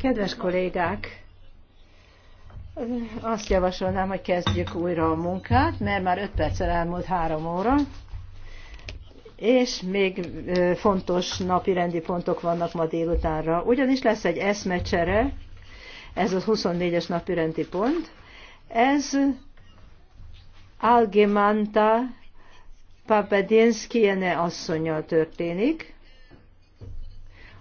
Kedves kollégák, azt javasolnám, hogy kezdjük újra a munkát, mert már 5 perccel elmúlt 3 óra, és még fontos napi rendi pontok vannak ma délutánra. Ugyanis lesz egy eszmecsere, ez az 24-es napi rendi pont, ez Algemanta Papedinskiene asszonya történik,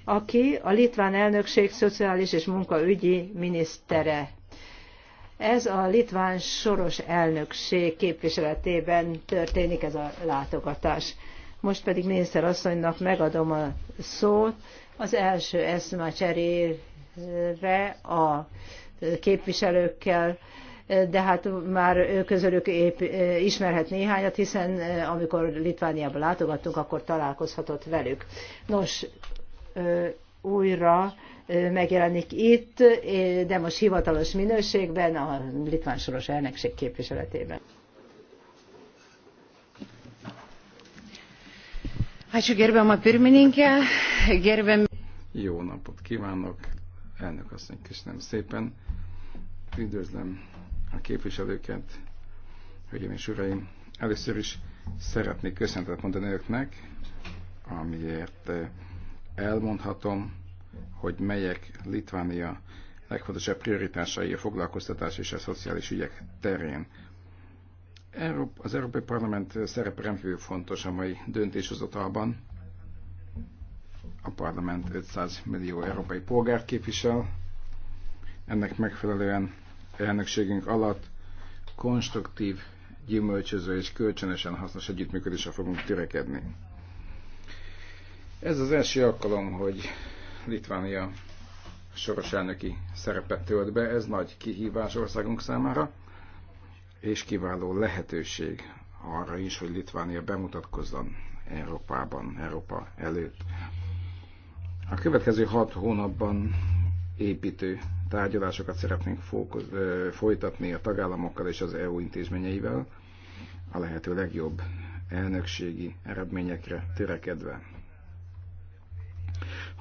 aki a litván elnökség szociális és munkaügyi minisztere. Ez a litván soros elnökség képviseletében történik ez a látogatás. Most pedig miniszter asszonynak megadom a szót az első cserére a képviselőkkel, de hát már ők közülük épp, ismerhet néhányat, hiszen amikor Litvániába látogattunk, akkor találkozhatott velük. Nos, újra megjelenik itt, de most hivatalos minőségben a litván soros elnökség képviseletében. Ačiū a pirmininkę, gerbiam... Jó napot kívánok, elnök asszony, köszönöm szépen. Üdvözlöm a képviselőket, hölgyeim és uraim. Először is szeretnék köszönetet mondani önöknek, amiért elmondhatom, hogy melyek Litvánia legfontosabb prioritásai a foglalkoztatás és a szociális ügyek terén. Az Európai Parlament szerepe rendkívül fontos a mai döntéshozatalban. A parlament 500 millió európai polgárt képvisel. Ennek megfelelően elnökségünk alatt konstruktív, gyümölcsöző és kölcsönösen hasznos együttműködésre fogunk törekedni. Ez az első alkalom, hogy Litvánia soros elnöki szerepet tölt be, ez nagy kihívás országunk számára, és kiváló lehetőség arra is, hogy Litvánia bemutatkozzon Európában, Európa előtt. A következő hat hónapban építő tárgyalásokat szeretnénk folytatni a tagállamokkal és az EU intézményeivel, a lehető legjobb elnökségi eredményekre törekedve.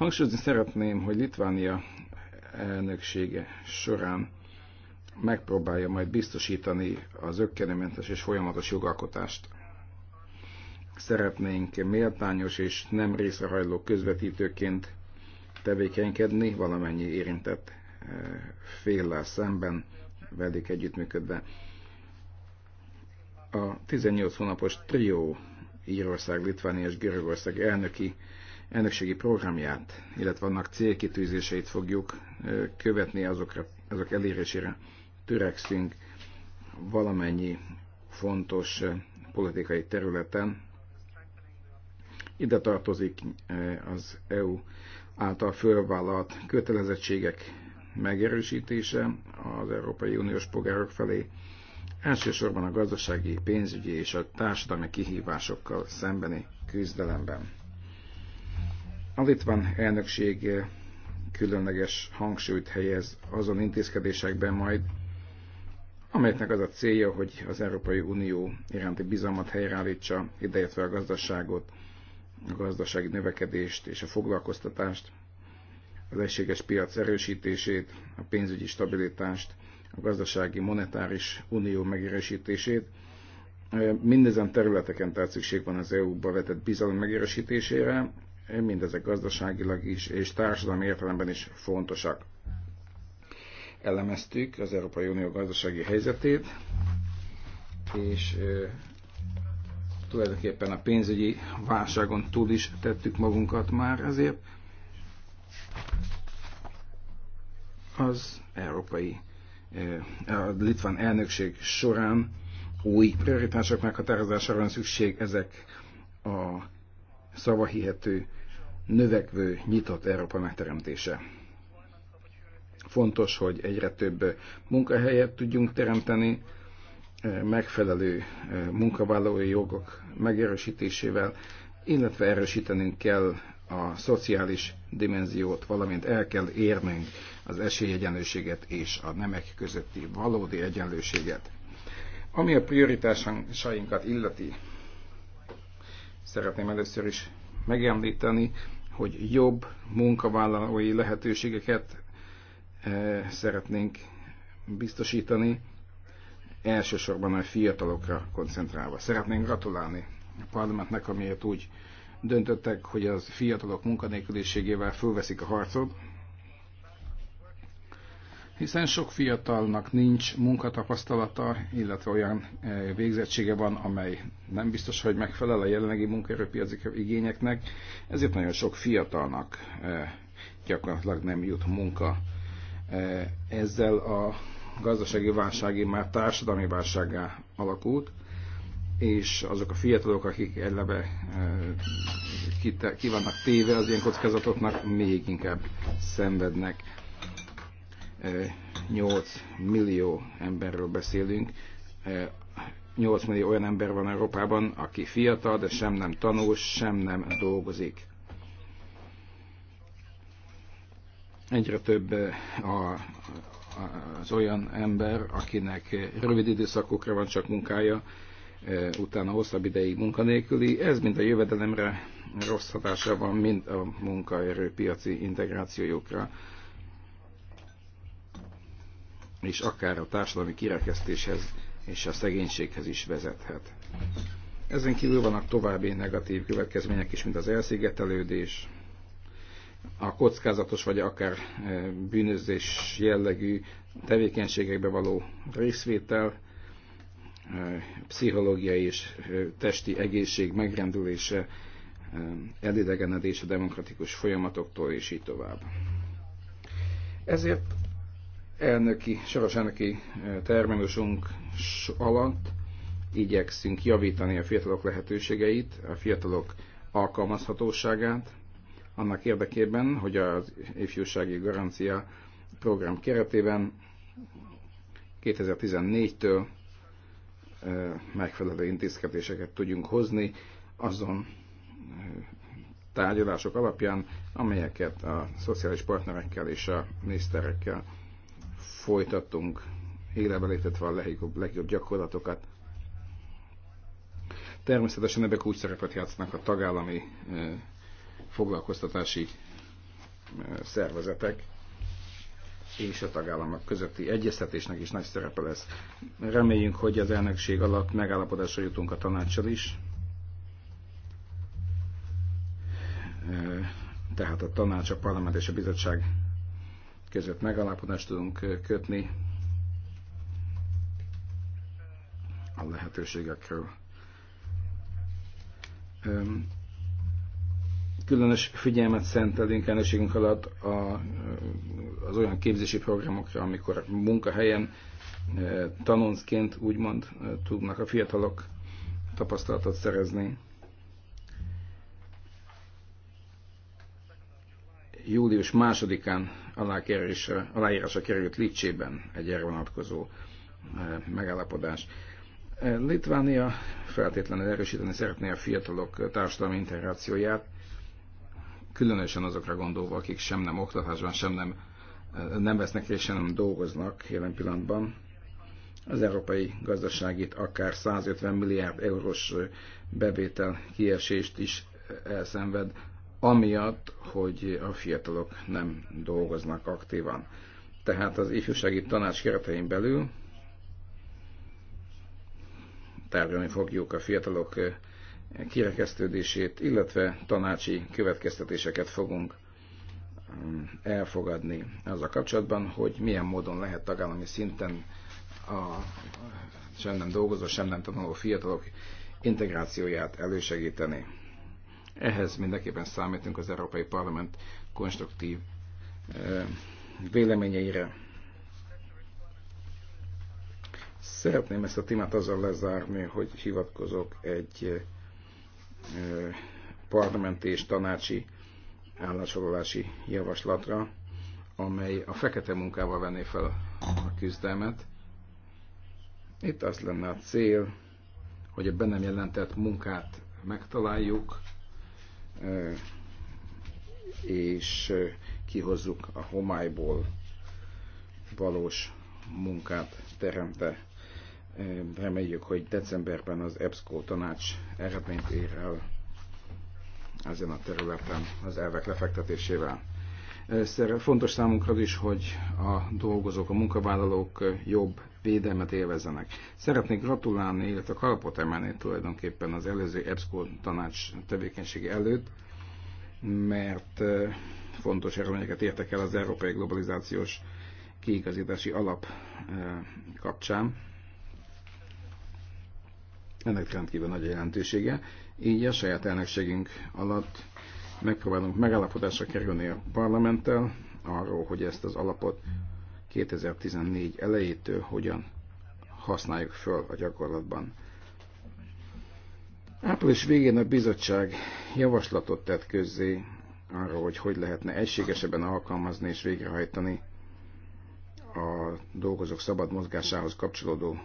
Hangsúlyozni szeretném, hogy Litvánia elnöksége során megpróbálja majd biztosítani az ökkenőmentes és folyamatos jogalkotást. Szeretnénk méltányos és nem részrehajló közvetítőként tevékenykedni valamennyi érintett eh, féllel szemben, velük együttműködve. A 18 hónapos trió Írország, Litvánia és Görögország elnöki elnökségi programját, illetve annak célkitűzéseit fogjuk követni, azokra, azok elérésére törekszünk valamennyi fontos politikai területen. Ide tartozik az EU által fölvállalt kötelezettségek megerősítése az Európai Uniós polgárok felé, elsősorban a gazdasági, pénzügyi és a társadalmi kihívásokkal szembeni küzdelemben. A litván elnökség eh, különleges hangsúlyt helyez azon intézkedésekben majd, amelyeknek az a célja, hogy az Európai Unió iránti bizalmat helyreállítsa, ideértve a gazdaságot, a gazdasági növekedést és a foglalkoztatást, az egységes piac erősítését, a pénzügyi stabilitást, a gazdasági monetáris unió megerősítését. Eh, mindezen területeken tehát szükség van az EU-ba vetett bizalom megerősítésére, mindezek gazdaságilag is és társadalmi értelemben is fontosak. Elemeztük az Európai Unió gazdasági helyzetét, és tulajdonképpen a pénzügyi válságon túl is tettük magunkat már, ezért az európai a litván elnökség során új prioritások meghatározására van szükség, ezek a szavahihető növekvő, nyitott Európa megteremtése. Fontos, hogy egyre több munkahelyet tudjunk teremteni, eh, megfelelő eh, munkavállalói jogok megerősítésével, illetve erősítenünk kell a szociális dimenziót, valamint el kell érnünk az esélyegyenlőséget és a nemek közötti valódi egyenlőséget. Ami a prioritásainkat illeti, szeretném először is megemlíteni hogy jobb munkavállalói lehetőségeket eh, szeretnénk biztosítani, elsősorban a fiatalokra koncentrálva. Szeretnénk gratulálni a parlamentnek, amiért úgy döntöttek, hogy az fiatalok munkanélküliségével fölveszik a harcot, hiszen sok fiatalnak nincs munkatapasztalata, illetve olyan eh, végzettsége van, amely nem biztos, hogy megfelel a jelenlegi munkaerőpiaci igényeknek, ezért nagyon sok fiatalnak eh, gyakorlatilag nem jut munka. Eh, ezzel a gazdasági válságé már társadalmi válsággá alakult, és azok a fiatalok, akik eleve ki vannak téve az ilyen kockázatoknak, még inkább szenvednek 8 millió emberről beszélünk, 8 millió olyan ember van Európában, aki fiatal, de sem nem tanul, sem nem dolgozik. Egyre több a, az olyan ember, akinek rövid időszakokra van csak munkája, utána hosszabb ideig munkanélküli. Ez mind a jövedelemre rossz hatása van, mind a munkaerőpiaci integrációjukra és akár a társadalmi kirekesztéshez és a szegénységhez is vezethet. Ezen kívül vannak további negatív következmények is, mint az elszigetelődés, a kockázatos vagy akár e, bűnözés jellegű tevékenységekbe való részvétel, e, pszichológiai és e, testi egészség megrendülése, elidegenedés a demokratikus folyamatoktól, és így tovább. Ezért elnöki, soros elnöki eh, terminusunk alatt igyekszünk javítani a fiatalok lehetőségeit, a fiatalok alkalmazhatóságát, annak érdekében, hogy az ifjúsági garancia program keretében 2014-től eh, megfelelő intézkedéseket tudjunk hozni azon eh, tárgyalások alapján, amelyeket a szociális partnerekkel és a miniszterekkel folytattunk, élebe léptetve a legjobb, legjobb gyakorlatokat. Természetesen ebben úgy szerepet játsznak a tagállami foglalkoztatási szervezetek, és a tagállamok közötti egyeztetésnek is nagy szerepe lesz. Reméljünk, hogy az elnökség alatt megállapodásra jutunk a tanácssal is. Tehát a tanács, a parlament és a bizottság között megalapodást tudunk kötni a lehetőségekről. Különös figyelmet szentelünk elnökségünk alatt a, az olyan képzési programokra, amikor munkahelyen tanonként úgymond tudnak a fiatalok tapasztalatot szerezni július másodikán aláírása került Licsében egy erre vonatkozó eh, megállapodás. Eh, Litvánia feltétlenül erősíteni szeretné a fiatalok társadalmi integrációját, különösen azokra gondolva, akik sem nem oktatásban, sem nem, eh, nem vesznek és sem nem dolgoznak jelen pillanatban. Az európai gazdaságit akár 150 milliárd eurós bevétel kiesést is elszenved amiatt, hogy a fiatalok nem dolgoznak aktívan. Tehát az ifjúsági tanács keretein belül tárgyalni fogjuk a fiatalok eh, kirekesztődését, illetve tanácsi következtetéseket fogunk eh, elfogadni az a kapcsolatban, hogy milyen módon lehet tagállami szinten a sem nem dolgozó, sem nem tanuló fiatalok integrációját elősegíteni. Ehhez mindenképpen számítunk az Európai Parlament konstruktív véleményeire. Szeretném ezt a témát azzal lezárni, hogy hivatkozok egy parlamenti és tanácsi állásolási javaslatra, amely a fekete munkával venné fel a küzdelmet. Itt az lenne a cél, hogy a bennem jelentett munkát megtaláljuk, és kihozzuk a homályból valós munkát teremte. Reméljük, hogy decemberben az EBSCO tanács eredményt ér el ezen a területen az elvek lefektetésével. Fontos számunkra is, hogy a dolgozók, a munkavállalók jobb védelmet élvezzenek. Szeretnék gratulálni, illetve kalapot emelni tulajdonképpen az előző EBSCO tanács tevékenysége előtt, mert eh, fontos eredményeket értek el az európai globalizációs kiigazítási alap eh, kapcsán. Ennek rendkívül nagy jelentősége. Így a saját elnökségünk alatt megpróbálunk megállapodásra kerülni a parlamenttel arról, hogy ezt az alapot 2014 elejétől hogyan használjuk föl a gyakorlatban. Április végén a bizottság javaslatot tett közzé arról, hogy hogy lehetne egységesebben alkalmazni és végrehajtani a dolgozók szabad mozgásához kapcsolódó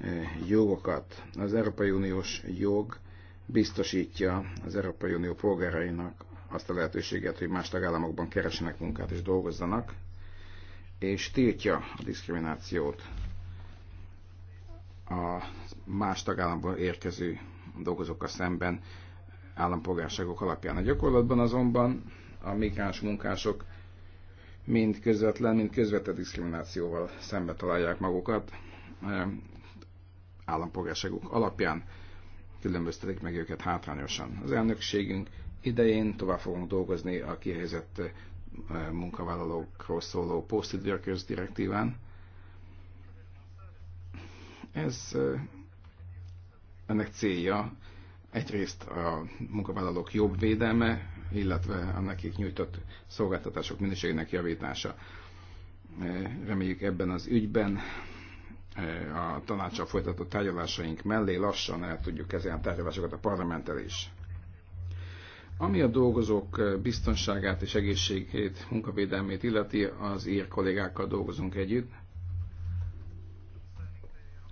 eh, jogokat. Az Európai Uniós jog biztosítja az Európai Unió polgárainak azt a lehetőséget, hogy más tagállamokban keresenek munkát és dolgozzanak, és tiltja a diszkriminációt a más tagállamból érkező dolgozókkal szemben állampolgárságok alapján. A gyakorlatban azonban a migráns munkások mind közvetlen, mind közvetett diszkriminációval szembe találják magukat eh, állampolgárságok alapján különböztetik meg őket hátrányosan. Az elnökségünk idején tovább fogunk dolgozni a kihelyezett eh, munkavállalókról szóló Posted Workers direktíván. Ez eh, ennek célja egyrészt a munkavállalók jobb védelme, illetve a nekik nyújtott szolgáltatások minőségének javítása. Eh, reméljük ebben az ügyben Eh, a tanácsal folytatott tárgyalásaink mellé lassan el tudjuk kezelni a tárgyalásokat a parlamenttel is. Ami a dolgozók eh, biztonságát és egészségét, munkavédelmét illeti, az ír kollégákkal dolgozunk együtt.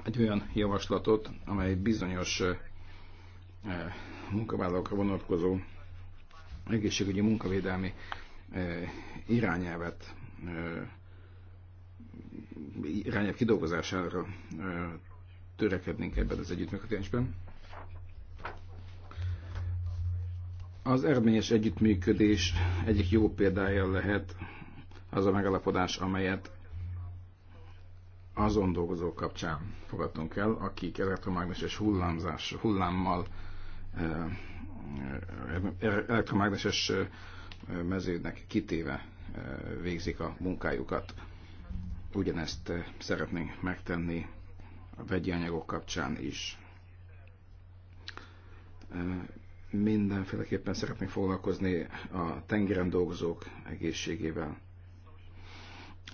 Egy olyan javaslatot, amely bizonyos eh, munkavállalókra vonatkozó egészségügyi munkavédelmi irányelvet irányelv kidolgozására törekednénk ebben az együttműködésben. Az eredményes együttműködés egyik jó példája lehet az a megalapodás, amelyet azon dolgozók kapcsán fogadtunk el, akik elektromágneses hullámzás, hullámmal elektromágneses mezőnek kitéve végzik a munkájukat. Ugyanezt eh, szeretnénk megtenni a vegyi anyagok kapcsán is. Eh, mindenféleképpen szeretnénk foglalkozni a tengeren dolgozók egészségével.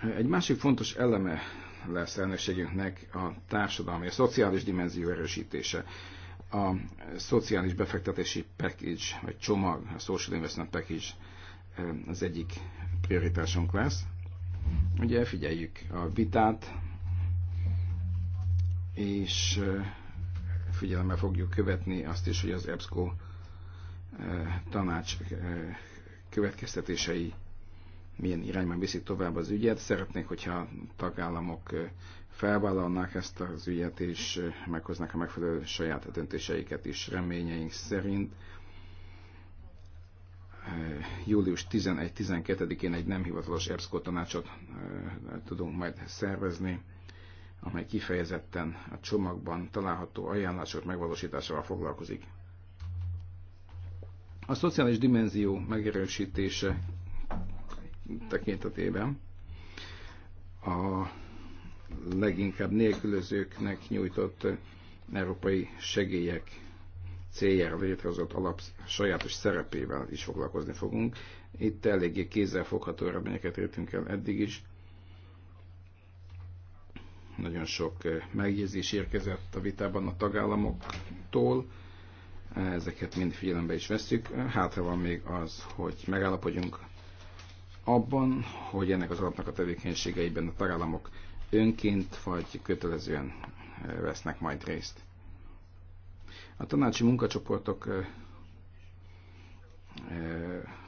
Eh, egy másik fontos eleme lesz elnökségünknek a társadalmi, a szociális dimenzió erősítése. A szociális befektetési package, vagy csomag, a social investment package az egyik prioritásunk lesz. Ugye figyeljük a vitát, és figyelemmel fogjuk követni azt is, hogy az EBSCO tanács következtetései milyen irányban viszik tovább az ügyet. Szeretnék, hogyha tagállamok felvállalnák ezt az ügyet, és meghoznak a megfelelő saját döntéseiket is reményeink szerint július 11-12-én egy nem hivatalos EBSZKO tanácsot tudunk majd szervezni, amely kifejezetten a csomagban található ajánlások megvalósításával foglalkozik. A szociális dimenzió megerősítése tekintetében a leginkább nélkülözőknek nyújtott európai segélyek céljára létrehozott alap sajátos szerepével is foglalkozni fogunk. Itt eléggé kézzelfogható eredményeket értünk el eddig is. Nagyon sok eh, megjegyzés érkezett a vitában a tagállamoktól, eh, ezeket mind figyelembe is veszük. Eh, hátra van még az, hogy megállapodjunk abban, hogy ennek az alapnak a tevékenységeiben a tagállamok önként vagy kötelezően vesznek majd részt. A tanácsi munkacsoportok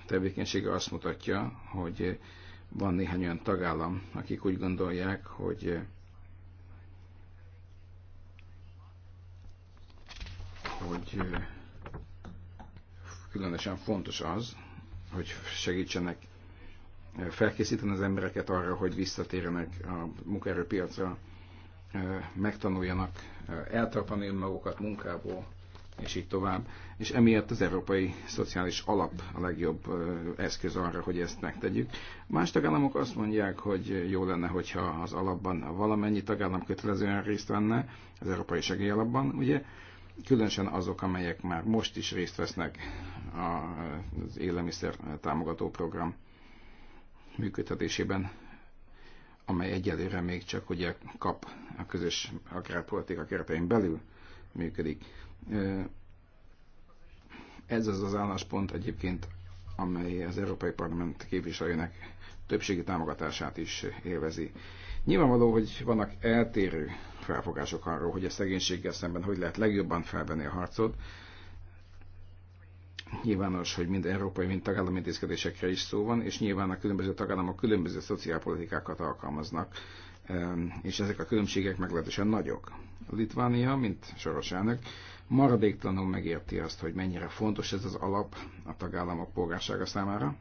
tevékenysége azt mutatja, hogy van néhány olyan tagállam, akik úgy gondolják, hogy hogy különösen fontos az, hogy segítsenek felkészíteni az embereket arra, hogy visszatérjenek a munkaerőpiacra, megtanuljanak eltartani önmagukat munkából, és így tovább. És emiatt az európai szociális alap a legjobb eszköz arra, hogy ezt megtegyük. Más tagállamok azt mondják, hogy jó lenne, hogyha az alapban valamennyi tagállam kötelezően részt venne, az európai segélyalapban, ugye, különösen azok, amelyek már most is részt vesznek az élelmiszer támogató program működtetésében, amely egyelőre még csak ugye kap a közös agrárpolitika keretein belül működik. Ez az az álláspont egyébként, amely az Európai Parlament képviselőinek többségi támogatását is élvezi. Nyilvánvaló, hogy vannak eltérő felfogások arról, hogy a szegénységgel szemben hogy lehet legjobban felvenni a harcot. Nyilvános, hogy mind európai, mind tagállami intézkedésekre is szó van, és nyilván a különböző tagállamok különböző szociálpolitikákat alkalmaznak, és ezek a különbségek meglehetősen nagyok. Litvánia, mint soros elnök, maradéktanul megérti azt, hogy mennyire fontos ez az alap a tagállamok polgársága számára,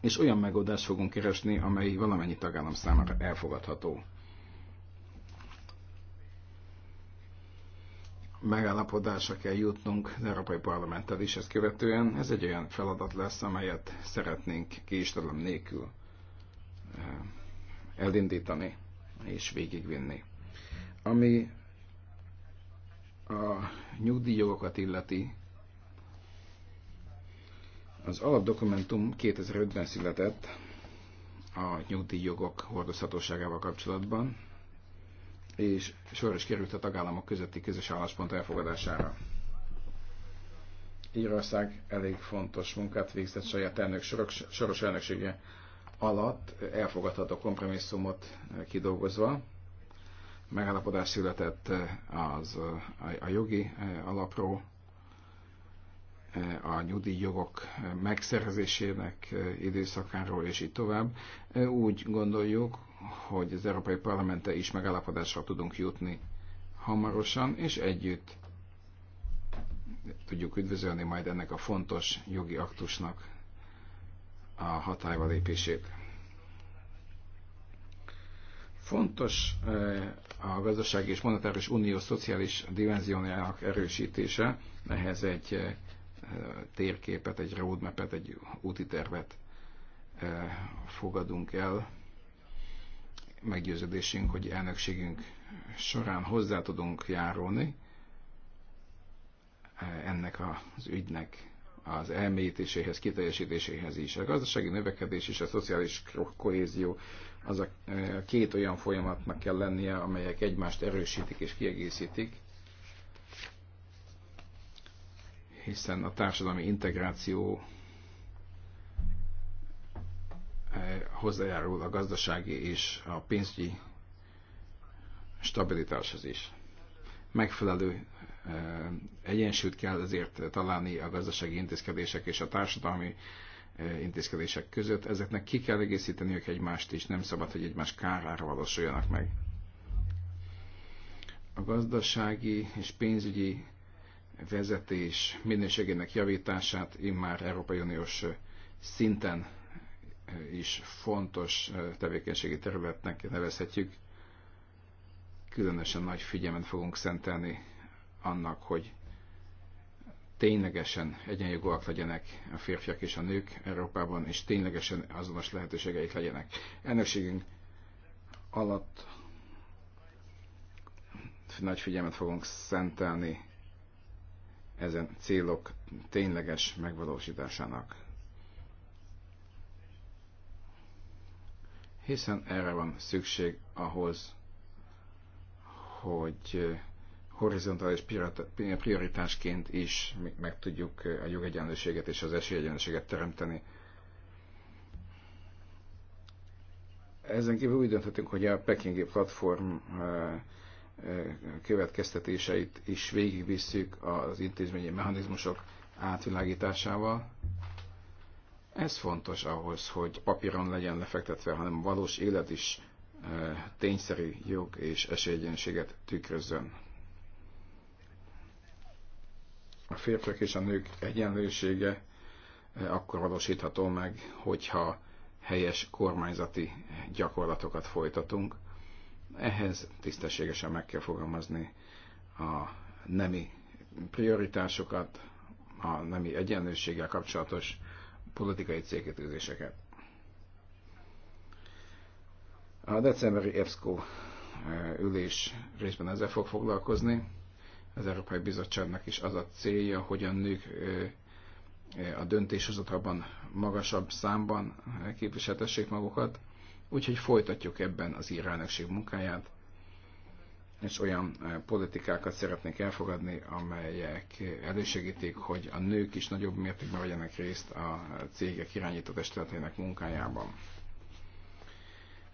és olyan megoldást fogunk keresni, amely valamennyi tagállam számára elfogadható. Megállapodásra kell jutnunk az Európai Parlamenttel is ezt követően. Ez egy olyan feladat lesz, amelyet szeretnénk késtelem nélkül eh, elindítani és végigvinni. Ami a nyugdíjjogokat illeti, az alapdokumentum 2005-ben született a nyugdíjjogok hordozhatóságával kapcsolatban, és sor is került a tagállamok közötti közös álláspont elfogadására. Írország elég fontos munkát végzett saját elnök, soros, soros elnöksége alatt elfogadható kompromisszumot kidolgozva, megállapodás született eh, az, eh, a, a jogi eh, alapról, a nyugdíj jogok megszerzésének időszakáról, és így tovább. Úgy gondoljuk, hogy az Európai Parlamente is megállapodásra tudunk jutni hamarosan, és együtt tudjuk üdvözölni majd ennek a fontos jogi aktusnak a hatályba lépését. Fontos a gazdasági és monetáris unió szociális dimenziójának erősítése, ehhez egy eh, térképet, egy roadmapet, egy úti tervet eh, fogadunk el. Meggyőződésünk, hogy elnökségünk során hozzá tudunk járulni eh, ennek az ügynek az elmélyítéséhez, kiteljesítéséhez is. A gazdasági növekedés és a szociális kohézió az a, két olyan folyamatnak kell lennie, amelyek egymást erősítik és kiegészítik, hiszen a társadalmi integráció hozzájárul a gazdasági és a pénzügyi stabilitáshoz is. Megfelelő egyensúlyt kell ezért találni a gazdasági intézkedések és a társadalmi intézkedések között. Ezeknek ki kell egészíteniük egymást is, nem szabad, hogy egymás kárára valósuljanak meg. A gazdasági és pénzügyi vezetés minőségének javítását immár Európai Uniós szinten is fontos tevékenységi területnek nevezhetjük. Különösen nagy figyelmet fogunk szentelni annak, hogy ténylegesen egyenjogúak legyenek a férfiak és a nők Európában, és ténylegesen azonos lehetőségeik legyenek. Elnökségünk alatt nagy figyelmet fogunk szentelni ezen célok tényleges megvalósításának. Hiszen erre van szükség ahhoz, hogy horizontális prioritásként is meg tudjuk a jogegyenlőséget és az esélyegyenlőséget teremteni. Ezen kívül úgy döntöttünk, hogy a pekingi platform következtetéseit is végigvisszük az intézményi mechanizmusok átvilágításával. Ez fontos ahhoz, hogy papíron legyen lefektetve, hanem valós élet is tényszerű jog és esélyegyenséget tükrözzön a férfiak és a nők egyenlősége eh, akkor valósítható meg, hogyha helyes kormányzati gyakorlatokat folytatunk. Ehhez tisztességesen meg kell fogalmazni a nemi prioritásokat, a nemi egyenlőséggel kapcsolatos politikai célkitűzéseket. A decemberi EBSCO eh, ülés részben ezzel fog foglalkozni az Európai Bizottságnak is az a célja, hogy a nők a döntéshozatalban magasabb számban képviseltessék magukat, úgyhogy folytatjuk ebben az írelnökség munkáját, és olyan politikákat szeretnék elfogadni, amelyek elősegítik, hogy a nők is nagyobb mértékben vegyenek részt a cégek irányító testületének munkájában.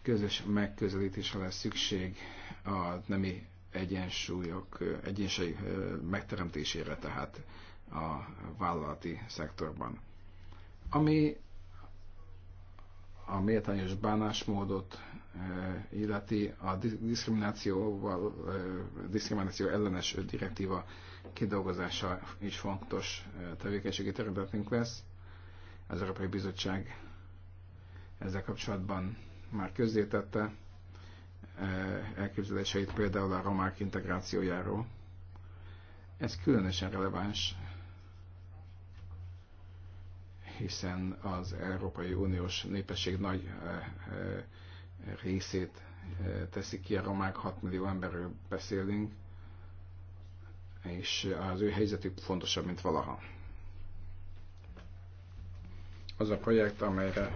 Közös megközelítésre lesz szükség a nemi egyensúlyok, egyensúly megteremtésére tehát a vállalati szektorban. Ami a méltányos bánásmódot illeti a diszkriminációval, diszkrimináció ellenes direktíva kidolgozása is fontos tevékenységi területünk lesz. Az Európai Bizottság ezzel kapcsolatban már közzétette Eh, elképzeléseit például a romák integrációjáról. Ez különösen releváns, hiszen az Európai Uniós népesség nagy eh, eh, részét teszik ki a romák, 6 millió emberről beszélünk, és az ő helyzetük fontosabb, mint valaha. Az a projekt, amelyre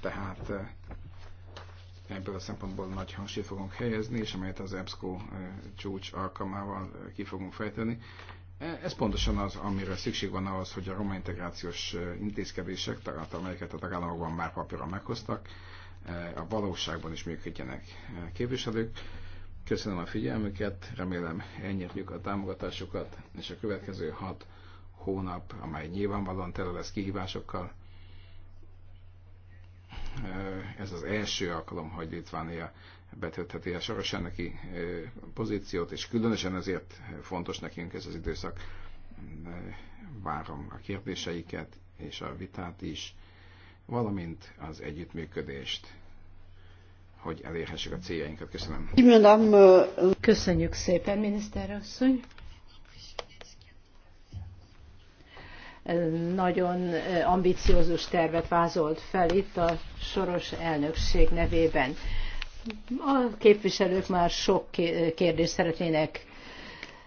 tehát ebből a szempontból nagy hangsúlyt fogunk helyezni, és amelyet az EBSCO eh, csúcs alkalmával eh, ki fogunk fejteni. Eh, ez pontosan az, amire szükség van ahhoz, hogy a roma integrációs intézkedések, tehát amelyeket a tagállamokban már papíron meghoztak, a valóságban is működjenek. Képviselők, köszönöm a figyelmüket, remélem elnyerjük a támogatásokat, és a következő hat hónap, amely nyilvánvalóan tele lesz kihívásokkal, ez az első alkalom, hogy Litvánia betöltheti a soros enneki pozíciót, és különösen ezért fontos nekünk ez az időszak. Várom a kérdéseiket és a vitát is, valamint az együttműködést hogy elérhessük a céljainkat. Köszönöm. Köszönjük szépen, miniszter asszony. nagyon ambiciózus tervet vázolt fel itt a soros elnökség nevében. A képviselők már sok kérdést szeretnének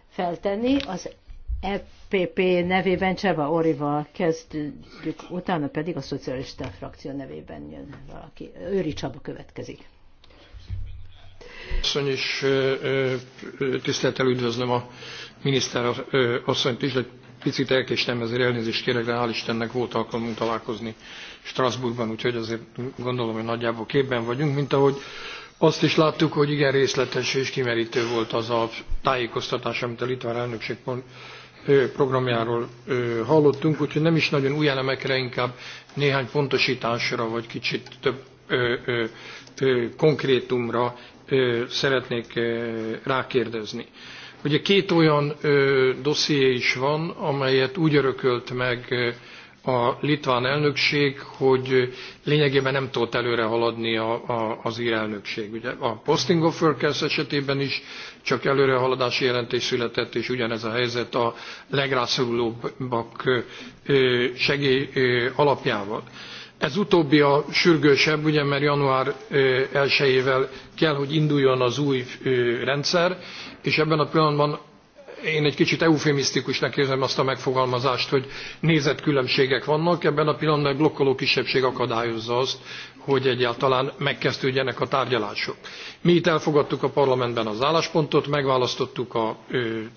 feltenni. Az EPP nevében Cseva Orival kezdjük, utána pedig a szocialista frakció nevében jön valaki. Őri Csaba következik. Asszony és tisztelettel üdvözlöm a miniszter asszonyt is, de picit elkéstem, ezért elnézést kérek, de hál' Istennek volt alkalmunk találkozni Strasbourgban, úgyhogy azért gondolom, hogy nagyjából képben vagyunk, mint ahogy azt is láttuk, hogy igen részletes és kimerítő volt az a tájékoztatás, amit a litván elnökség programjáról hallottunk, úgyhogy nem is nagyon új elemekre, inkább néhány pontosításra, vagy kicsit több ö, ö, ö, konkrétumra szeretnék rákérdezni. Ugye két olyan ö, dosszié is van, amelyet úgy örökölt meg a litván elnökség, hogy lényegében nem tudott előre haladni a, a, az ír elnökség. Ugye a posting of workers esetében is csak előrehaladási jelentés született, és ugyanez a helyzet a legrászorulóbbak segély alapjával. Ez utóbbi a sürgősebb, ugye, mert január 1-ével kell, hogy induljon az új rendszer, és ebben a pillanatban én egy kicsit eufemisztikusnak érzem azt a megfogalmazást, hogy nézetkülönbségek vannak, ebben a pillanatban egy blokkoló kisebbség akadályozza azt, hogy egyáltalán megkezdődjenek a tárgyalások. Mi itt elfogadtuk a parlamentben az álláspontot, megválasztottuk a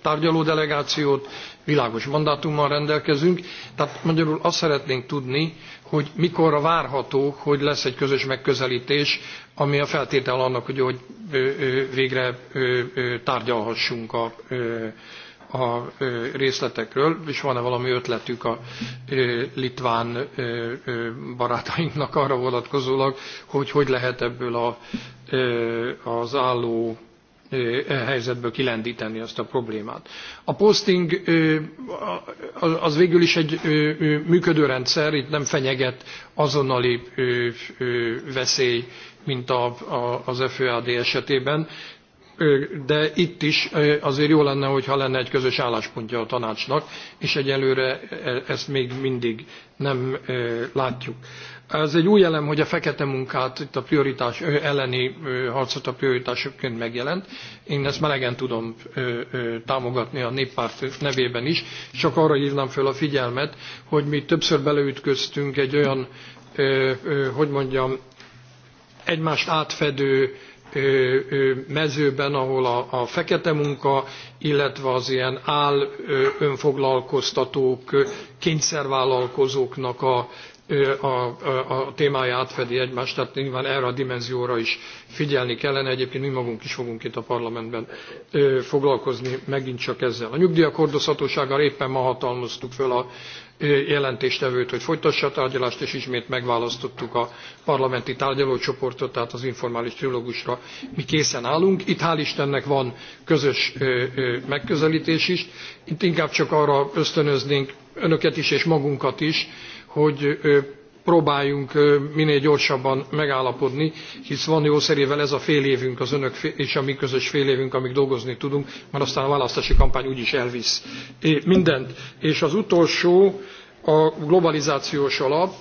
tárgyaló delegációt, világos mandátummal rendelkezünk, tehát magyarul azt szeretnénk tudni, hogy mikorra várható, hogy lesz egy közös megközelítés, ami a feltétel annak, hogy, hogy végre tárgyalhassunk a a részletekről, és van-e valami ötletük a litván barátainknak arra vonatkozólag, hogy hogy lehet ebből a, az álló e helyzetből kilendíteni ezt a problémát. A posting az végül is egy működő rendszer, itt nem fenyeget azonnali veszély, mint az FAD esetében, de itt is azért jó lenne, hogyha lenne egy közös álláspontja a tanácsnak, és egyelőre e, ezt még mindig nem látjuk. Ez egy új elem, hogy a fekete munkát, itt a prioritás elleni harcot a prioritásokként megjelent. Én ezt melegen tudom támogatni a néppárt nevében is. Csak arra hívnám föl a figyelmet, hogy mi többször beleütköztünk egy olyan, hogy mondjam, egymást átfedő mezőben, ahol a, a fekete munka, illetve az ilyen áll önfoglalkoztatók, kényszervállalkozóknak a a, a, a témája átfedi egymást, tehát nyilván erre a dimenzióra is figyelni kellene. Egyébként mi magunk is fogunk itt a parlamentben foglalkozni megint csak ezzel. A nyugdíjak hordozhatósággal éppen ma hatalmaztuk föl a jelentéstevőt, hogy folytassa a tárgyalást, és ismét megválasztottuk a parlamenti tárgyalócsoportot, tehát az informális trilógusra mi készen állunk. Itt hál' Istennek van közös megközelítés is. Itt inkább csak arra ösztönöznénk önöket is és magunkat is, hogy próbáljunk minél gyorsabban megállapodni, hisz van jószerével ez a fél évünk, az önök és a mi közös fél évünk, amíg dolgozni tudunk, mert aztán a választási kampány úgyis elvisz mindent. És az utolsó, a globalizációs alap,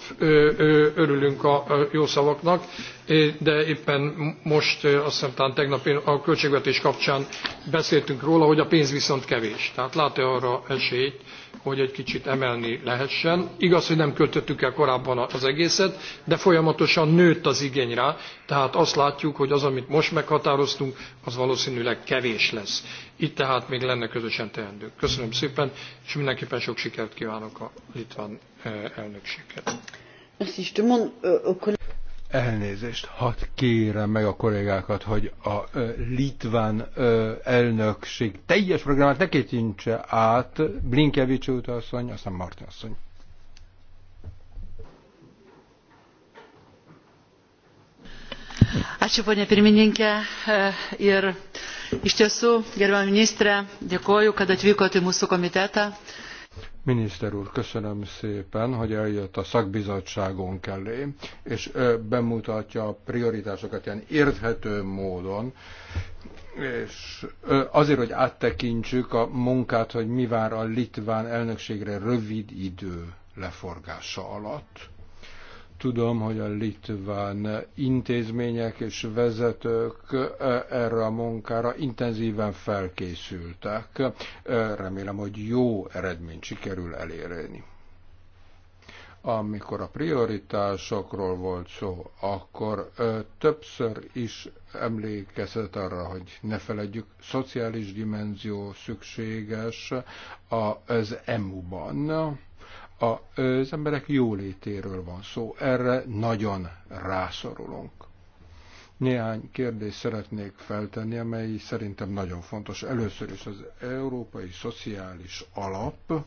örülünk a jó szavaknak, de éppen most, azt hiszem talán tegnap a költségvetés kapcsán beszéltünk róla, hogy a pénz viszont kevés. Tehát lát-e arra esélyt, hogy egy kicsit emelni lehessen. Igaz, hogy nem költöttük el korábban az egészet, de folyamatosan nőtt az igény rá, tehát azt látjuk, hogy az, amit most meghatároztunk, az valószínűleg kevés lesz. Itt tehát még lenne közösen teendő. Köszönöm szépen, és mindenképpen sok sikert kívánok a litván eh, elnökséghez. Elnézést, hadd kérem meg a kollégákat, hogy a ö, litván ö, elnökség teljes programát ne kétjintse át Blinkevics asszony, aztán Martin asszony. Ačiū, ponė pirmininkė. E, ir iš tiesų, gerbiamą ministrę, dėkoju, kad atvykote į mūsų komitetą. Miniszter úr, köszönöm szépen, hogy eljött a szakbizottságon kellé, és bemutatja a prioritásokat ilyen érthető módon, és azért, hogy áttekintsük a munkát, hogy mi vár a litván elnökségre rövid idő leforgása alatt Tudom, hogy a litván intézmények és vezetők e, erre a munkára intenzíven felkészültek. E, remélem, hogy jó eredményt sikerül elérni. Amikor a prioritásokról volt szó, akkor e, többször is emlékezett arra, hogy ne feledjük, szociális dimenzió szükséges az EMU-ban az emberek jólétéről van szó. Erre nagyon rászorulunk. Néhány kérdést szeretnék feltenni, amely szerintem nagyon fontos. Először is az Európai Szociális Alap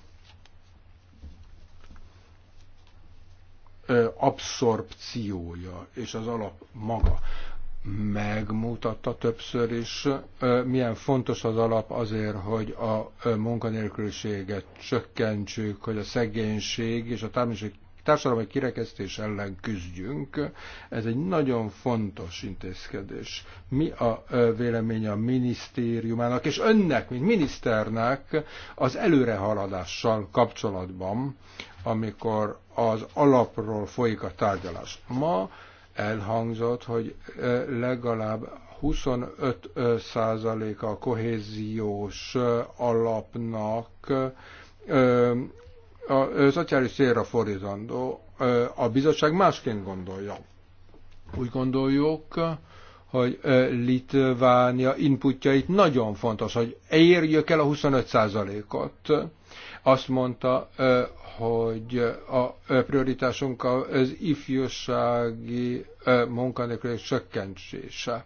abszorpciója és az alap maga megmutatta többször is, milyen fontos az alap azért, hogy a munkanélküliséget csökkentsük, hogy a szegénység és a társadalmi kirekesztés ellen küzdjünk. Ez egy nagyon fontos intézkedés. Mi a véleménye a minisztériumának és önnek, mint miniszternek az előrehaladással kapcsolatban, amikor az alapról folyik a tárgyalás? Ma Elhangzott, hogy legalább 25 százaléka a kohéziós alapnak a szociális célra fordítandó, a bizottság másként gondolja. Úgy gondoljuk, hogy Litvánia inputjait nagyon fontos, hogy érjük el a 25 százalékot azt mondta, hogy a prioritásunk az ifjúsági munkanélküliség csökkentése.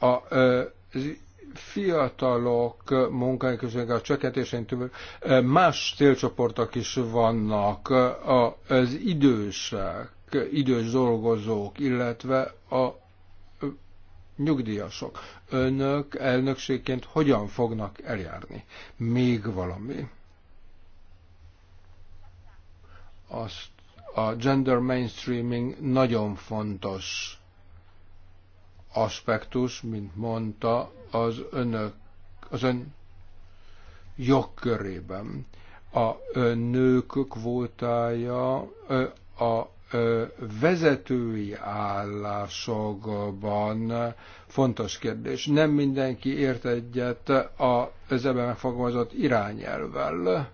A fiatalok munkanélküliségének a csökkentésén túl más célcsoportok is vannak, az idősek, idős dolgozók, illetve a nyugdíjasok. Önök elnökségként hogyan fognak eljárni? Még valami. Azt a gender mainstreaming nagyon fontos aspektus, mint mondta, az önök, az ön jogkörében. A nők kvótája a vezetői állásokban fontos kérdés. Nem mindenki ért egyet a ebben megfogalmazott irányelvvel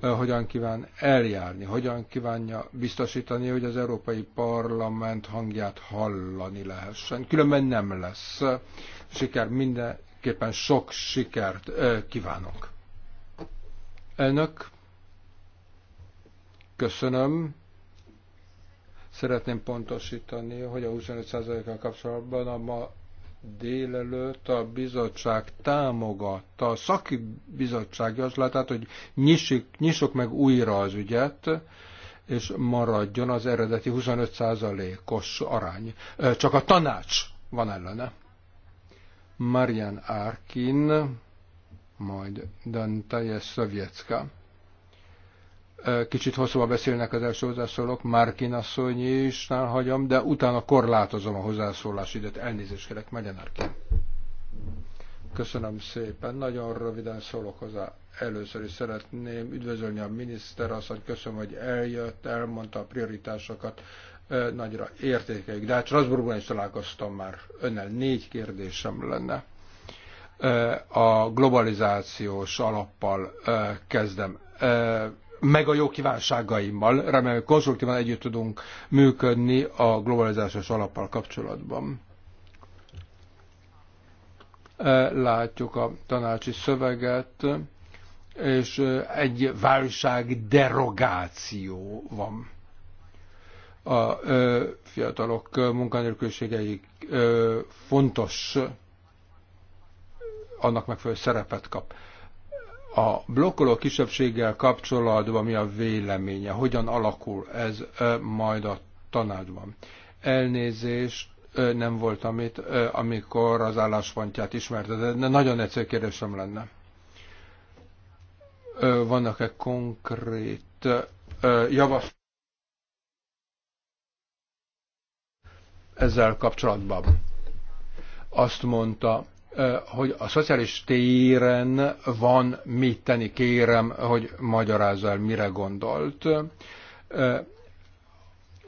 hogyan kíván eljárni, hogyan kívánja biztosítani, hogy az Európai Parlament hangját hallani lehessen. Különben nem lesz siker, mindenképpen sok sikert kívánok. Elnök, köszönöm. Szeretném pontosítani, hogy a 25%-kal kapcsolatban a ma délelőtt a bizottság támogatta a szaki bizottság javaslatát, hogy nyissuk, nyissuk meg újra az ügyet, és maradjon az eredeti 25%-os arány. Csak a tanács van ellene. Marian Arkin, majd Dantaje Szovjetska. Kicsit hosszúan beszélnek az első hozzászólók, Márkin asszony is hagyom, de utána korlátozom a hozzászólás időt. Elnézést kérek, Magyarnárkin. Köszönöm szépen. Nagyon röviden szólok hozzá. Először is szeretném üdvözölni a miniszter hogy Köszönöm, hogy eljött, elmondta a prioritásokat. Nagyra értékeljük. De hát Strasbourgban is találkoztam már önnel. Négy kérdésem lenne. A globalizációs alappal kezdem meg a jó kívánságaimmal. Remélem, hogy konstruktívan együtt tudunk működni a globalizációs alappal kapcsolatban. E, látjuk a tanácsi szöveget, és e, egy válság derogáció van a e, fiatalok munkanélkülségei fontos annak megfelelő szerepet kap a blokkoló kisebbséggel kapcsolatban mi a véleménye, hogyan alakul ez majd a tanácsban. Elnézést, nem voltam itt, amikor az álláspontját ismerted, de nagyon egyszerű kérdésem lenne. Vannak-e konkrét javaslatok ezzel kapcsolatban? Azt mondta, hogy a szociális téren van mit tenni, kérem, hogy magyarázza el, mire gondolt.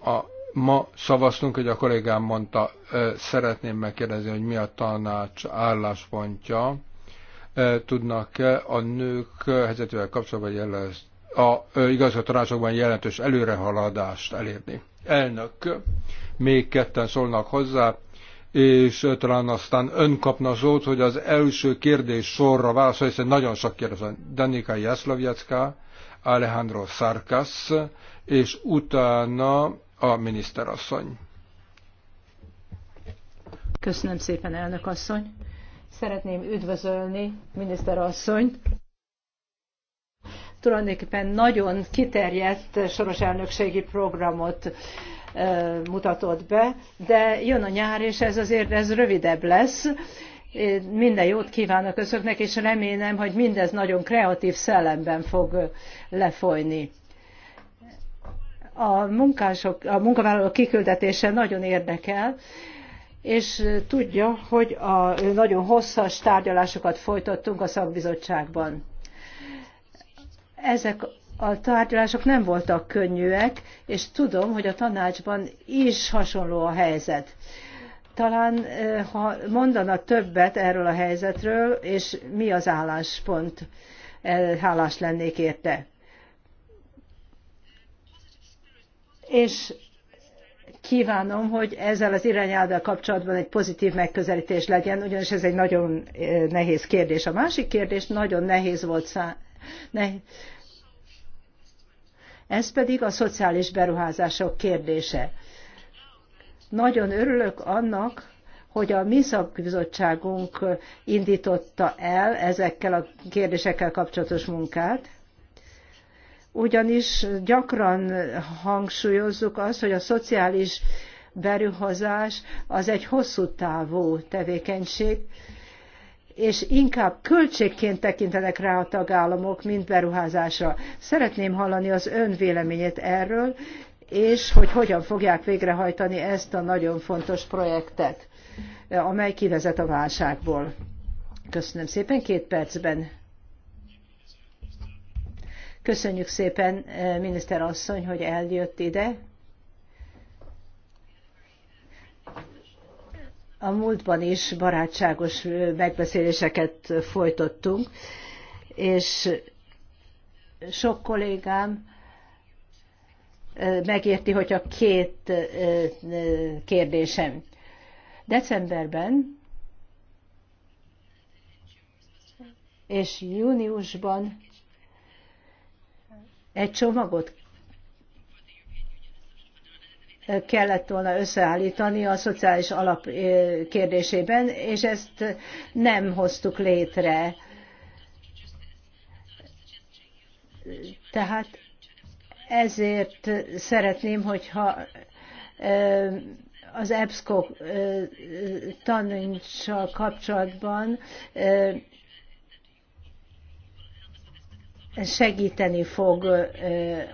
A, ma szavaztunk, hogy a kollégám mondta, szeretném megkérdezni, hogy mi a tanács álláspontja. Tudnak -e a nők helyzetével kapcsolatban jelez, a igazgatóásokban jelentős előrehaladást elérni? Elnök, még ketten szólnak hozzá, és talán aztán ön kapna szót, hogy az első kérdés sorra válaszol, hiszen nagyon sok kérdés van. Danika Jaszlovjacka, Alejandro Sarkas, és utána a miniszterasszony. Köszönöm szépen, elnök asszony. Szeretném üdvözölni miniszterasszonyt tulajdonképpen nagyon kiterjedt soros elnökségi programot mutatott be, de jön a nyár, és ez azért ez rövidebb lesz. Minden jót kívánok Önöknek, és remélem, hogy mindez nagyon kreatív szellemben fog lefolyni. A, munkások, a munkavállalók kiküldetése nagyon érdekel, és tudja, hogy a nagyon hosszas tárgyalásokat folytattunk a szakbizottságban ezek a tárgyalások nem voltak könnyűek, és tudom, hogy a tanácsban is hasonló a helyzet. Talán, eh, ha mondana többet erről a helyzetről, és mi az álláspont, eh, hálás lennék érte. És kívánom, hogy ezzel az irányáddal kapcsolatban egy pozitív megközelítés legyen, ugyanis ez egy nagyon eh, nehéz kérdés. A másik kérdés nagyon nehéz volt számára ne. Ez pedig a szociális beruházások kérdése. Nagyon örülök annak, hogy a mi szakbizottságunk indította el ezekkel a kérdésekkel kapcsolatos munkát, ugyanis gyakran hangsúlyozzuk azt, hogy a szociális beruházás az egy hosszú távú tevékenység, és inkább költségként tekintenek rá a tagállamok, mint beruházásra. Szeretném hallani az ön véleményét erről, és hogy hogyan fogják végrehajtani ezt a nagyon fontos projektet, amely kivezet a válságból. Köszönöm szépen, két percben. Köszönjük szépen, eh, miniszter asszony, hogy eljött ide. A múltban is barátságos megbeszéléseket folytottunk, és sok kollégám megérti, hogy a két kérdésem. Decemberben és júniusban egy csomagot kellett volna összeállítani a szociális alap kérdésében, és ezt nem hoztuk létre. Tehát ezért szeretném, hogyha az EBSCO tanácssal kapcsolatban segíteni fog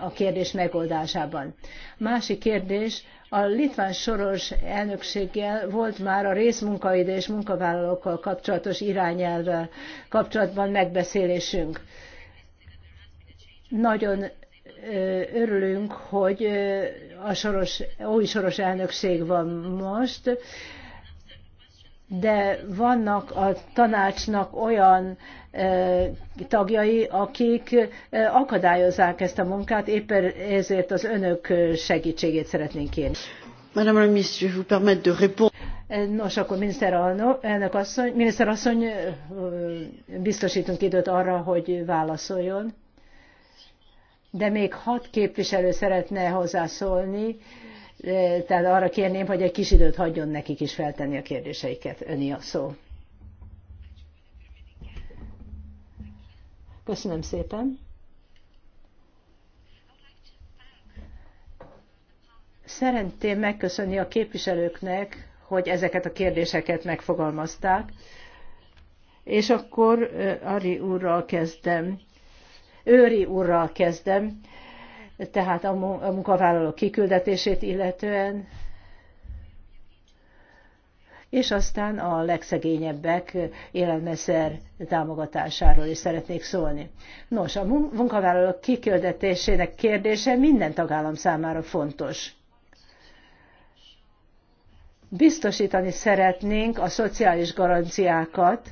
a kérdés megoldásában. Másik kérdés, a litván soros elnökséggel volt már a részmunkaidő és munkavállalókkal kapcsolatos irányelvvel kapcsolatban megbeszélésünk. Nagyon örülünk, hogy a soros, új soros elnökség van most, de vannak a tanácsnak olyan tagjai, akik akadályozzák ezt a munkát, éppen er, ezért az önök segítségét szeretnénk kérni. Madame la ministre, je vous permets de répondre. Nos, akkor miniszterelnök asszony, miniszter asszony, biztosítunk időt arra, hogy válaszoljon. De még hat képviselő szeretne hozzászólni tehát arra kérném, hogy egy kis időt hagyjon nekik is feltenni a kérdéseiket. Öni a szó. Köszönöm szépen. Szeretném megköszönni a képviselőknek, hogy ezeket a kérdéseket megfogalmazták. És akkor Ari úrral kezdem. Őri úrral kezdem, tehát a munkavállalók kiküldetését illetően, és aztán a legszegényebbek élelmiszer támogatásáról is szeretnék szólni. Nos, a munkavállalók kiküldetésének kérdése minden tagállam számára fontos. Biztosítani szeretnénk a szociális garanciákat,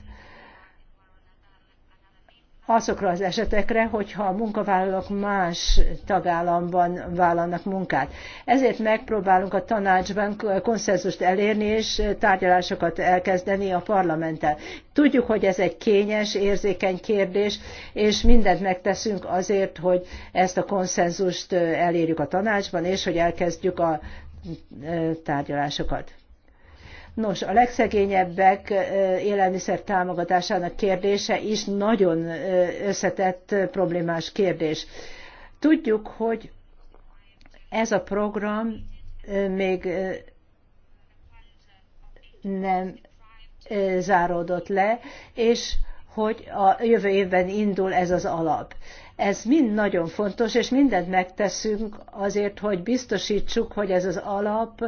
azokra az esetekre, hogyha a munkavállalók más tagállamban vállalnak munkát. Ezért megpróbálunk a tanácsban konszenzust elérni és tárgyalásokat elkezdeni a parlamenttel. Tudjuk, hogy ez egy kényes, érzékeny kérdés, és mindent megteszünk azért, hogy ezt a konszenzust elérjük a tanácsban, és hogy elkezdjük a e, tárgyalásokat. Nos, a legszegényebbek élelmiszer támogatásának kérdése is nagyon összetett problémás kérdés. Tudjuk, hogy ez a program még nem záródott le, és hogy a jövő évben indul ez az alap. Ez mind nagyon fontos, és mindent megteszünk azért, hogy biztosítsuk, hogy ez az alap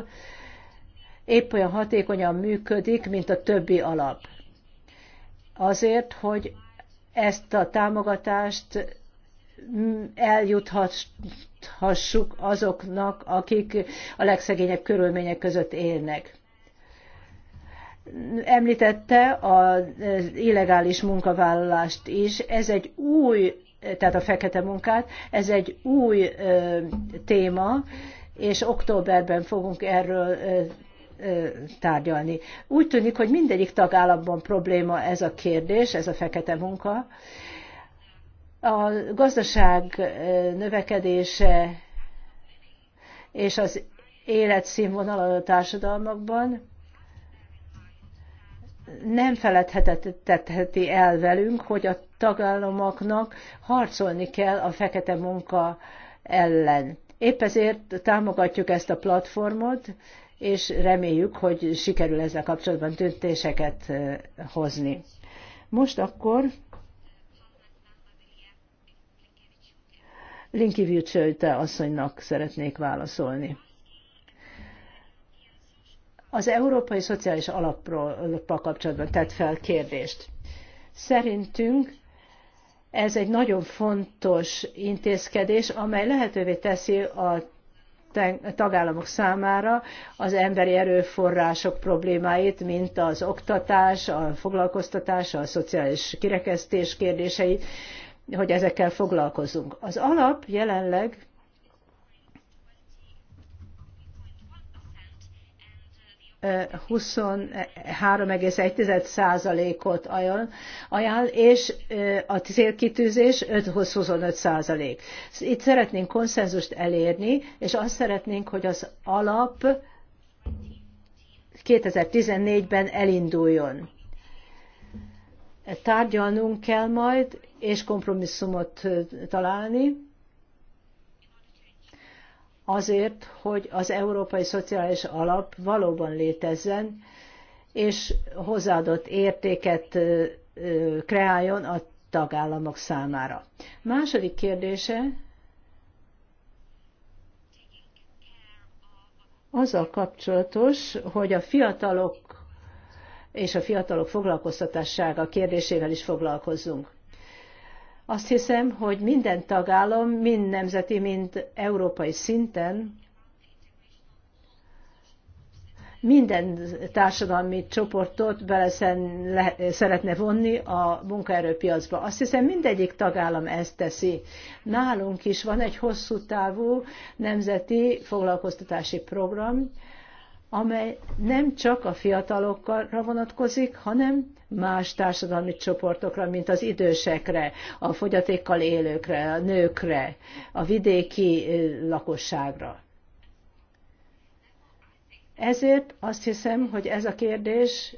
épp olyan hatékonyan működik, mint a többi alap. Azért, hogy ezt a támogatást eljuthassuk azoknak, akik a legszegényebb körülmények között élnek. Említette az illegális munkavállalást is. Ez egy új, tehát a fekete munkát, ez egy új ö, téma, és októberben fogunk erről tárgyalni. Úgy tűnik, hogy mindegyik tagállamban probléma ez a kérdés, ez a fekete munka. A gazdaság növekedése és az életszínvonal a társadalmakban nem feledhetetheti el velünk, hogy a tagállamoknak harcolni kell a fekete munka ellen. Épp ezért támogatjuk ezt a platformot, és reméljük, hogy sikerül ezzel kapcsolatban döntéseket hozni. Most akkor Linki Vilcsőte asszonynak szeretnék válaszolni. Az Európai Szociális Alapról kapcsolatban tett fel kérdést. Szerintünk ez egy nagyon fontos intézkedés, amely lehetővé teszi a tagállamok számára az emberi erőforrások problémáit, mint az oktatás, a foglalkoztatás, a szociális kirekesztés kérdéseit, hogy ezekkel foglalkozunk. Az alap jelenleg 23,1%-ot ajánl, és a célkitűzés 5-25%. Itt szeretnénk konszenzust elérni, és azt szeretnénk, hogy az alap 2014-ben elinduljon. Tárgyalnunk kell majd, és kompromisszumot találni azért, hogy az Európai Szociális Alap valóban létezzen, és hozzáadott értéket kreáljon a tagállamok számára. Második kérdése azzal kapcsolatos, hogy a fiatalok és a fiatalok foglalkoztatássága kérdésével is foglalkozzunk. Azt hiszem, hogy minden tagállam, mind nemzeti, mind európai szinten minden társadalmi csoportot bele szeretne vonni a munkaerőpiacba. Azt hiszem mindegyik tagállam ezt teszi. Nálunk is van egy hosszú távú nemzeti foglalkoztatási program, amely nem csak a fiatalokra vonatkozik, hanem más társadalmi csoportokra, mint az idősekre, a fogyatékkal élőkre, a nőkre, a vidéki lakosságra. Ezért azt hiszem, hogy ez a kérdés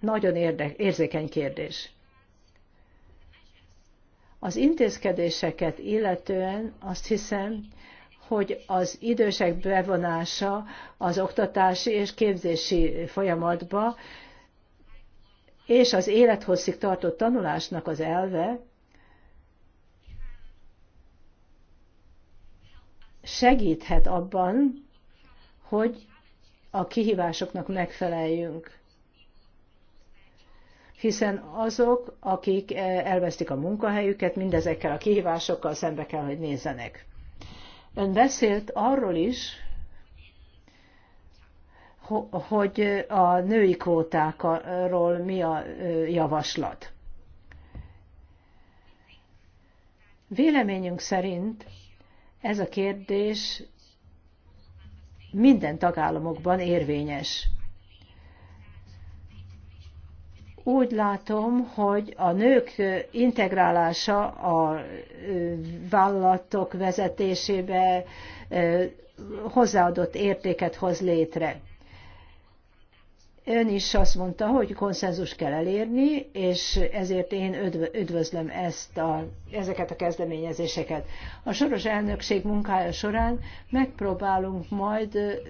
nagyon érde- érzékeny kérdés. Az intézkedéseket illetően azt hiszem, hogy az idősek bevonása az oktatási és képzési folyamatba, és az élethosszig tartott tanulásnak az elve segíthet abban, hogy a kihívásoknak megfeleljünk. Hiszen azok, akik eh, elvesztik a munkahelyüket, mindezekkel a kihívásokkal szembe kell, hogy nézzenek. Ön beszélt arról is, hogy a női kvótákról mi a javaslat. Véleményünk szerint ez a kérdés minden tagállamokban érvényes. Úgy látom, hogy a nők integrálása a vállalatok vezetésébe hozzáadott értéket hoz létre. Ön is azt mondta, hogy konszenzus kell elérni, és ezért én üdvözlöm ezt a, ezeket a kezdeményezéseket. A soros elnökség munkája során megpróbálunk majd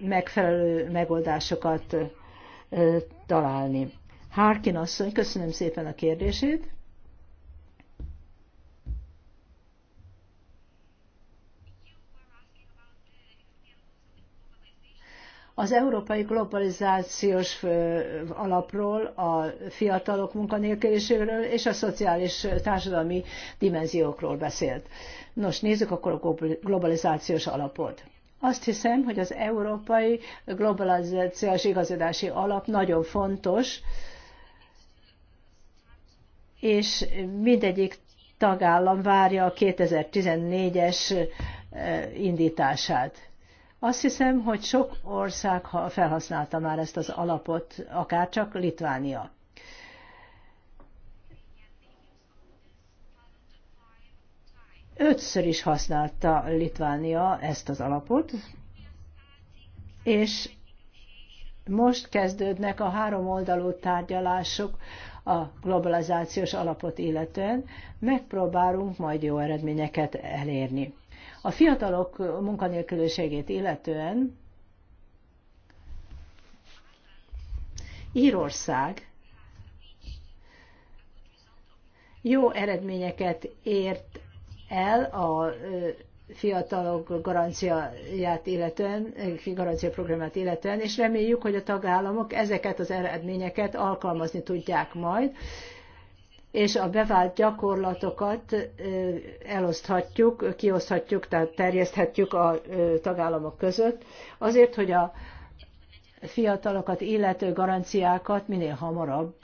megfelelő megoldásokat találni. Harkin asszony, köszönöm szépen a kérdését. Az európai globalizációs alapról, a fiatalok munkanélküliségről és a szociális társadalmi dimenziókról beszélt. Nos, nézzük akkor a globalizációs alapot. Azt hiszem, hogy az európai globalizációs igazodási alap nagyon fontos, és mindegyik tagállam várja a 2014-es eh, indítását. Azt hiszem, hogy sok ország felhasználta már ezt az alapot, akár csak Litvánia. Ötször is használta Litvánia ezt az alapot, és most kezdődnek a három oldalú tárgyalások a globalizációs alapot illetően, megpróbálunk majd jó eredményeket elérni. A fiatalok munkanélküliségét illetően Írország jó eredményeket ért el a fiatalok garanciáját illetően, garancia programját illetően, és reméljük, hogy a tagállamok ezeket az eredményeket alkalmazni tudják majd, és a bevált gyakorlatokat eloszthatjuk, kioszthatjuk, tehát terjeszthetjük a tagállamok között, azért, hogy a fiatalokat illető garanciákat minél hamarabb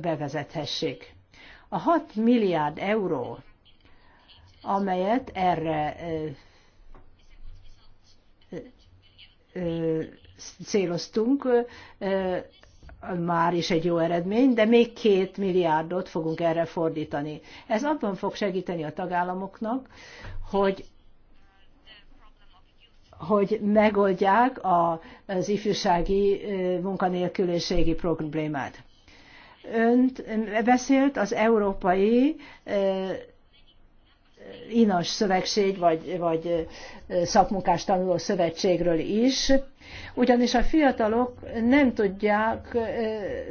bevezethessék. A 6 milliárd euró amelyet erre céloztunk, már is egy jó eredmény, de még két milliárdot fogunk erre fordítani. Ez abban fog segíteni a tagállamoknak, hogy hogy megoldják az ifjúsági munkanélküliségi problémát. Önt beszélt az európai Inas Szövetség, vagy, vagy Szakmunkás Tanuló Szövetségről is, ugyanis a fiatalok nem tudják,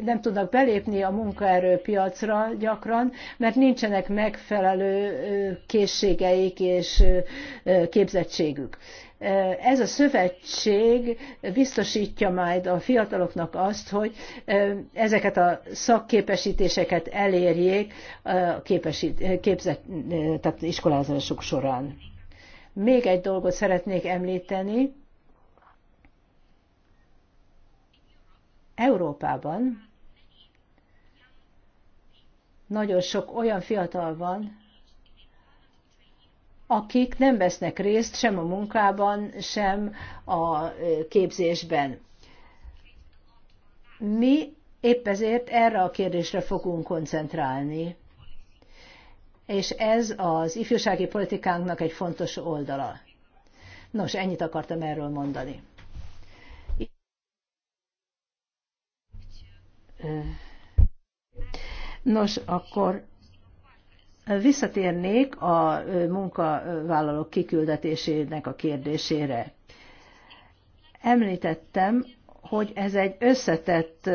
nem tudnak belépni a munkaerőpiacra gyakran, mert nincsenek megfelelő készségeik és képzettségük ez a szövetség biztosítja majd a fiataloknak azt, hogy ezeket a szakképesítéseket elérjék a képesít, képzett, tehát iskolázások során. Még egy dolgot szeretnék említeni. Európában nagyon sok olyan fiatal van, akik nem vesznek részt sem a munkában, sem a képzésben. Mi épp ezért erre a kérdésre fogunk koncentrálni, és ez az ifjúsági politikánknak egy fontos oldala. Nos, ennyit akartam erről mondani. Nos, akkor Visszatérnék a munkavállalók kiküldetésének a kérdésére. Említettem, hogy ez egy összetett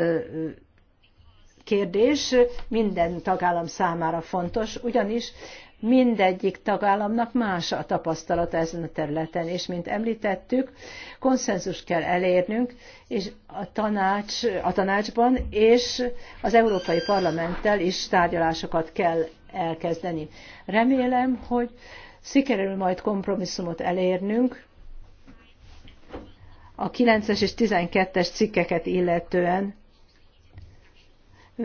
kérdés, minden tagállam számára fontos, ugyanis mindegyik tagállamnak más a tapasztalata ezen a területen, és mint említettük, konszenzus kell elérnünk és a, tanács, a tanácsban, és az Európai Parlamenttel is tárgyalásokat kell elkezdeni. Remélem, hogy sikerül majd kompromisszumot elérnünk a 9-es és 12-es cikkeket illetően,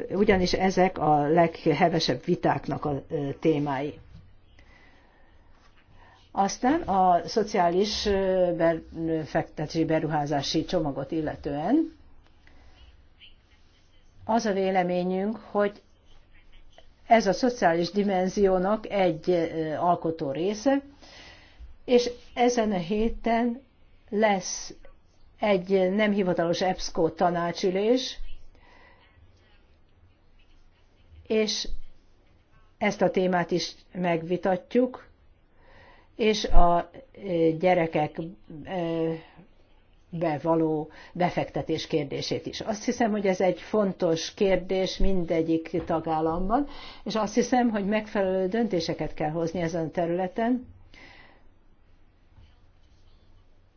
ugyanis ezek a leghevesebb vitáknak a témái. Aztán a szociális befektetési beruházási csomagot illetően az a véleményünk, hogy ez a szociális dimenziónak egy alkotó része, és ezen a héten lesz egy nem hivatalos EBSCO tanácsülés, és ezt a témát is megvitatjuk, és a gyerekek való befektetés kérdését is. Azt hiszem, hogy ez egy fontos kérdés mindegyik tagállamban, és azt hiszem, hogy megfelelő döntéseket kell hozni ezen a területen,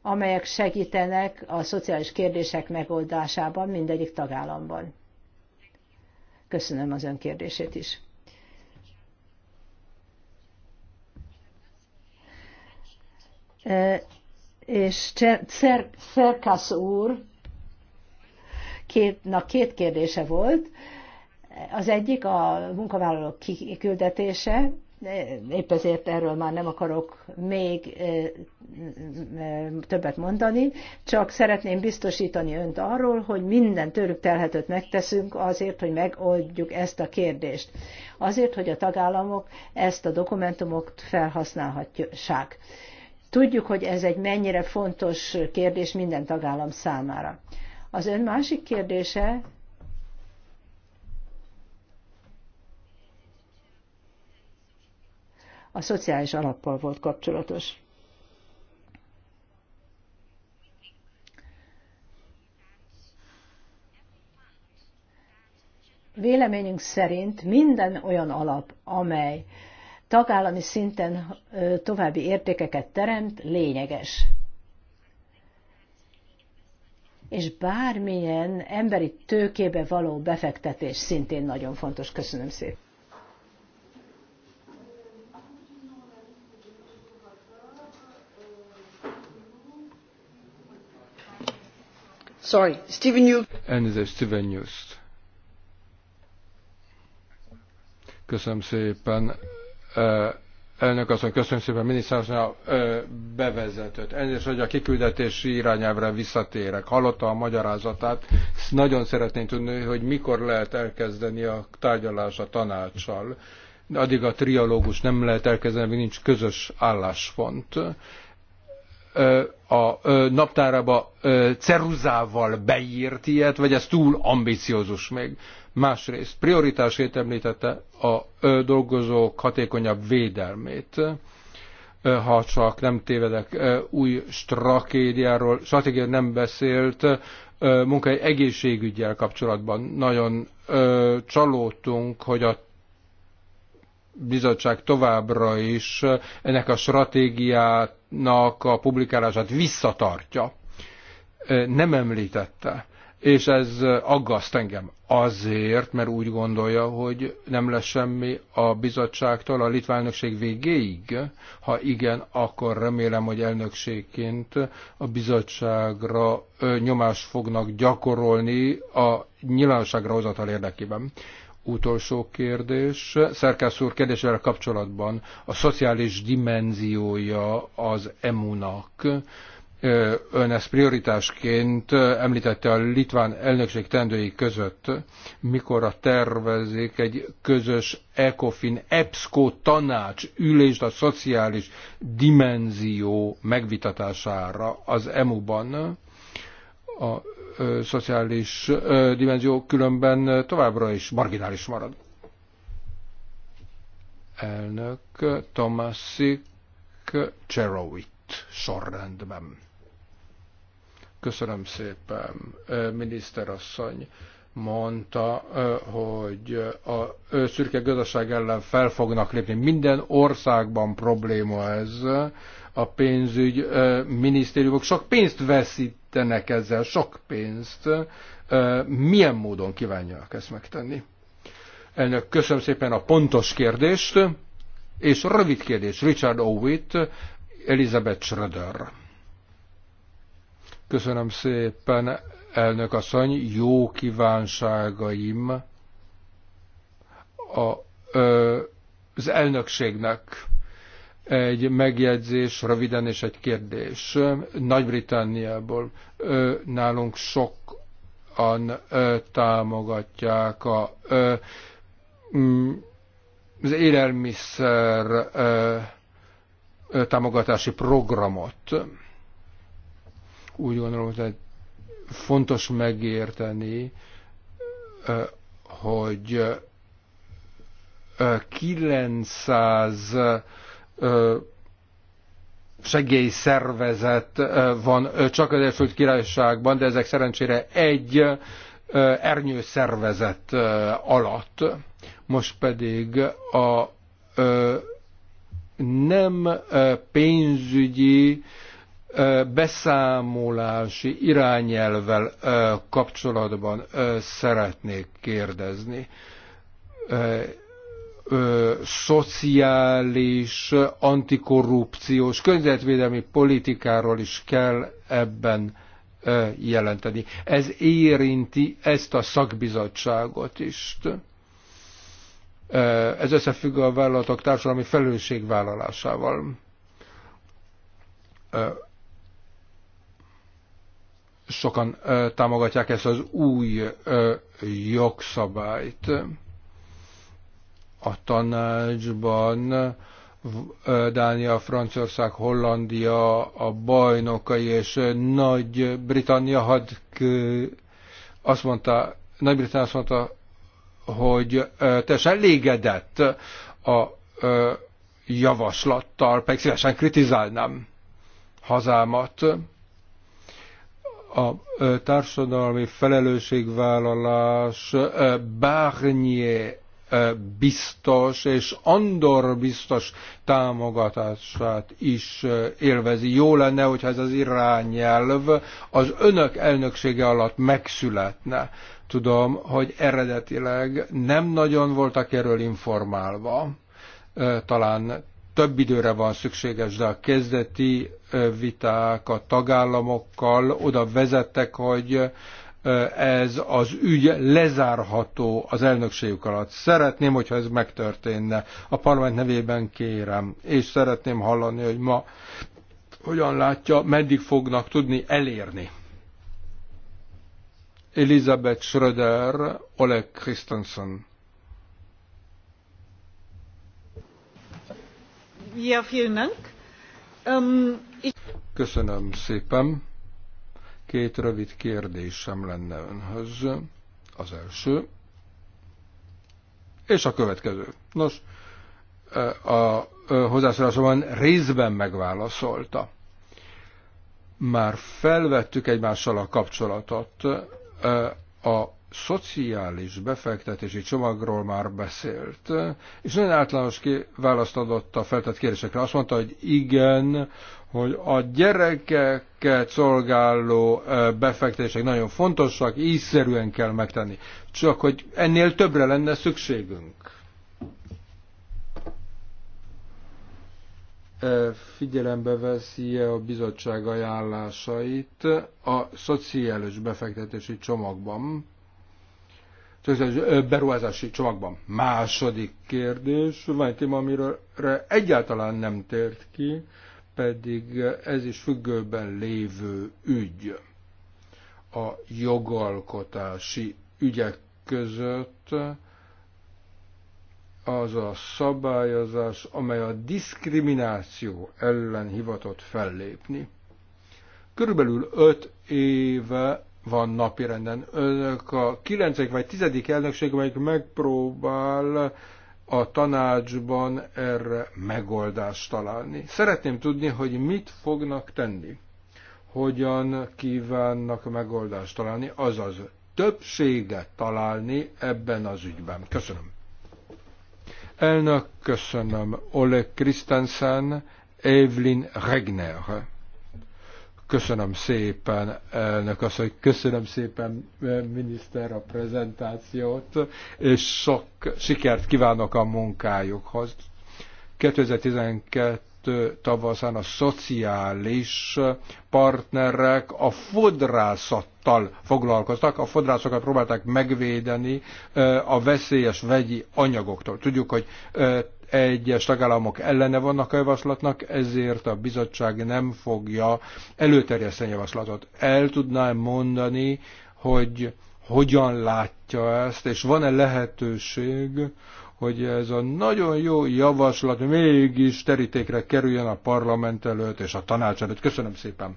amelyek segítenek a szociális kérdések megoldásában mindegyik tagállamban. Köszönöm az ön kérdését is és Szerkasz úr két, na, két kérdése volt. Az egyik a munkavállalók kiküldetése, épp ezért erről már nem akarok még többet mondani, csak szeretném biztosítani önt arról, hogy minden tőlük telhetőt megteszünk azért, hogy megoldjuk ezt a kérdést. Azért, hogy a tagállamok ezt a dokumentumot felhasználhatják Tudjuk, hogy ez egy mennyire fontos kérdés minden tagállam számára. Az ön másik kérdése a szociális alappal volt kapcsolatos. Véleményünk szerint minden olyan alap, amely tagállami szinten további értékeket teremt, lényeges. És bármilyen emberi tőkébe való befektetés szintén nagyon fontos. Köszönöm szépen. Sorry, Steven News. Elnézést, Steven News. Köszönöm szépen, Elnök asszony, köszönöm szépen miniszter a bevezetőt. Ennyis, hogy a kiküldetési irányelvre visszatérek. Hallotta a magyarázatát. Nagyon szeretném tudni, hogy mikor lehet elkezdeni a tárgyalás a tanácssal. Addig a trialógus nem lehet elkezdeni, mert nincs közös álláspont. A naptárába ceruzával beírt ilyet, vagy ez túl ambiciózus még? Másrészt prioritásét említette a dolgozók hatékonyabb védelmét. Ha csak nem tévedek, új stratégiáról, stratégiáról nem beszélt, munkai egészségügyel kapcsolatban nagyon csalódtunk, hogy a bizottság továbbra is ennek a stratégiának a publikálását visszatartja. Nem említette és ez aggaszt engem azért, mert úgy gondolja, hogy nem lesz semmi a bizottságtól a litvánökség végéig. Ha igen, akkor remélem, hogy elnökségként a bizottságra nyomást fognak gyakorolni a nyilvánosságra hozatal érdekében. Utolsó kérdés, Szerkász úr kérdésével kapcsolatban a szociális dimenziója az emunak. nak Ön ezt prioritásként említette a litván elnökség tendői között, mikor a tervezik egy közös ECOFIN Epsco tanács ülést a szociális dimenzió megvitatására az EMU-ban. A szociális dimenzió különben továbbra is marginális marad. Elnök Tomaszik Cserowit sorrendben. Köszönöm szépen, miniszterasszony mondta, hogy a szürke gazdaság ellen fel fognak lépni. Minden országban probléma ez. A pénzügy minisztériumok sok pénzt veszítenek ezzel, sok pénzt. Milyen módon kívánják ezt megtenni? Elnök, köszönöm szépen a pontos kérdést, és rövid kérdés Richard Owitt, Elizabeth Schröder. Köszönöm szépen, elnök asszony, jó kívánságaim a, ö, az elnökségnek egy megjegyzés, röviden és egy kérdés. Nagy-Britanniából nálunk sokan ö, támogatják a, ö, mm, az élelmiszer ö, támogatási programot úgy gondolom, hogy fontos megérteni, hogy 900 segélyszervezet van csak az Egyesült Királyságban, de ezek szerencsére egy ernyőszervezet alatt. Most pedig a nem pénzügyi beszámolási irányelvel kapcsolatban szeretnék kérdezni. Szociális, antikorrupciós, környezetvédelmi politikáról is kell ebben jelenteni. Ez érinti ezt a szakbizottságot is. Ez összefügg a vállalatok társadalmi felelősségvállalásával sokan támogatják ezt az új jogszabályt. A tanácsban Dánia, Franciaország, Hollandia, a bajnokai és Nagy-Britannia had azt mondta, Nagy-Britannia azt mondta, hogy teljesen elégedett a javaslattal, pedig szívesen kritizálnám hazámat a társadalmi felelősségvállalás Barnier biztos és Andor biztos támogatását is élvezi. Jó lenne, hogyha ez az irányelv az önök elnöksége alatt megszületne. Tudom, hogy eredetileg nem nagyon voltak erről informálva. Talán több időre van szükséges, de a kezdeti viták a tagállamokkal oda vezettek, hogy ez az ügy lezárható az elnökségük alatt. Szeretném, hogyha ez megtörténne. A parlament nevében kérem, és szeretném hallani, hogy ma hogyan látja, meddig fognak tudni elérni. Elizabeth Schröder, Oleg Christensen. Ähm, Köszönöm szépen. Két rövid kérdésem lenne önhöz. Az első. És a következő. Nos, eh, a hozzászólásomban részben megválaszolta. Már felvettük egymással a kapcsolatot eh, a szociális befektetési csomagról már beszélt, és nagyon általános ki választ adott a feltett kérdésekre. Azt mondta, hogy igen, hogy a gyerekeket szolgáló befektetések nagyon fontosak, ízszerűen kell megtenni. Csak hogy ennél többre lenne szükségünk. figyelembe veszi -e a bizottság ajánlásait a szociális befektetési csomagban beruházási csomagban. Második kérdés, van egy téma, amiről egyáltalán nem tért ki, pedig ez is függőben lévő ügy a jogalkotási ügyek között az a szabályozás, amely a diszkrimináció ellen hivatott fellépni. Körülbelül öt éve van napirenden. Önök a 9. vagy 10. elnökség, amelyik megpróbál a tanácsban erre megoldást találni. Szeretném tudni, hogy mit fognak tenni, hogyan kívánnak megoldást találni, azaz többséget találni ebben az ügyben. Köszönöm. Elnök, köszönöm. Ole Christensen, Evelyn Regner. Köszönöm szépen, elnök azt, hogy köszönöm szépen, miniszter, a prezentációt, és sok sikert kívánok a munkájukhoz. 2012 tavaszán a szociális partnerek a fodrászattal foglalkoztak, a fodrászokat próbálták megvédeni eh, a veszélyes vegyi anyagoktól. Tudjuk, hogy eh, egyes tagállamok ellene vannak a javaslatnak, ezért a bizottság nem fogja előterjeszteni javaslatot. El tudnám mondani, hogy hogyan látja ezt, és van-e lehetőség, hogy ez a nagyon jó javaslat mégis terítékre kerüljön a parlament előtt és a tanács előtt. Köszönöm szépen!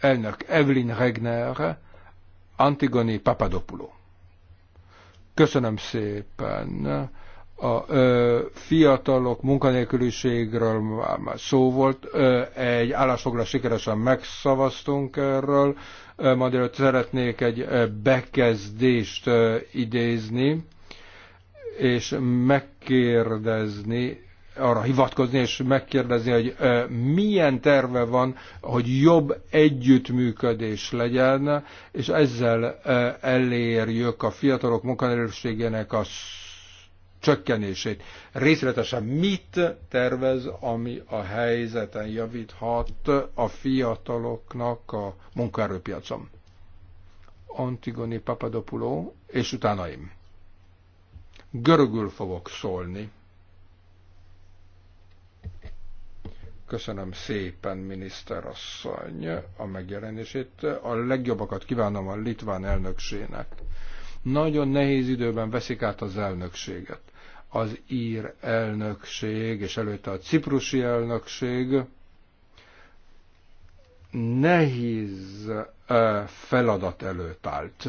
Elnök Evelyn Regner Antigoni Papadopulo. Köszönöm szépen. A ö, fiatalok munkanélküliségről már szó volt, ö, egy állásfoglalás sikeresen megszavaztunk erről. Ö, ma szeretnék egy ö, bekezdést ö, idézni, és megkérdezni arra hivatkozni és megkérdezni, hogy milyen terve van, hogy jobb együttműködés legyen, és ezzel elérjük a fiatalok munkanerősségének a csökkenését. Részletesen mit tervez, ami a helyzeten javíthat a fiataloknak a munkaerőpiacon? Antigoni Papadopuló, és utána én. Görögül fogok szólni Köszönöm szépen, miniszterasszony, a megjelenését. A legjobbakat kívánom a litván elnökségnek. Nagyon nehéz időben veszik át az elnökséget. Az ír elnökség, és előtte a ciprusi elnökség nehéz feladat előtt állt.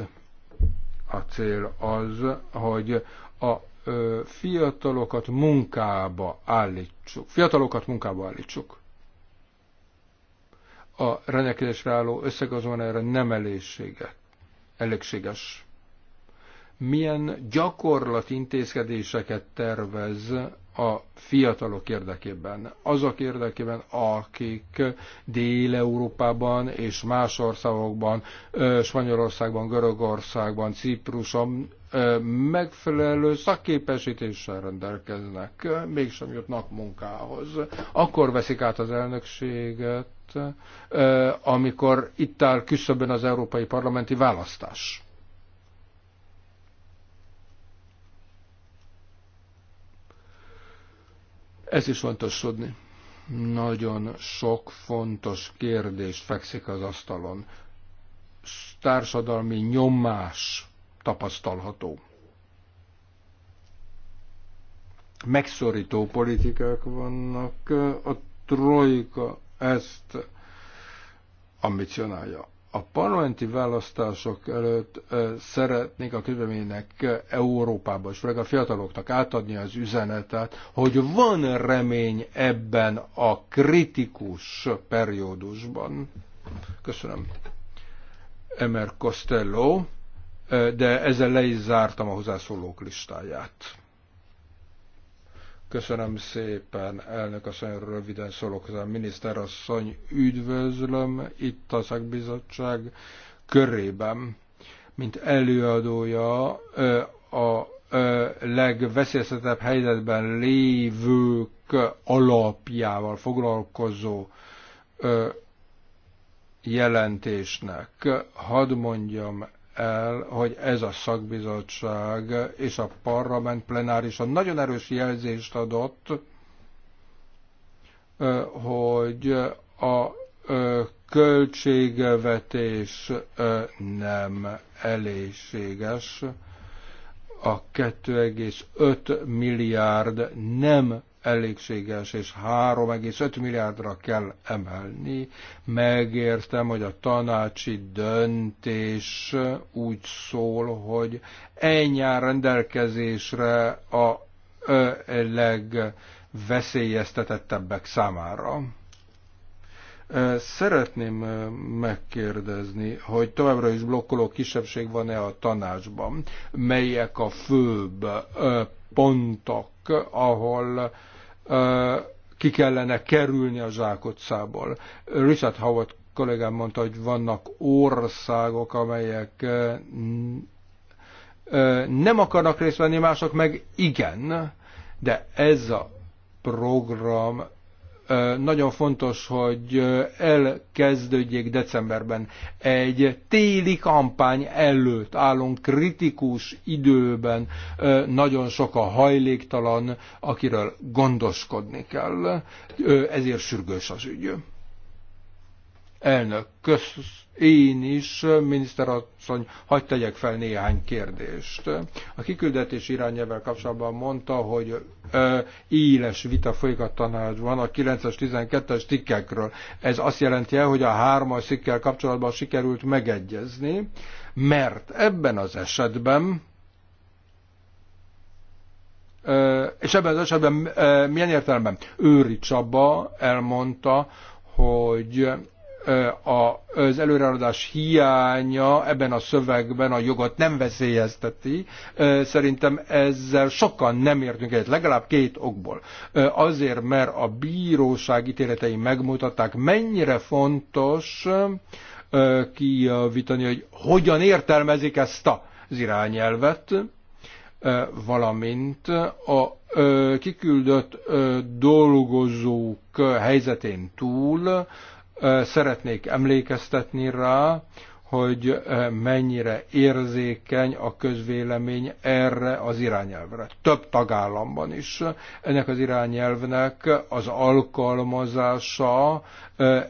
A cél az, hogy a fiatalokat munkába állítsuk. Fiatalokat munkába állítsuk. A rendelkezésre álló összeg azonban erre nem elégsége. elégséges. Milyen gyakorlati intézkedéseket tervez a fiatalok érdekében, azok érdekében, akik Dél-Európában és más országokban, Spanyolországban, Görögországban, Cipruson megfelelő szakképesítéssel rendelkeznek, mégsem jutnak munkához. Akkor veszik át az elnökséget, amikor itt áll küszöbön az európai parlamenti választás. Ez is fontos tudni. Nagyon sok fontos kérdés fekszik az asztalon. Társadalmi nyomás tapasztalható. Megszorító politikák vannak, a trojka ezt ambicionálja. A parlamenti választások előtt eh, szeretnék a közleménynek eh, Európában, és főleg a fiataloknak átadni az üzenetet, hogy van remény ebben a kritikus periódusban. Köszönöm. Emer Costello de ezzel le is zártam a hozzászólók listáját. Köszönöm szépen, elnök asszony, röviden szólok hozzá. Miniszter asszony, üdvözlöm itt a szakbizottság körében, mint előadója a legveszélyeztetebb helyzetben lévők alapjával foglalkozó jelentésnek. Hadd mondjam el, hogy ez a szakbizottság és a parlament plenárison nagyon erős jelzést adott, hogy a költségvetés nem elégséges, a 2,5 milliárd nem elégséges, és 3,5 milliárdra kell emelni. Megértem, hogy a tanácsi döntés úgy szól, hogy ennyi áll rendelkezésre a legveszélyeztetettebbek számára. Szeretném megkérdezni, hogy továbbra is blokkoló kisebbség van-e a tanácsban, melyek a főbb pontok ahol ki kellene kerülni a zsákutcából. Richard Howard kollégám mondta, hogy vannak országok, amelyek nem akarnak részt venni, mások meg igen, de ez a program nagyon fontos, hogy elkezdődjék decemberben. Egy téli kampány előtt állunk kritikus időben, nagyon sok a hajléktalan, akiről gondoskodni kell. Ezért sürgős az ügy. Elnök, kösz, én is, miniszterasszony, hagyd tegyek fel néhány kérdést. A kiküldetés irányával kapcsolatban mondta, hogy ö, éles vita folyik a tanácsban a 9-es, 12-es cikkekről. Ez azt jelenti el, hogy a 3-as cikkel kapcsolatban sikerült megegyezni, mert ebben az esetben ö, és ebben az esetben ö, milyen értelemben? Őri Csaba elmondta, hogy az előreadás hiánya ebben a szövegben a jogot nem veszélyezteti. Szerintem ezzel sokan nem értünk egyet, legalább két okból. Azért, mert a bíróság ítéletei megmutatták, mennyire fontos kijavítani, hogy hogyan értelmezik ezt az irányelvet, valamint a kiküldött dolgozók helyzetén túl Szeretnék emlékeztetni rá, hogy mennyire érzékeny a közvélemény erre az irányelvre. Több tagállamban is ennek az irányelvnek az alkalmazása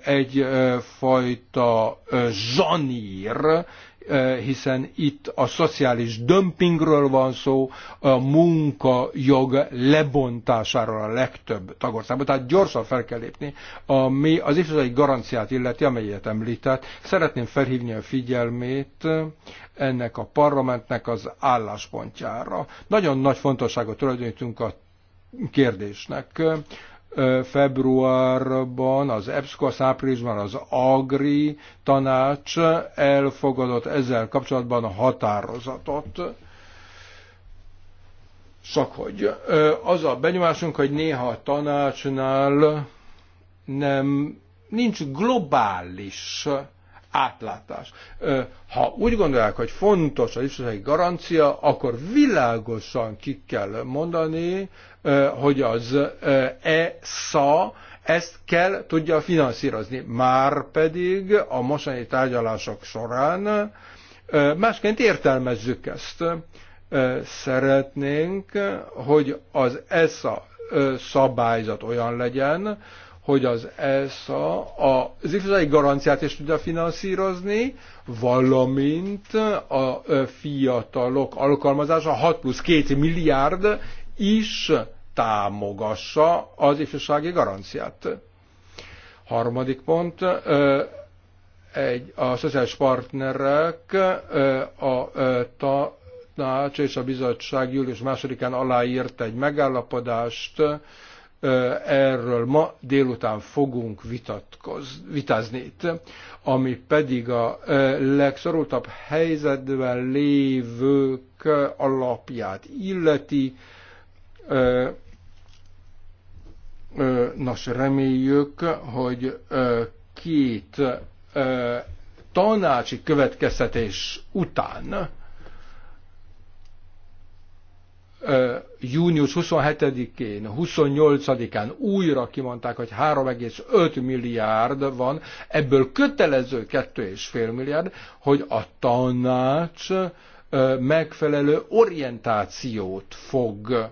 egyfajta zsanír, hiszen itt a szociális dömpingről van szó, a munkajog lebontásáról a legtöbb tagországban. Tehát gyorsan fel kell lépni, ami az ifjúsági garanciát illeti, amelyet említett. Szeretném felhívni a figyelmét ennek a parlamentnek az álláspontjára. Nagyon nagy fontosságot tulajdonítunk a kérdésnek februárban, az EBSCOS áprilisban az AGRI tanács elfogadott ezzel kapcsolatban a határozatot. Csak hogy az a benyomásunk, hogy néha a tanácsnál nem, nincs globális átlátás. Ha úgy gondolják, hogy fontos az ifjúsági garancia, akkor világosan ki kell mondani, hogy az ESA ezt kell tudja finanszírozni. Márpedig a mostani tárgyalások során másként értelmezzük ezt. Szeretnénk, hogy az ESA szabályzat olyan legyen, hogy az ESA az ifjúsági garanciát is tudja finanszírozni, valamint a fiatalok alkalmazása 6 plusz 2 milliárd is támogassa az ifjúsági garanciát. Harmadik pont, egy, a szociális partnerek a tanács és a bizottság július másodikán aláírt egy megállapodást, erről ma délután fogunk vitázni itt, ami pedig a legszorultabb helyzetben lévők alapját illeti. Nos, reméljük, hogy két tanácsi következtetés után június 27-én, 28-án újra kimondták, hogy 3,5 milliárd van, ebből kötelező 2,5 milliárd, hogy a tanács megfelelő orientációt fog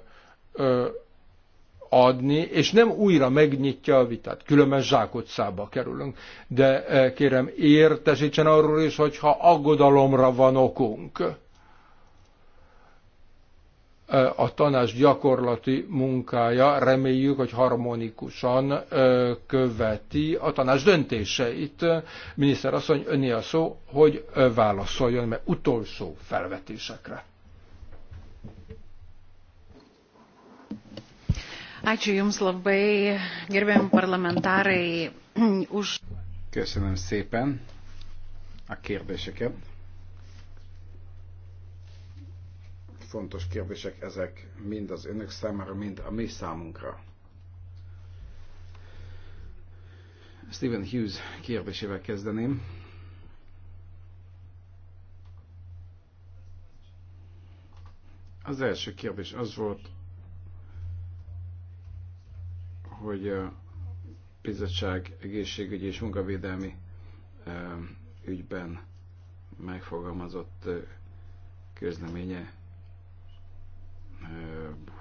adni, és nem újra megnyitja a vitát. Különben zsákutcába kerülünk. De kérem, értesítsen arról is, hogyha aggodalomra van okunk a tanács gyakorlati munkája reméljük, hogy harmonikusan követi a tanács döntéseit. Miniszter asszony, önné a szó, hogy válaszoljon mert utolsó felvetésekre. Ačiū Jums labai, gerbiami parlamentárai, už... Köszönöm szépen a kérdéseket. fontos kérdések ezek mind az önök számára, mind a mi számunkra. Stephen Hughes kérdésével kezdeném. Az első kérdés az volt, hogy a bizottság egészségügyi és munkavédelmi eh, ügyben megfogalmazott eh, közleménye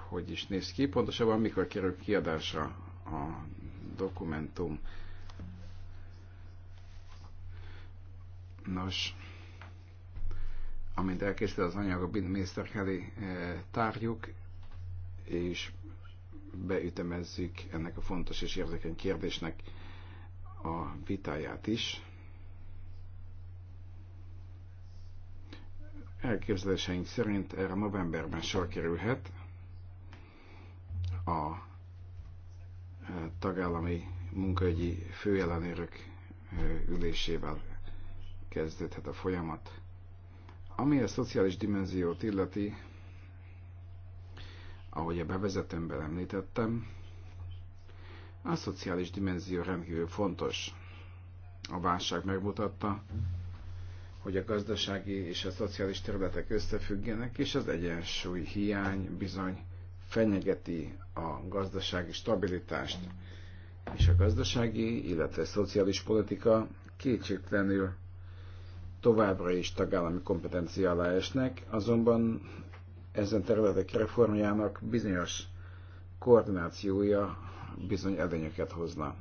hogy is néz ki, pontosabban mikor kerül kiadásra a dokumentum. Nos, amint elkészül az anyag, a Mr. Kelly tárjuk, és beütemezzük ennek a fontos és érzékeny kérdésnek a vitáját is. Elképzeléseink szerint erre novemberben sor kerülhet a eh, tagállami munkaügyi főjelenőrök eh, ülésével kezdődhet a folyamat. Ami a szociális dimenziót illeti, ahogy a bevezetőmben említettem, a szociális dimenzió rendkívül fontos. A válság megmutatta, hogy a gazdasági és a szociális területek összefüggjenek, és az egyensúly hiány bizony fenyegeti a gazdasági stabilitást. És a gazdasági, illetve a szociális politika kétségtelenül továbbra is tagállami kompetencia alá esnek, azonban ezen területek reformjának bizonyos koordinációja bizony előnyöket hozna.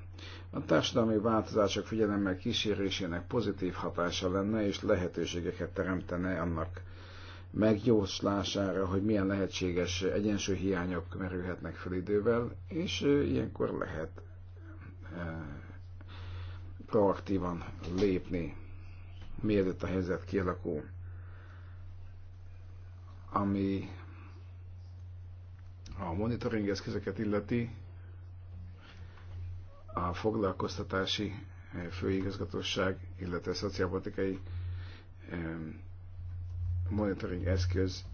A társadalmi változások figyelemmel kísérésének pozitív hatása lenne, és lehetőségeket teremtene annak megjóslására, hogy milyen lehetséges egyensúlyhiányok merülhetnek fel idővel, és ilyenkor lehet proaktívan lépni, mielőtt a helyzet kialakul. Ami a monitoring eszközöket illeti, a foglalkoztatási eh, főigazgatóság, illetve a szociálpolitikai monitoring eszköz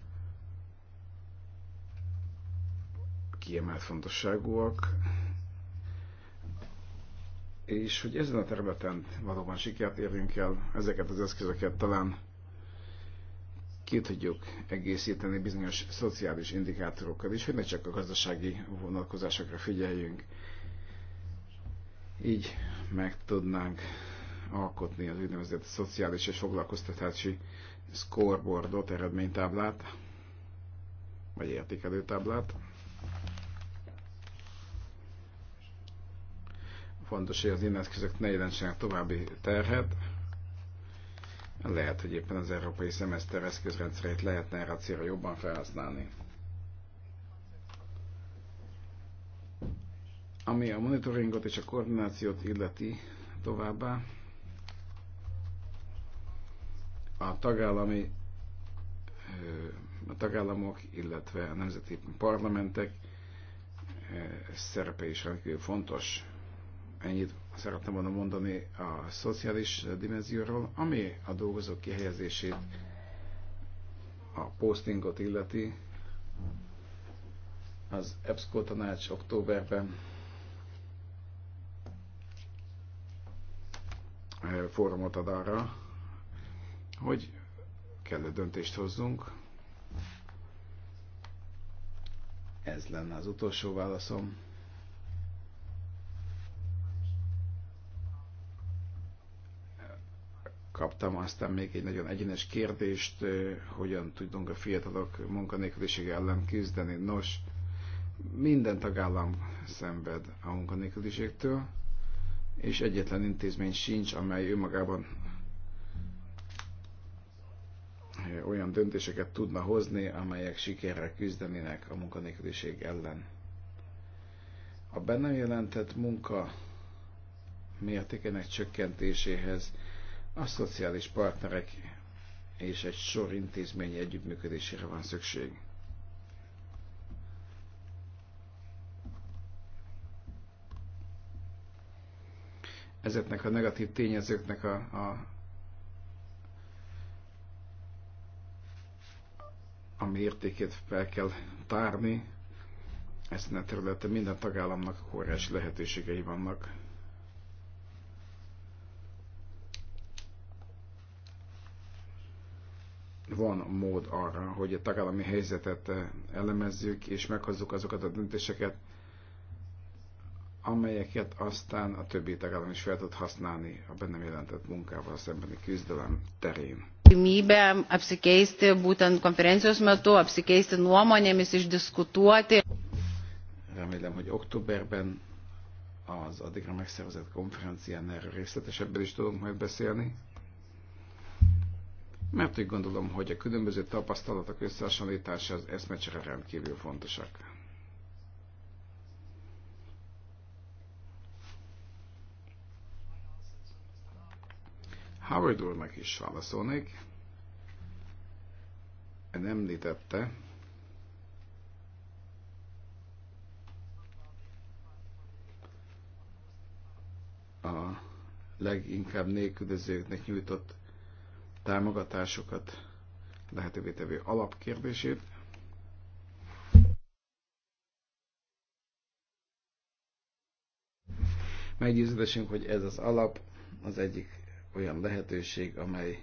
kiemelt fontosságúak, és hogy ezen a területen valóban sikert érjünk el, ezeket az eszközöket talán ki tudjuk egészíteni bizonyos szociális indikátorokkal is, hogy ne csak a gazdasági vonalkozásokra figyeljünk. Így meg tudnánk alkotni az úgynevezett szociális és foglalkoztatási scoreboardot, eredménytáblát, vagy értékelőtáblát. Fontos, hogy az ilyen ne jelentsenek további terhet. Lehet, hogy éppen az európai szemeszter eszközrendszerét lehetne erre a célra jobban felhasználni. Ami a monitoringot és a koordinációt illeti továbbá, a tagállami a tagállamok, illetve a nemzeti parlamentek szerepe is rendkívül fontos. Ennyit szerettem volna mondani a szociális dimenzióról, ami a dolgozók kihelyezését, a postingot illeti. Az EBSCO tanács októberben Eh, fórumot ad arra, hogy kellő döntést hozzunk. Ez lenne az utolsó válaszom. kaptam aztán még egy nagyon egyenes kérdést, eh, hogyan tudunk a fiatalok munkanélkülisége ellen küzdeni. Nos, minden tagállam szenved a munkanélküliségtől és egyetlen intézmény sincs, amely önmagában eh, olyan döntéseket tudna hozni, amelyek sikerre küzdenének a munkanélküliség ellen. A bennem jelentett munka mértékenek csökkentéséhez a szociális partnerek és egy sor intézmény együttműködésére van szükség. ezeknek a negatív tényezőknek a, a a mértékét fel kell tárni, ezen a területen minden tagállamnak óriási lehetőségei vannak. Van mód arra, hogy a tagállami helyzetet elemezzük, és meghozzuk azokat a döntéseket, amelyeket aztán a többi tagállam is fel tud használni a bennem jelentett munkával szembeni küzdelem terén. Galimybė apsikeisti būtent konferencijos metu, apsikeisti nuomonėmis, išdiskutuoti. Remélem, hogy októberben az addigra megszervezett konferencián erről részletesebben is tudunk majd beszélni. Mert úgy gondolom, hogy a különböző tapasztalatok összehasonlítása az eszmecsere rendkívül fontosak. Howard úrnak is válaszolnék. Én említette, a leginkább nélkülözőknek nyújtott támogatásokat lehetővé tevő alapkérdését. Meggyőződésünk, hogy ez az alap az egyik olyan lehetőség, amely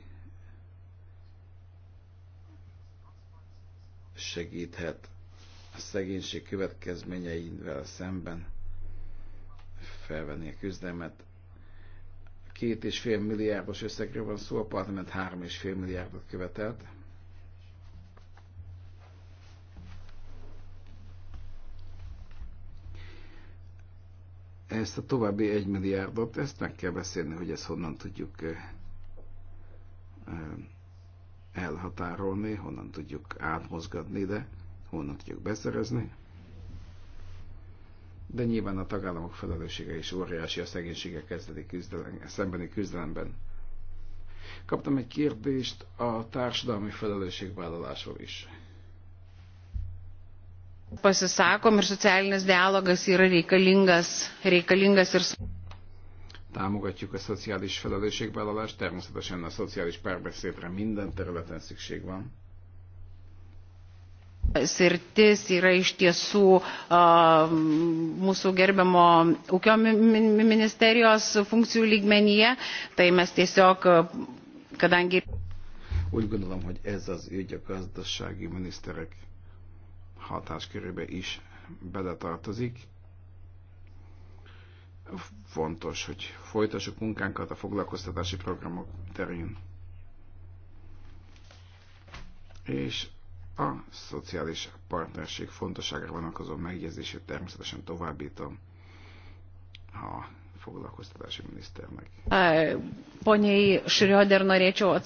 segíthet a szegénység következményeivel szemben felvenni a küzdelmet. Két és fél milliárdos összegről van szó, a parlament három és fél milliárdot követelt. ezt a további egy milliárdot, ezt meg kell beszélni, hogy ezt honnan tudjuk elhatárolni, honnan tudjuk átmozgatni ide, honnan tudjuk beszerezni. De nyilván a tagállamok felelőssége is óriási a szegénysége kezdeni küzdelem, szembeni küzdelemben. Kaptam egy kérdést a társadalmi felelősségvállalásról is. Pasisakom ir szociális dialogas yra reikalingas, reikalingas ir... Támogatjuk a szociális felelősségvállalást, természetesen a szociális párbeszédre minden területen szükség van Sirtis yra iš tiesų mūsų gerbiamo ūkio ministerijos funkcijų lygmenyje, tai mes tiesiog, kadangi. Úgy gondolom, hogy ez az ügy a gazdasági miniszterek hatáskörébe is beletartozik. Fontos, hogy folytassuk munkánkat a foglalkoztatási programok terén. És a szociális partnerség fontosságra vonatkozó megjegyzését természetesen továbbítom a foglalkoztatási miniszternek. Pani Schröder norėčiau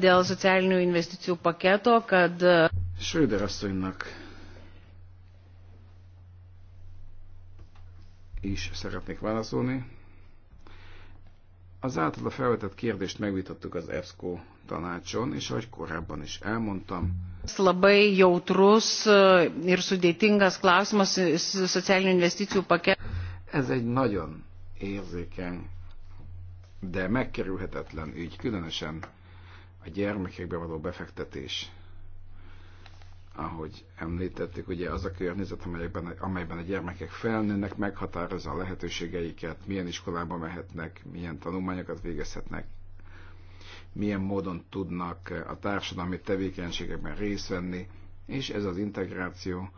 de a szociális investíció paketok, de Schröder asszonynak is szeretnék válaszolni. Az által a felvetett kérdést megvitattuk az EBSCO tanácson, és ahogy korábban is elmondtam. Labai jautrus e, ir sudėtingas klausimas e, socialinių investicijų paket. Ez egy nagyon érzékeny, de megkerülhetetlen ügy, különösen a gyermekekbe való befektetés ahogy említettük, ugye az a környezet, amelyben, amelyben a gyermekek felnőnek, meghatározza a lehetőségeiket, milyen iskolába mehetnek, milyen tanulmányokat végezhetnek, milyen módon tudnak a társadalmi tevékenységekben részt venni, és ez az integráció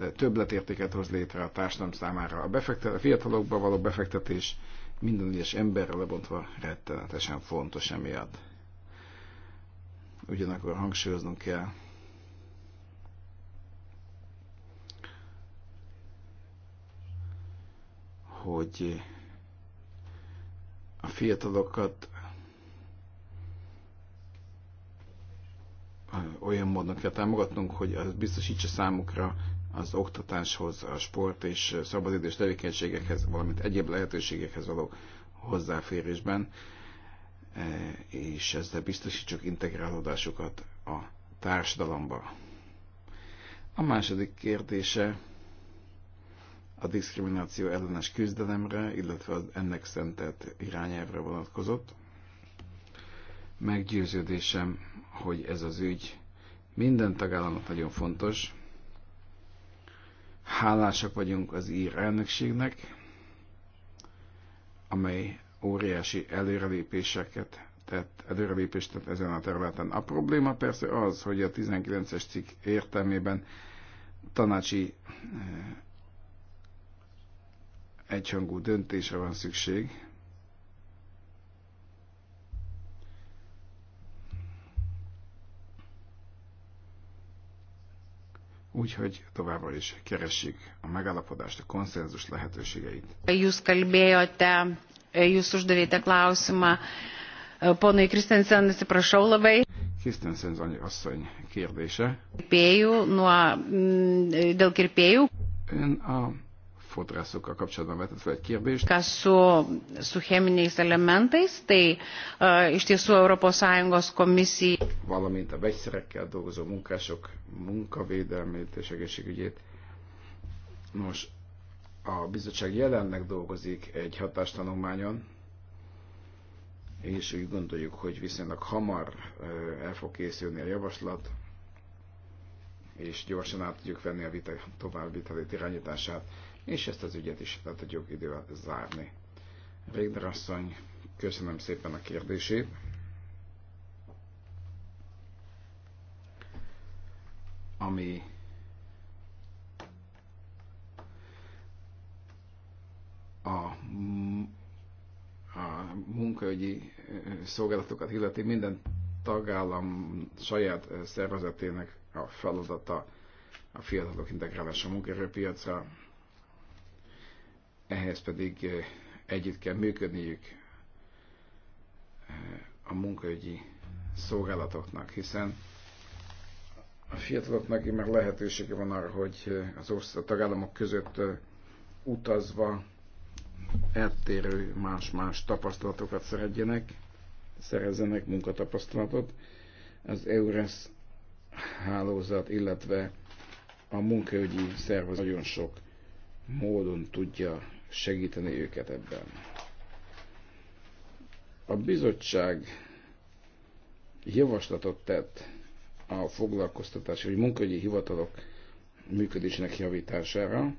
eh, többletértéket hoz létre a társadalom számára. A, befektet, a fiatalokba való befektetés minden egyes emberre lebontva rettenetesen fontos emiatt. Ugyanakkor hangsúlyoznunk kell, hogy a fiatalokat olyan módon kell támogatnunk, hogy az biztosítsa számukra az oktatáshoz, a sport és szabadidős tevékenységekhez, valamint egyéb lehetőségekhez való hozzáférésben, és ezzel biztosítsuk integrálódásukat a társadalomba. A második kérdése a diszkrimináció ellenes küzdelemre, illetve az ennek szentelt irányelvre vonatkozott. Meggyőződésem, hogy ez az ügy minden tagállamnak nagyon fontos. Hálásak vagyunk az ír elnökségnek, amely óriási előrelépéseket tett, előrelépést tett ezen a területen. A probléma persze az, hogy a 19-es cikk értelmében tanácsi eh, egyhangú döntésre van szükség. Úgyhogy továbbra is keressük a megállapodást, a konszenzus lehetőségeit. Jus kalbėjote, e, jus uždavėte klausimą e, Ponai Kristensen, atsiprašau labai. Kristensen asszony kérdése. Kirpėjų, nuo, dėl kirpėjų. Ön a fodrászokkal kapcsolatban vetett fel egy kérdést. Kas su, su cheminiais elementais, tai uh, iš tiesų Europos Sąjungos komisija. Valamint a vegyszerekkel dolgozó munkások munkavédelmét és egészségügyét. Nos, a bizottság jelenleg dolgozik egy hatástanulmányon, és úgy gondoljuk, hogy viszonylag hamar e, el fog készülni a javaslat, és gyorsan át tudjuk venni a vita továbbvitelét irányítását és ezt az ügyet is le tudjuk idővel zárni. Régner asszony, köszönöm szépen a kérdését. Ami a, a munkaügyi szolgálatokat illeti minden tagállam saját szervezetének a feladata a fiatalok integrálása a munkaerőpiacra, ehhez pedig eh, együtt kell működniük eh, a munkaügyi szolgálatoknak, hiszen a fiataloknak meg lehetősége van arra, hogy eh, az ország tagállamok között utazva eltérő más-más tapasztalatokat szerezjenek, szerezzenek munkatapasztalatot. Az EURES hálózat, illetve a munkaügyi szervez nagyon sok módon tudja segíteni őket ebben. A bizottság javaslatot tett a foglalkoztatási vagy munkahogyi hivatalok működésének javítására.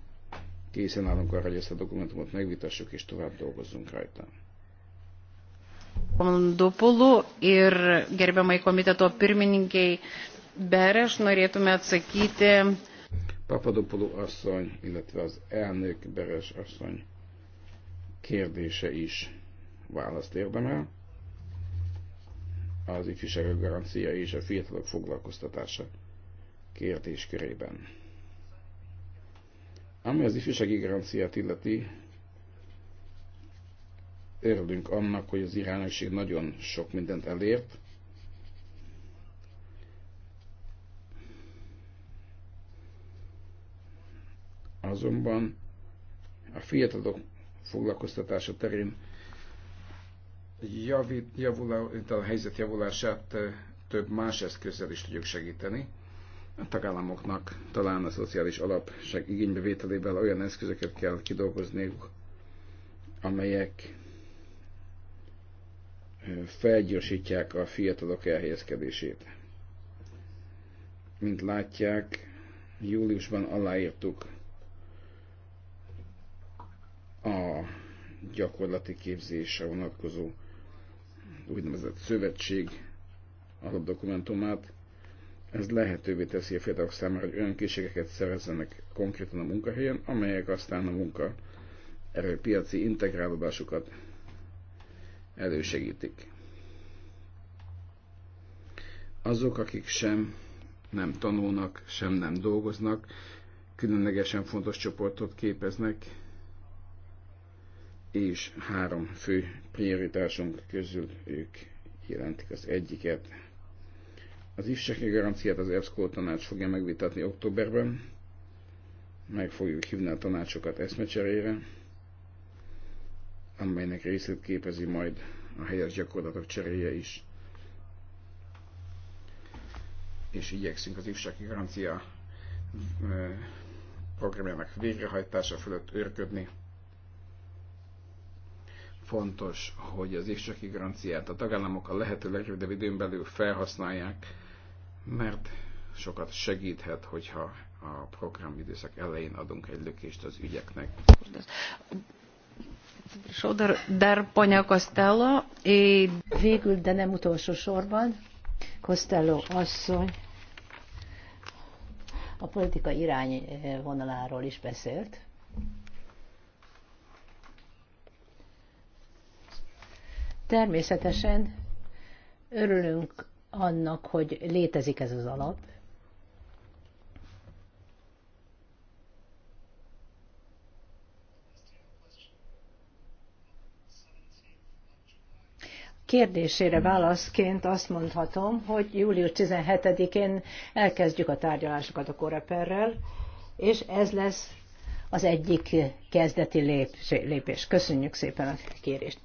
Készen állunk arra, hogy ezt a dokumentumot megvitassuk és tovább dolgozzunk rajta. Dopulu ir gerbiamai komiteto pirmininkiai Beres norėtume atsakyti Papadopoló asszony, illetve az elnök Beres asszony kérdése is választ érdemel. Az ifjúságok garancia és a fiatalok foglalkoztatása kérdéskörében. Ami az ifjúsági garanciát illeti, örülünk annak, hogy az irányosség nagyon sok mindent elért, Azonban a fiatalok foglalkoztatása terén javít, javulá, a helyzet javulását több más eszközzel is tudjuk segíteni. A tagállamoknak talán a szociális alap igénybevételével olyan eszközöket kell kidolgozniuk, amelyek felgyorsítják a fiatalok elhelyezkedését. Mint látják, júliusban aláírtuk a gyakorlati képzése vonatkozó úgynevezett szövetség alapdokumentumát. Ez lehetővé teszi a fiatalok számára, hogy olyan készségeket szerezzenek konkrétan a munkahelyen, amelyek aztán a munka erőpiaci integrálódásukat elősegítik. Azok, akik sem nem tanulnak, sem nem dolgoznak, különlegesen fontos csoportot képeznek, és három fő prioritásunk közül ők jelentik az egyiket. Az ifjúsági garanciát az EBSZKÓ tanács fogja megvitatni októberben, meg fogjuk hívni a tanácsokat eszmecserére, amelynek részét képezi majd a helyes gyakorlatok cseréje is. És igyekszünk az ifjúsági garancia programjának végrehajtása fölött őrködni, fontos, hogy az ifjúsági garanciát a tagállamok a lehető legrövidebb időn belül felhasználják, mert sokat segíthet, hogyha a program időszak elején adunk egy lökést az ügyeknek. Végül, de nem utolsó sorban, Costello asszony a politika irányvonaláról eh, is beszélt. Természetesen örülünk annak, hogy létezik ez az alap. Kérdésére válaszként azt mondhatom, hogy július 17-én elkezdjük a tárgyalásokat a Koreperrel, és ez lesz az egyik kezdeti lépés. Köszönjük szépen a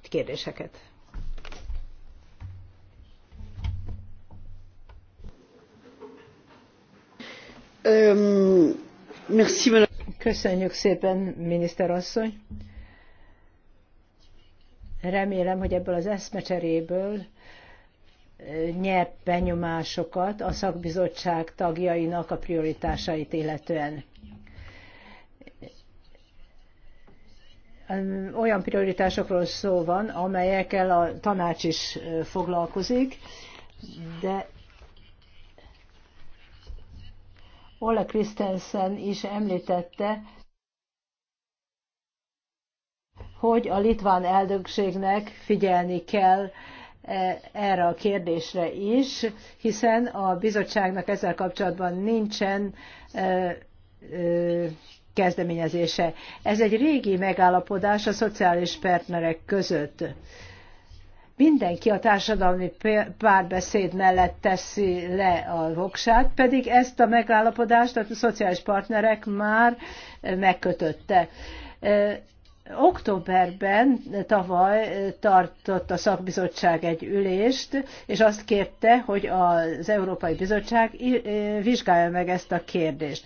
kérdéseket! Euh, Köszönjük szépen, miniszter asszony. Remélem, hogy ebből az eszmecseréből euh, nyert benyomásokat a szakbizottság tagjainak a prioritásait illetően. Olyan prioritásokról szó van, amelyekkel a tanács is euh, foglalkozik, de Ola Christensen is említette, hogy a litván elnökségnek figyelni kell e, erre a kérdésre is, hiszen a bizottságnak ezzel kapcsolatban nincsen e, e, kezdeményezése. Ez egy régi megállapodás a szociális partnerek között mindenki a társadalmi párbeszéd mellett teszi le a voksát, pedig ezt a megállapodást a szociális partnerek már megkötötte. Októberben tavaly tartott a szakbizottság egy ülést, és azt kérte, hogy az Európai Bizottság vizsgálja meg ezt a kérdést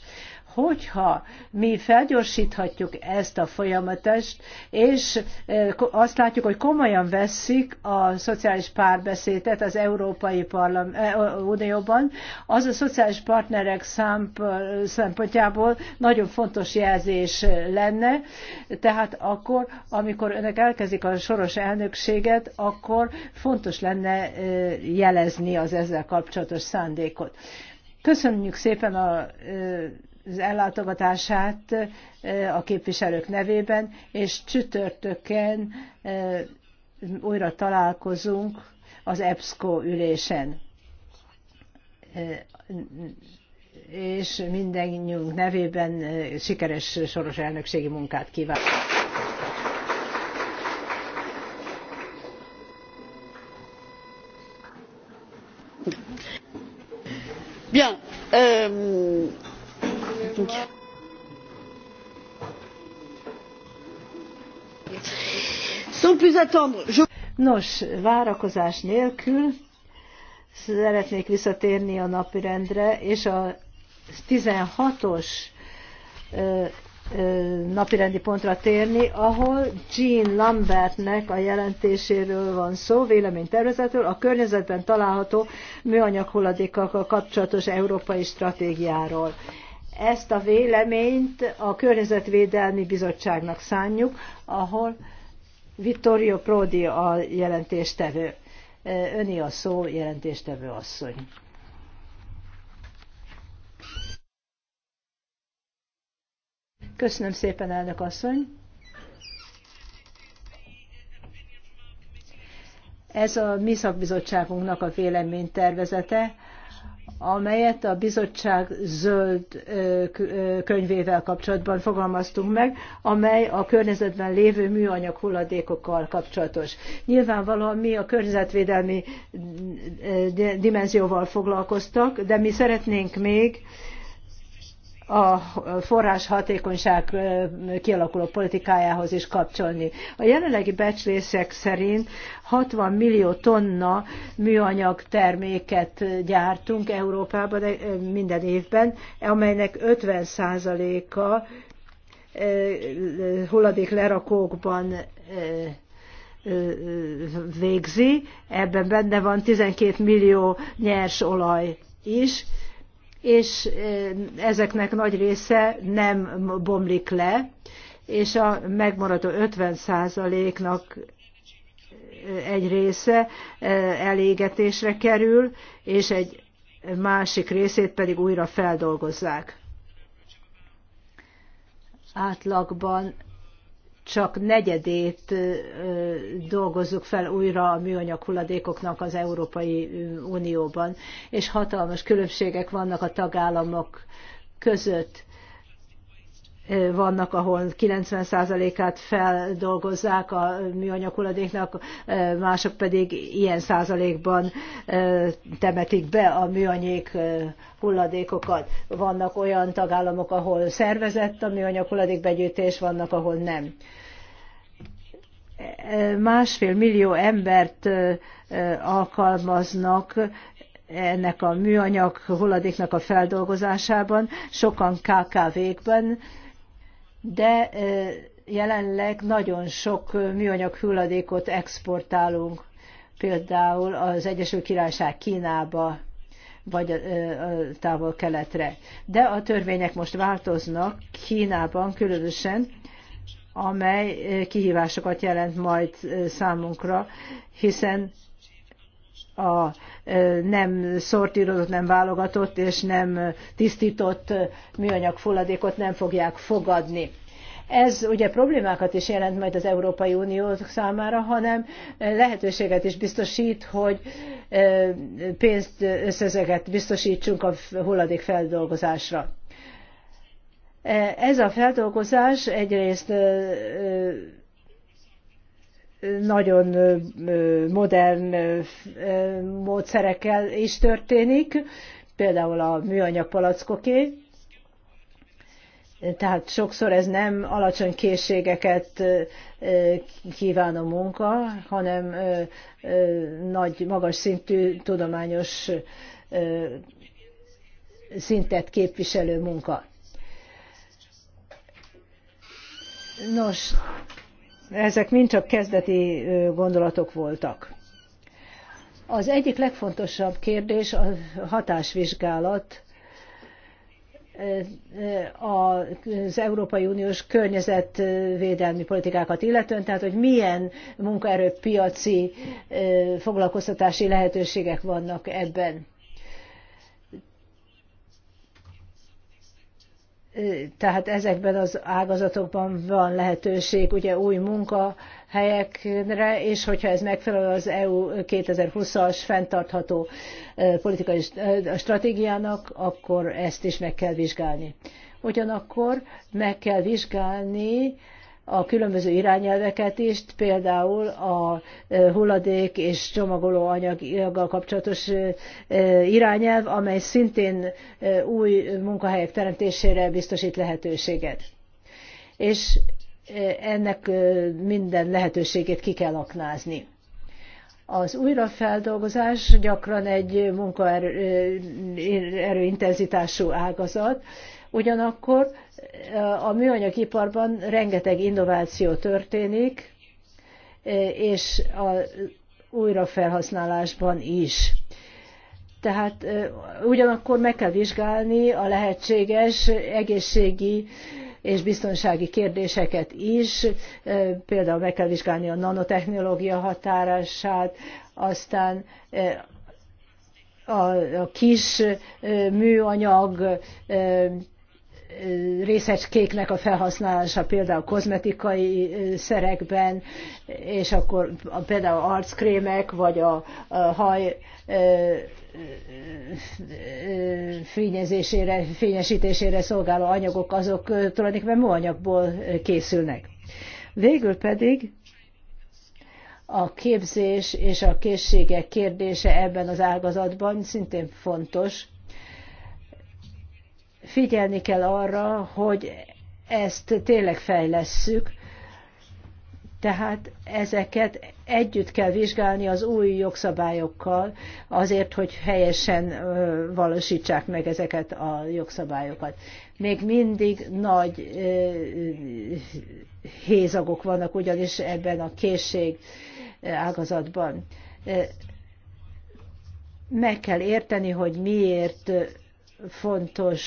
hogyha mi felgyorsíthatjuk ezt a folyamatást, és e, azt látjuk, hogy komolyan veszik a szociális párbeszédet az Európai Parlament, Unióban, az a szociális partnerek szempontjából nagyon fontos jelzés lenne, tehát akkor, amikor önök elkezdik a soros elnökséget, akkor fontos lenne e, jelezni az ezzel kapcsolatos szándékot. Köszönjük szépen a e, az ellátogatását eh, a képviselők nevében, és csütörtökön eh, újra találkozunk az EBSCO ülésen. Eh, és mindenünk nevében sikeres soros elnökségi munkát kívánok. Bien. Euh technique. Nos, várakozás nélkül szeretnék visszatérni a napirendre, és a 16-os napirendi pontra térni, ahol Jean Lambertnek a jelentéséről van szó, véleménytervezetről, a környezetben található műanyag hulladékkal kapcsolatos európai stratégiáról. Ezt a véleményt a Környezetvédelmi Bizottságnak szánjuk, ahol Vittorio Prodi a jelentéstevő. Öni a szó, jelentéstevő asszony. Köszönöm szépen, elnök asszony. Ez a mi szakbizottságunknak a véleménytervezete amelyet a bizottság zöld könyvével kapcsolatban fogalmaztunk meg, amely a környezetben lévő műanyag hulladékokkal kapcsolatos. Nyilvánvalóan mi a környezetvédelmi dimenzióval foglalkoztak, de mi szeretnénk még a forrás hatékonyság kialakuló politikájához is kapcsolni. A jelenlegi becslések szerint 60 millió tonna műanyag terméket gyártunk Európában minden évben, amelynek 50 százaléka hulladék lerakókban végzi, ebben benne van 12 millió nyers olaj is, és ezeknek nagy része nem bomlik le, és a megmaradó 50%-nak egy része elégetésre kerül, és egy másik részét pedig újra feldolgozzák. Átlagban csak negyedét dolgozzuk fel újra a műanyag hulladékoknak az Európai Unióban, és hatalmas különbségek vannak a tagállamok között vannak, ahol 90%-át feldolgozzák a műanyag hulladéknak, mások pedig ilyen százalékban temetik be a műanyag hulladékokat. Vannak olyan tagállamok, ahol szervezett a műanyag hulladékbegyűjtés, vannak, ahol nem másfél millió embert alkalmaznak ennek a műanyag hulladéknak a feldolgozásában, sokan KKV-kben, de jelenleg nagyon sok műanyag hulladékot exportálunk, például az Egyesült Királyság Kínába, vagy a, távol-keletre. De a törvények most változnak, Kínában különösen, amely kihívásokat jelent majd számunkra, hiszen a nem szortírozott, nem válogatott és nem tisztított műanyag hulladékot nem fogják fogadni. Ez ugye problémákat is jelent majd az Európai Unió számára, hanem lehetőséget is biztosít, hogy pénzt, összezeget biztosítsunk a hulladék feldolgozásra. Ez a feldolgozás egyrészt nagyon modern módszerekkel is történik, például a műanyag palackoké. Tehát sokszor ez nem alacsony készségeket kíván a munka, hanem nagy, magas szintű tudományos szintet képviselő munka. Nos, ezek mind csak kezdeti gondolatok voltak. Az egyik legfontosabb kérdés a hatásvizsgálat az Európai Uniós környezetvédelmi politikákat illetően, tehát hogy milyen munkaerőpiaci foglalkoztatási lehetőségek vannak ebben. tehát ezekben az ágazatokban van lehetőség ugye új munkahelyekre, és hogyha ez megfelel az EU 2020-as fenntartható politikai stratégiának, akkor ezt is meg kell vizsgálni. Ugyanakkor meg kell vizsgálni a különböző irányelveket is, például a hulladék és csomagoló anyaggal kapcsolatos irányelv, amely szintén új munkahelyek teremtésére biztosít lehetőséget. És ennek minden lehetőségét ki kell aknázni. Az újrafeldolgozás gyakran egy munkaerőintenzitású ágazat, Ugyanakkor eh, a műanyagiparban rengeteg innováció történik, eh, és a újrafelhasználásban is. Tehát eh, ugyanakkor meg kell vizsgálni a lehetséges egészségi és biztonsági kérdéseket is, például meg kell vizsgálni a nanotechnológia határását, aztán a, kis műanyag részecskéknek a felhasználása például kozmetikai szerekben, és akkor például arckrémek, vagy a, a haj fényezésére, fényesítésére szolgáló anyagok, azok tulajdonképpen műanyagból készülnek. Végül pedig a képzés és a készségek kérdése ebben az ágazatban szintén fontos, Figyelni kell arra, hogy ezt tényleg fejlesszük, tehát ezeket együtt kell vizsgálni az új jogszabályokkal, azért, hogy helyesen valósítsák meg ezeket a jogszabályokat. Még mindig nagy hézagok vannak ugyanis ebben a készség ágazatban. Meg kell érteni, hogy miért fontos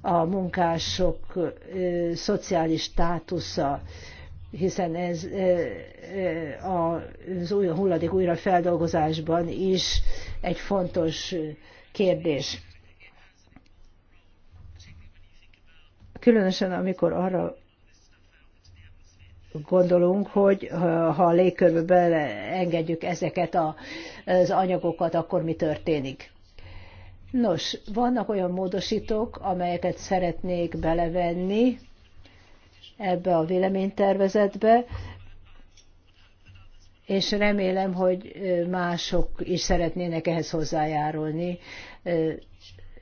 a munkások szociális státusza, hiszen ez az új hulladék újrafeldolgozásban is egy fontos kérdés. Különösen amikor arra gondolunk, hogy ha a légkörbe engedjük ezeket az anyagokat, akkor mi történik. Nos, vannak olyan módosítók, amelyeket szeretnék belevenni ebbe a véleménytervezetbe, és remélem, hogy mások is szeretnének ehhez hozzájárulni,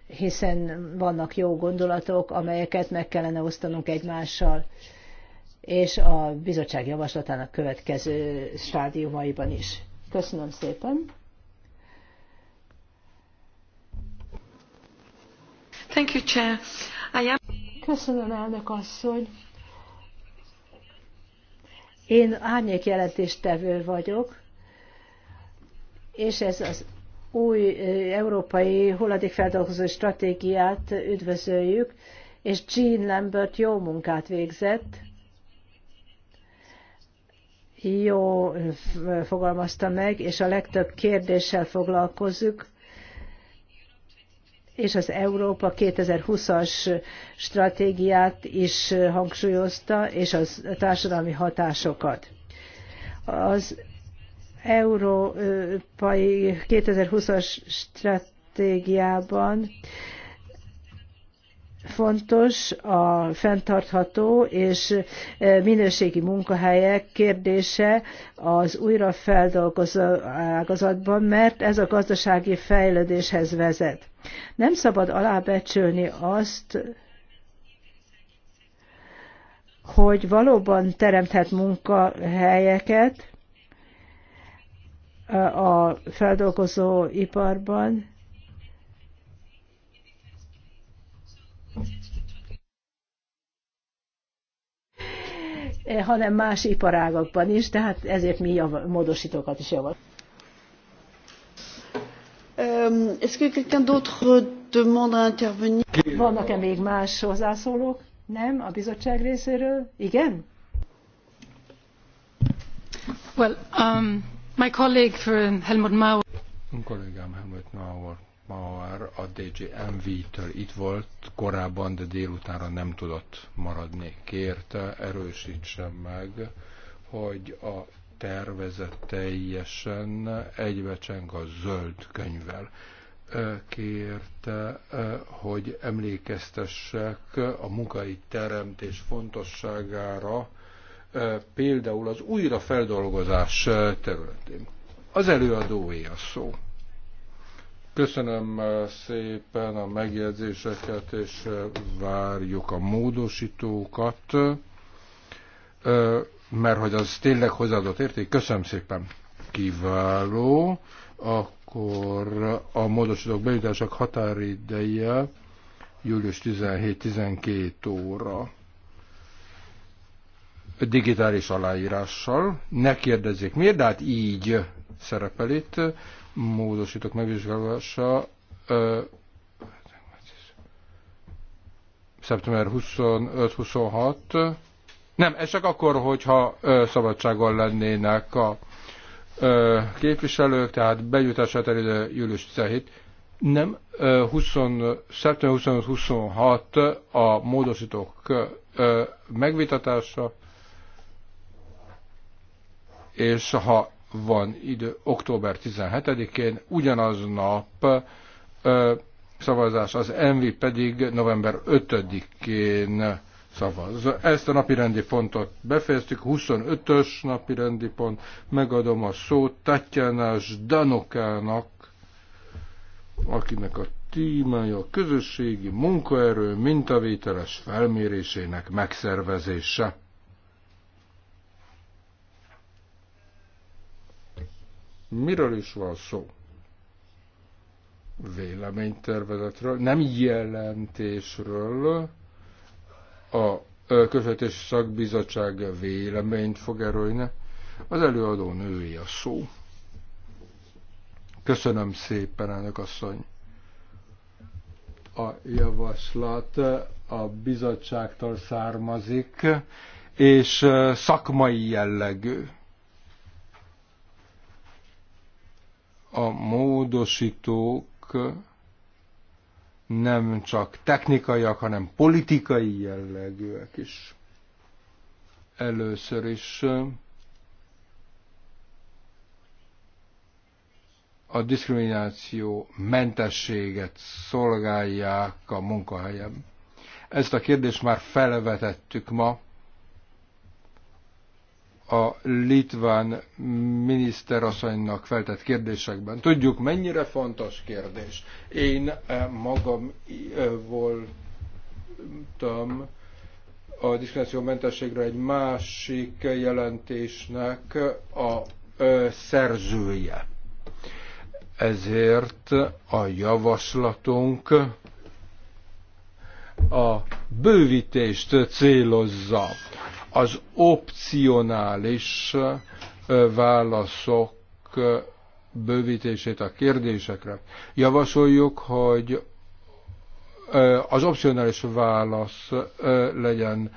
hiszen vannak jó gondolatok, amelyeket meg kellene osztanunk egymással, és a bizottság javaslatának következő stádiumaiban is. Köszönöm szépen! Thank you, Chair. I am... Köszönöm, elnök asszony. Én árnyék jelentéstevő vagyok, és ez az új európai hulladékfeldolgozó stratégiát üdvözöljük, és Jean Lambert jó munkát végzett, jó fogalmazta meg, és a legtöbb kérdéssel foglalkozunk, és az Európa 2020-as stratégiát is hangsúlyozta, és a társadalmi hatásokat. Az Európai 2020-as stratégiában fontos a fenntartható és e, minőségi munkahelyek kérdése az újrafeldolgozó ágazatban, mert ez a gazdasági fejlődéshez vezet. Nem szabad alábecsülni azt, hogy valóban teremthet munkahelyeket e, a feldolgozó iparban, hanem más iparágokban is, tehát ezért mi jav, módosítókat is javasl. Ehm, Vannak-e még más hozzászólók? Nem? A bizottság részéről? Igen? Well, um, my colleague uh, Helmut Mauer. Un kollégám Helmut Mauer már a DG MV-től itt volt korábban, de délutánra nem tudott maradni. Kérte, erősítsem meg, hogy a tervezet teljesen egybecseng a zöld könyvvel. Kérte, hogy emlékeztessek a munkai teremtés fontosságára, például az újrafeldolgozás területén. Az előadóé a szó. Köszönöm eh, szépen a megjegyzéseket, és eh, várjuk a módosítókat, eh, mert hogy az tényleg hozzáadott érték. Köszönöm szépen. Kiváló. Akkor a módosítók bejutásak határideje július 17-12 óra digitális aláírással. Ne kérdezzék miért, de hát így szerepel itt módosítok megvizsgálása szeptember 25-26. Nem, ez csak akkor, hogyha szabadságon lennének a képviselők, tehát bejutását elő július 17. Nem, 20, szeptember 25-26 a módosítók megvitatása, és ha van idő október 17-én, ugyanaznap ö, szavazás, az MV pedig november 5-én szavaz. Ezt a napirendi pontot befejeztük, 25-ös napirendi pont, megadom a szót Tatjánás Danokának, akinek a témája a közösségi munkaerő mintavételes felmérésének megszervezése. Miről is van szó? Véleménytervezetről, nem jelentésről, a közvetés szakbizottság véleményt fog erőlni. Az előadó női a szó. Köszönöm szépen, elnök asszony. A javaslat a bizottságtól származik, és szakmai jellegű a módosítók nem csak technikaiak, hanem politikai jellegűek is. Először is a diszkrimináció mentességet szolgálják a munkahelyen. Ezt a kérdést már felvetettük ma, a litván miniszterasszonynak feltett kérdésekben. Tudjuk, mennyire fontos kérdés. Én eh, magam eh, voltam a diszkriminációmentességre egy másik jelentésnek a szerzője. Ezért a javaslatunk a bővítést célozza az opcionális válaszok bővítését a kérdésekre. Javasoljuk, hogy az opcionális válasz legyen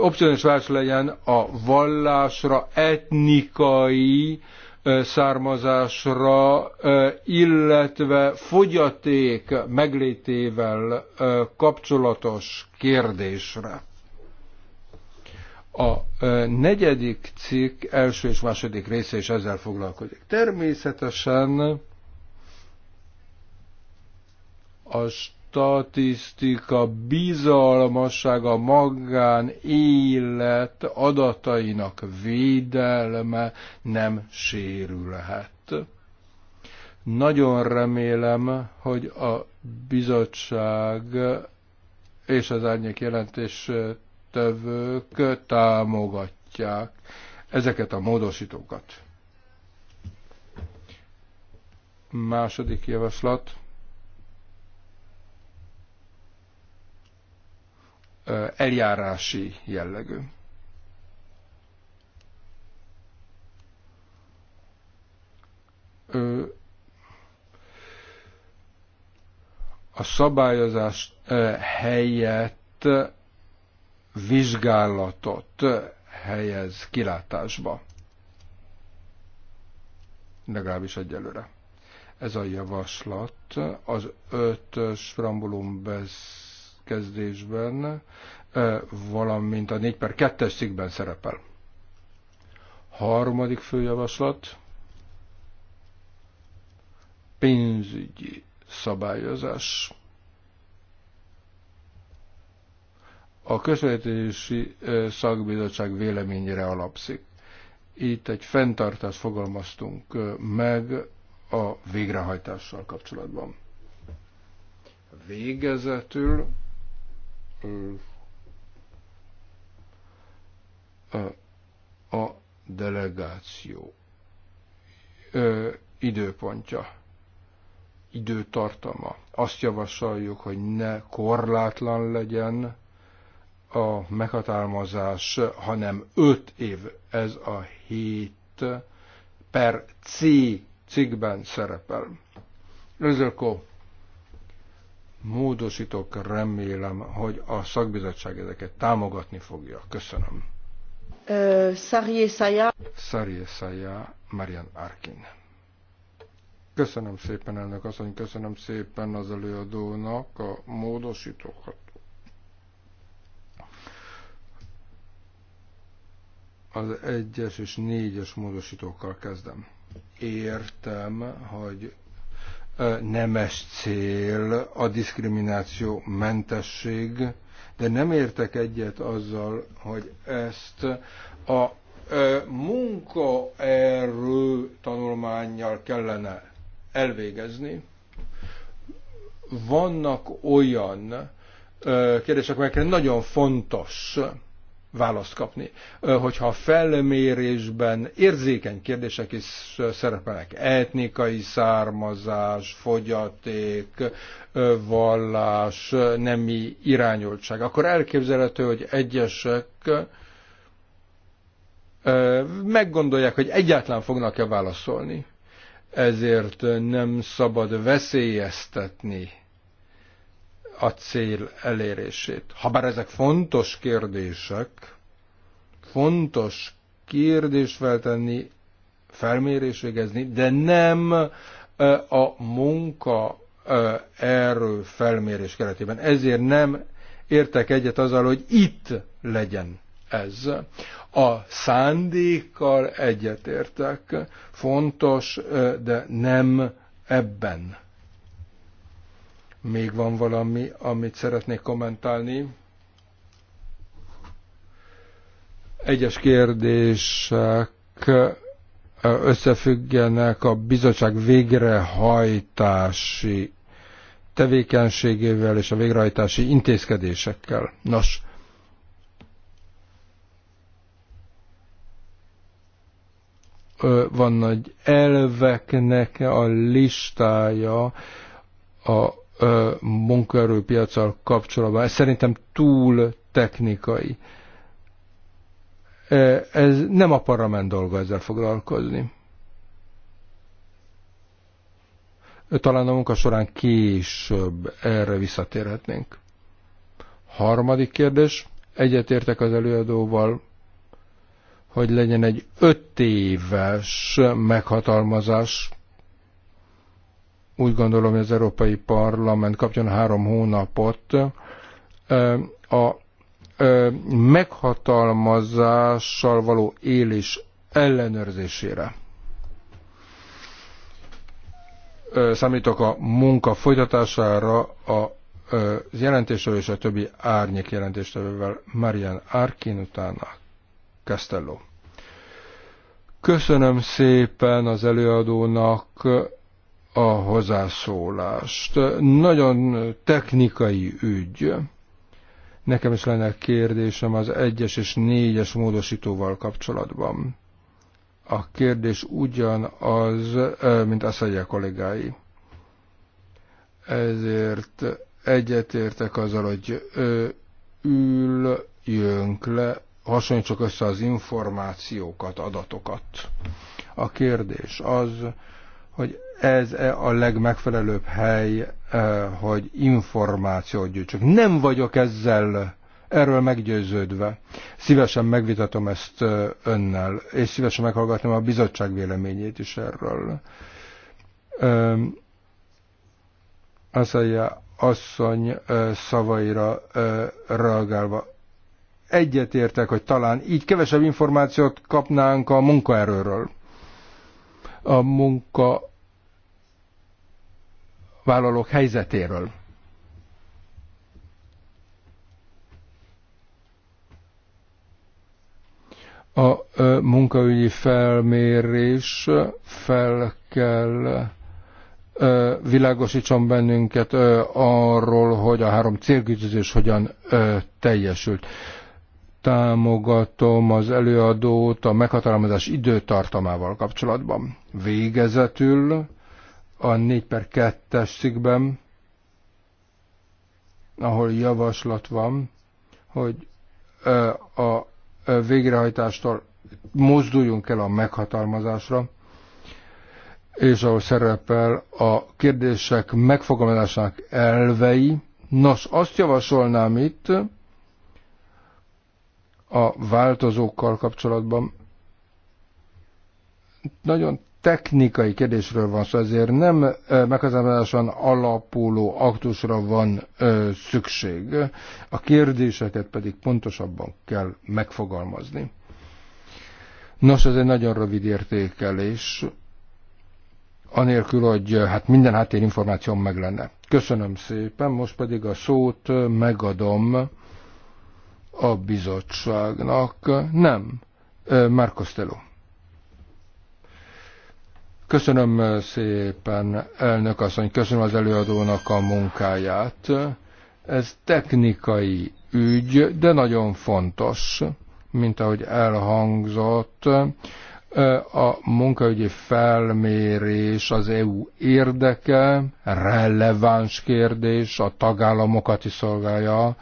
opcionális válasz legyen a vallásra, etnikai származásra, illetve fogyaték meglétével kapcsolatos kérdésre. A negyedik cikk első és második része is ezzel foglalkozik. Természetesen a statisztika bizalmassága, magán élet adatainak védelme nem sérülhet. Nagyon remélem, hogy a bizottság és az árnyék jelentés jelentéstevők támogatják ezeket a módosítókat. Második javaslat. Eljárási jellegű. a szabályozás helyett vizsgálatot helyez kilátásba. Legalábbis egyelőre. Ez a javaslat az ötös frambulum kezdésben, valamint a 4 per 2-es cikkben szerepel. Harmadik főjavaslat pénzügyi szabályozás. a közvetítési szakbizottság véleményére alapszik. Itt egy fenntartást fogalmaztunk meg a végrehajtással kapcsolatban. Végezetül a delegáció időpontja, időtartama. Azt javasoljuk, hogy ne korlátlan legyen, a meghatározás, hanem 5 év, ez a 7 per C cikkben szerepel. Ezekor módosítok, remélem, hogy a szakbizottság ezeket támogatni fogja. Köszönöm. Szarié Szájá. Szarié Szájá, Marian Arkin. Köszönöm szépen, elnök asszony, köszönöm szépen az előadónak a módosítókat. Az egyes és négyes módosítókkal kezdem. Értem, hogy nemes cél a diszkrimináció mentesség, de nem értek egyet azzal, hogy ezt a munkaerő tanulmányjal kellene elvégezni. Vannak olyan kérdések, amelyekre nagyon fontos választ kapni. Hogyha a felmérésben érzékeny kérdések is szerepelnek, etnikai származás, fogyaték, vallás, nemi irányultság, akkor elképzelhető, hogy egyesek meggondolják, hogy egyáltalán fognak-e válaszolni. Ezért nem szabad veszélyeztetni a cél elérését. Habár ezek fontos kérdések, fontos kérdést feltenni, felmérés végezni, de nem a munka erő felmérés keretében. Ezért nem értek egyet azzal, hogy itt legyen ez. A szándékkal egyetértek, fontos, de nem ebben még van valami, amit szeretnék kommentálni. Egyes kérdések összefüggenek a bizottság végrehajtási tevékenységével és a végrehajtási intézkedésekkel. Nos, van nagy elveknek a listája a munkaerőpiacsal kapcsolatban. Szerintem túl technikai. Ez nem a parlament dolga ezzel foglalkozni. Talán a munka során később erre visszatérhetnénk. Harmadik kérdés. Egyetértek az előadóval, hogy legyen egy öt éves meghatalmazás úgy gondolom, hogy az Európai Parlament kapjon három hónapot a meghatalmazással való élés ellenőrzésére. Számítok a munka folytatására a az jelentésről és a többi árnyék jelentéstevővel Marian Arkin utána Castello. Köszönöm szépen az előadónak a hozzászólást. Nagyon technikai ügy. Nekem is lenne kérdésem az egyes és négyes módosítóval kapcsolatban. A kérdés ugyanaz, mint a Szegye kollégái. Ezért egyetértek azzal, hogy jönk le, hasonlítsuk össze az információkat, adatokat. A kérdés az, hogy ez -e a legmegfelelőbb hely, e, hogy információt gyűjtsük. Nem vagyok ezzel erről meggyőződve. Szívesen megvitatom ezt e, önnel, és szívesen meghallgatom a bizottság véleményét is erről. E, Aszája asszony szavaira reagálva egyetértek, hogy talán így kevesebb információt kapnánk a munkaerőről a munka vállalók helyzetéről. A munkaügyi felmérés fel kell világosítson bennünket arról, hogy a három célkütözés hogyan teljesült támogatom az előadót a meghatározás időtartamával kapcsolatban. Végezetül a 4 per 2-es cikkben, ahol javaslat van, hogy a végrehajtástól mozduljunk el a meghatalmazásra, és ahol szerepel a kérdések megfogalmazásának elvei. Nos, azt javasolnám itt, a változókkal kapcsolatban. Nagyon technikai kérdésről van szó, ezért nem meghazározáson alapuló aktusra van szükség. A kérdéseket pedig pontosabban kell megfogalmazni. Nos, ez egy nagyon rövid értékelés, anélkül, hogy hát minden háttérinformáció meg lenne. Köszönöm szépen, most pedig a szót megadom a bizottságnak. Nem. Már Costello. Köszönöm szépen, elnök asszony, köszönöm az előadónak a munkáját. Ez technikai ügy, de nagyon fontos, mint ahogy elhangzott. A munkaügyi felmérés az EU érdeke, releváns kérdés, a tagállamokat is szolgálja,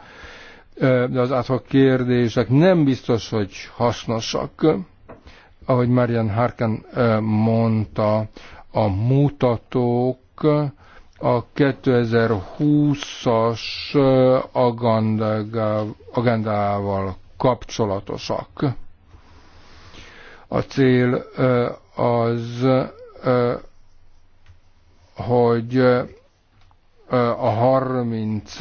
de az átok kérdések nem biztos, hogy hasznosak. Ahogy Marian Harkin mondta, a mutatók a 2020-as agendával kapcsolatosak. A cél az, hogy a 30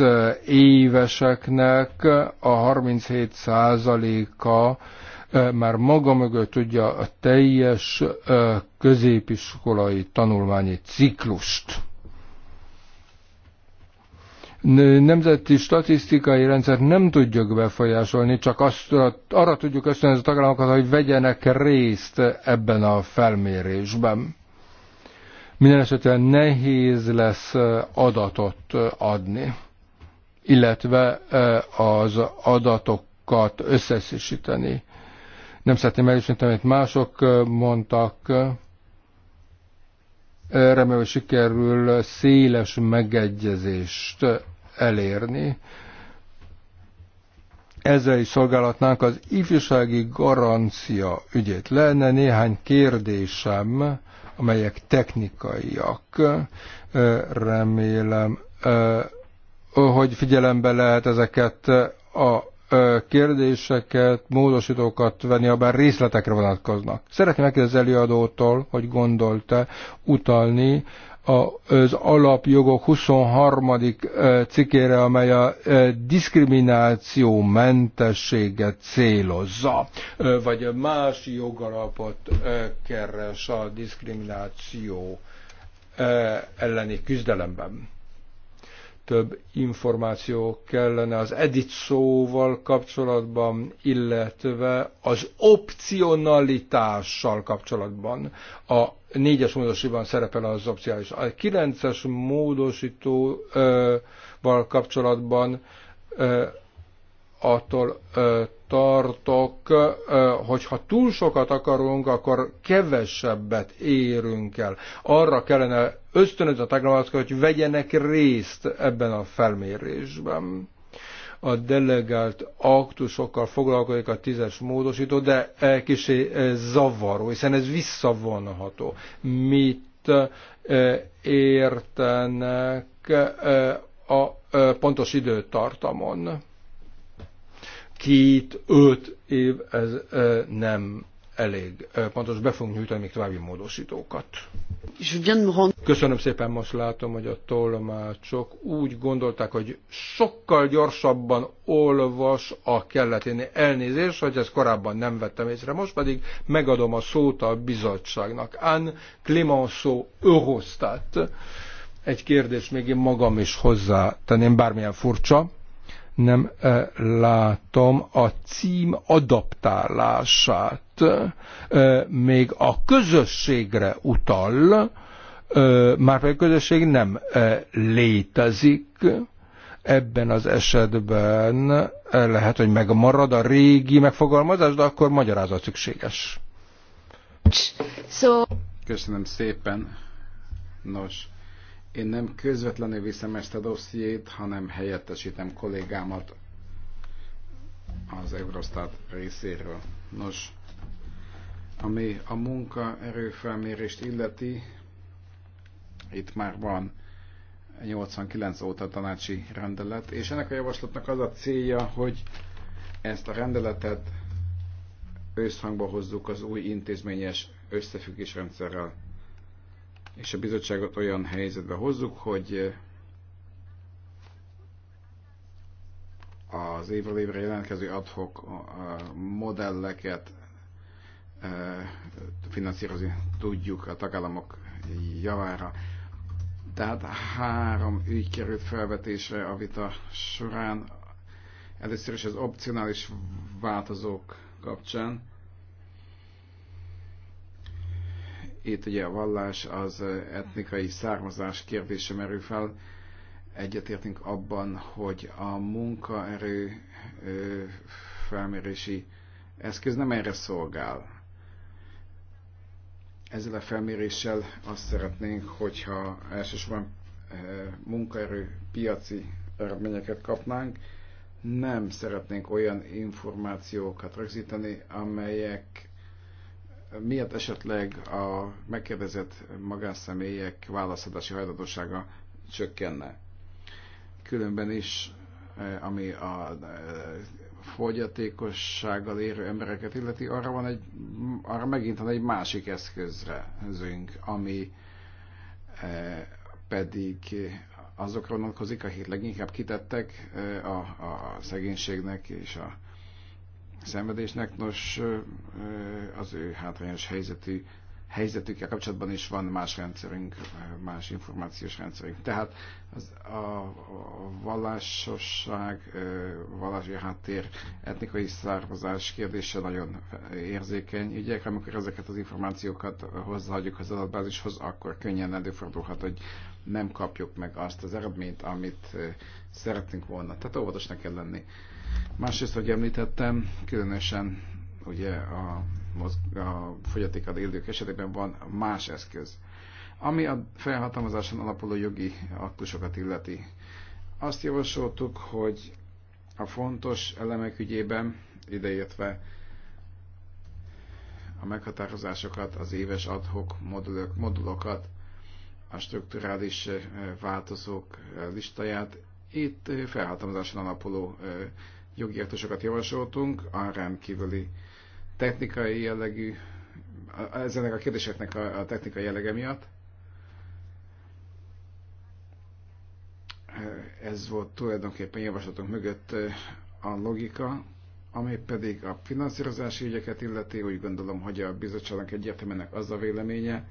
éveseknek a 37 százaléka már maga mögött tudja a teljes középiskolai tanulmányi ciklust. Nemzeti statisztikai rendszer nem tudjuk befolyásolni, csak azt, arra tudjuk ösztönözni a tagállamokat, hogy vegyenek részt ebben a felmérésben minden esetben nehéz lesz adatot adni, illetve az adatokat összesíteni. Nem szeretném elismerni, amit mások mondtak. Remélem, hogy sikerül széles megegyezést elérni ezzel is szolgálatnánk az ifjúsági garancia ügyét. Lenne néhány kérdésem amelyek technikaiak. Remélem, hogy figyelembe lehet ezeket a kérdéseket, módosítókat venni, abban részletekre vonatkoznak. Szeretném megkérdezni előadótól, hogy gondolta utalni az alapjogok 23. cikkére, amely a diszkrimináció mentességet célozza, vagy más jogalapot keres a diszkrimináció elleni küzdelemben több információ kellene az edit szóval kapcsolatban, illetve az opcionalitással kapcsolatban. A négyes módosítóban szerepel az opciális. A kilences módosítóval kapcsolatban attól tartok, hogyha túl sokat akarunk, akkor kevesebbet érünk el. Arra kellene ösztönözni a tagállamokat, hogy vegyenek részt ebben a felmérésben a delegált aktusokkal foglalkozik a tízes módosító, de e, kicsi e, zavaró, hiszen ez visszavonható. Mit e, értenek a pontos időtartamon? két-öt év ez nem elég pontos, be fogunk nyújtani még további módosítókat. Köszönöm szépen, most látom, hogy a tolmácsok úgy gondolták, hogy sokkal gyorsabban olvas a kelleténi elnézés, hogy ezt korábban nem vettem észre. Most pedig megadom a szót a bizottságnak. Anne Clemenceau Eurostat. Egy kérdés még én magam is hozzá, tenném, bármilyen furcsa nem eh, látom a cím adaptálását. Eh, még a közösségre utal, eh, már a közösség nem létezik. Ebben az esetben lehet, hogy megmarad a régi megfogalmazás, de akkor magyarázat szükséges. Köszönöm szépen. Nos, én nem közvetlenül viszem ezt a dossziét, hanem helyettesítem kollégámat az Eurostat részéről. Nos, ami a erőfelmérést illeti, itt már van 89 óta tanácsi rendelet, és ennek a javaslatnak az a célja, hogy ezt a rendeletet összhangba hozzuk az új intézményes összefüggésrendszerrel és a bizottságot olyan helyzetbe hozzuk, hogy eh, az évről évre jelentkező adhok eh, modelleket eh, finanszírozni tudjuk a tagállamok javára. Tehát három ügy került felvetésre a vita során. Először is az opcionális változók kapcsán Itt ugye a vallás, az etnikai származás kérdése merül fel. Egyetértünk abban, hogy a munkaerő felmérési eszköz nem erre szolgál. Ezzel a felméréssel azt szeretnénk, hogyha elsősorban munkaerő piaci eredményeket kapnánk, nem szeretnénk olyan információkat rögzíteni, amelyek miatt esetleg a megkérdezett magánszemélyek válaszadási hajlandósága csökkenne. Különben is, eh, ami a eh, fogyatékossággal érő embereket illeti, arra, van egy, arra megint van egy másik eszközre zünk, ami eh, pedig azokra vonatkozik, akik leginkább kitettek a, a szegénységnek és a szenvedésnek. Nos, az ő hátrányos helyzetű, helyzetükkel kapcsolatban is van más rendszerünk, más információs rendszerünk. Tehát az, a, vallásosság, vallási háttér, etnikai származás kérdése nagyon érzékeny ügyek. Amikor ezeket az információkat hozzáadjuk az adatbázishoz, akkor könnyen előfordulhat, hogy nem kapjuk meg azt az eredményt, amit szeretnénk volna. Tehát óvatosnak kell lenni Másrészt, hogy említettem, különösen ugye a, a fogyatékad élők esetében van más eszköz. Ami a felhatalmazáson alapuló jogi aktusokat illeti, azt javasoltuk, hogy a fontos elemek ügyében, ideértve a meghatározásokat, az éves adhok modulok, modulokat, a strukturális eh, változók eh, listáját, itt eh, felhatalmazáson alapuló jogi aktusokat javasoltunk, a rendkívüli technikai jellegű, ezenek a kérdéseknek a, a technikai jellege miatt. Ez volt tulajdonképpen javaslatunk mögött a logika, ami pedig a finanszírozási ügyeket illeti, úgy gondolom, hogy a bizottságnak egyértelműen az a véleménye,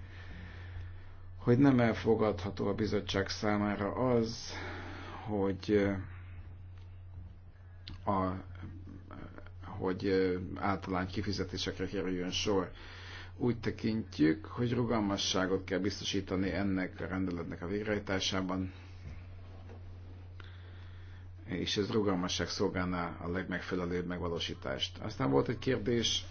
hogy nem elfogadható a bizottság számára az, hogy a, hogy általán kifizetésekre kerüljön sor. Úgy tekintjük, hogy rugalmasságot kell biztosítani ennek a rendeletnek a végrehajtásában, és ez rugalmasság szolgálná a legmegfelelőbb megvalósítást. Aztán volt egy kérdés,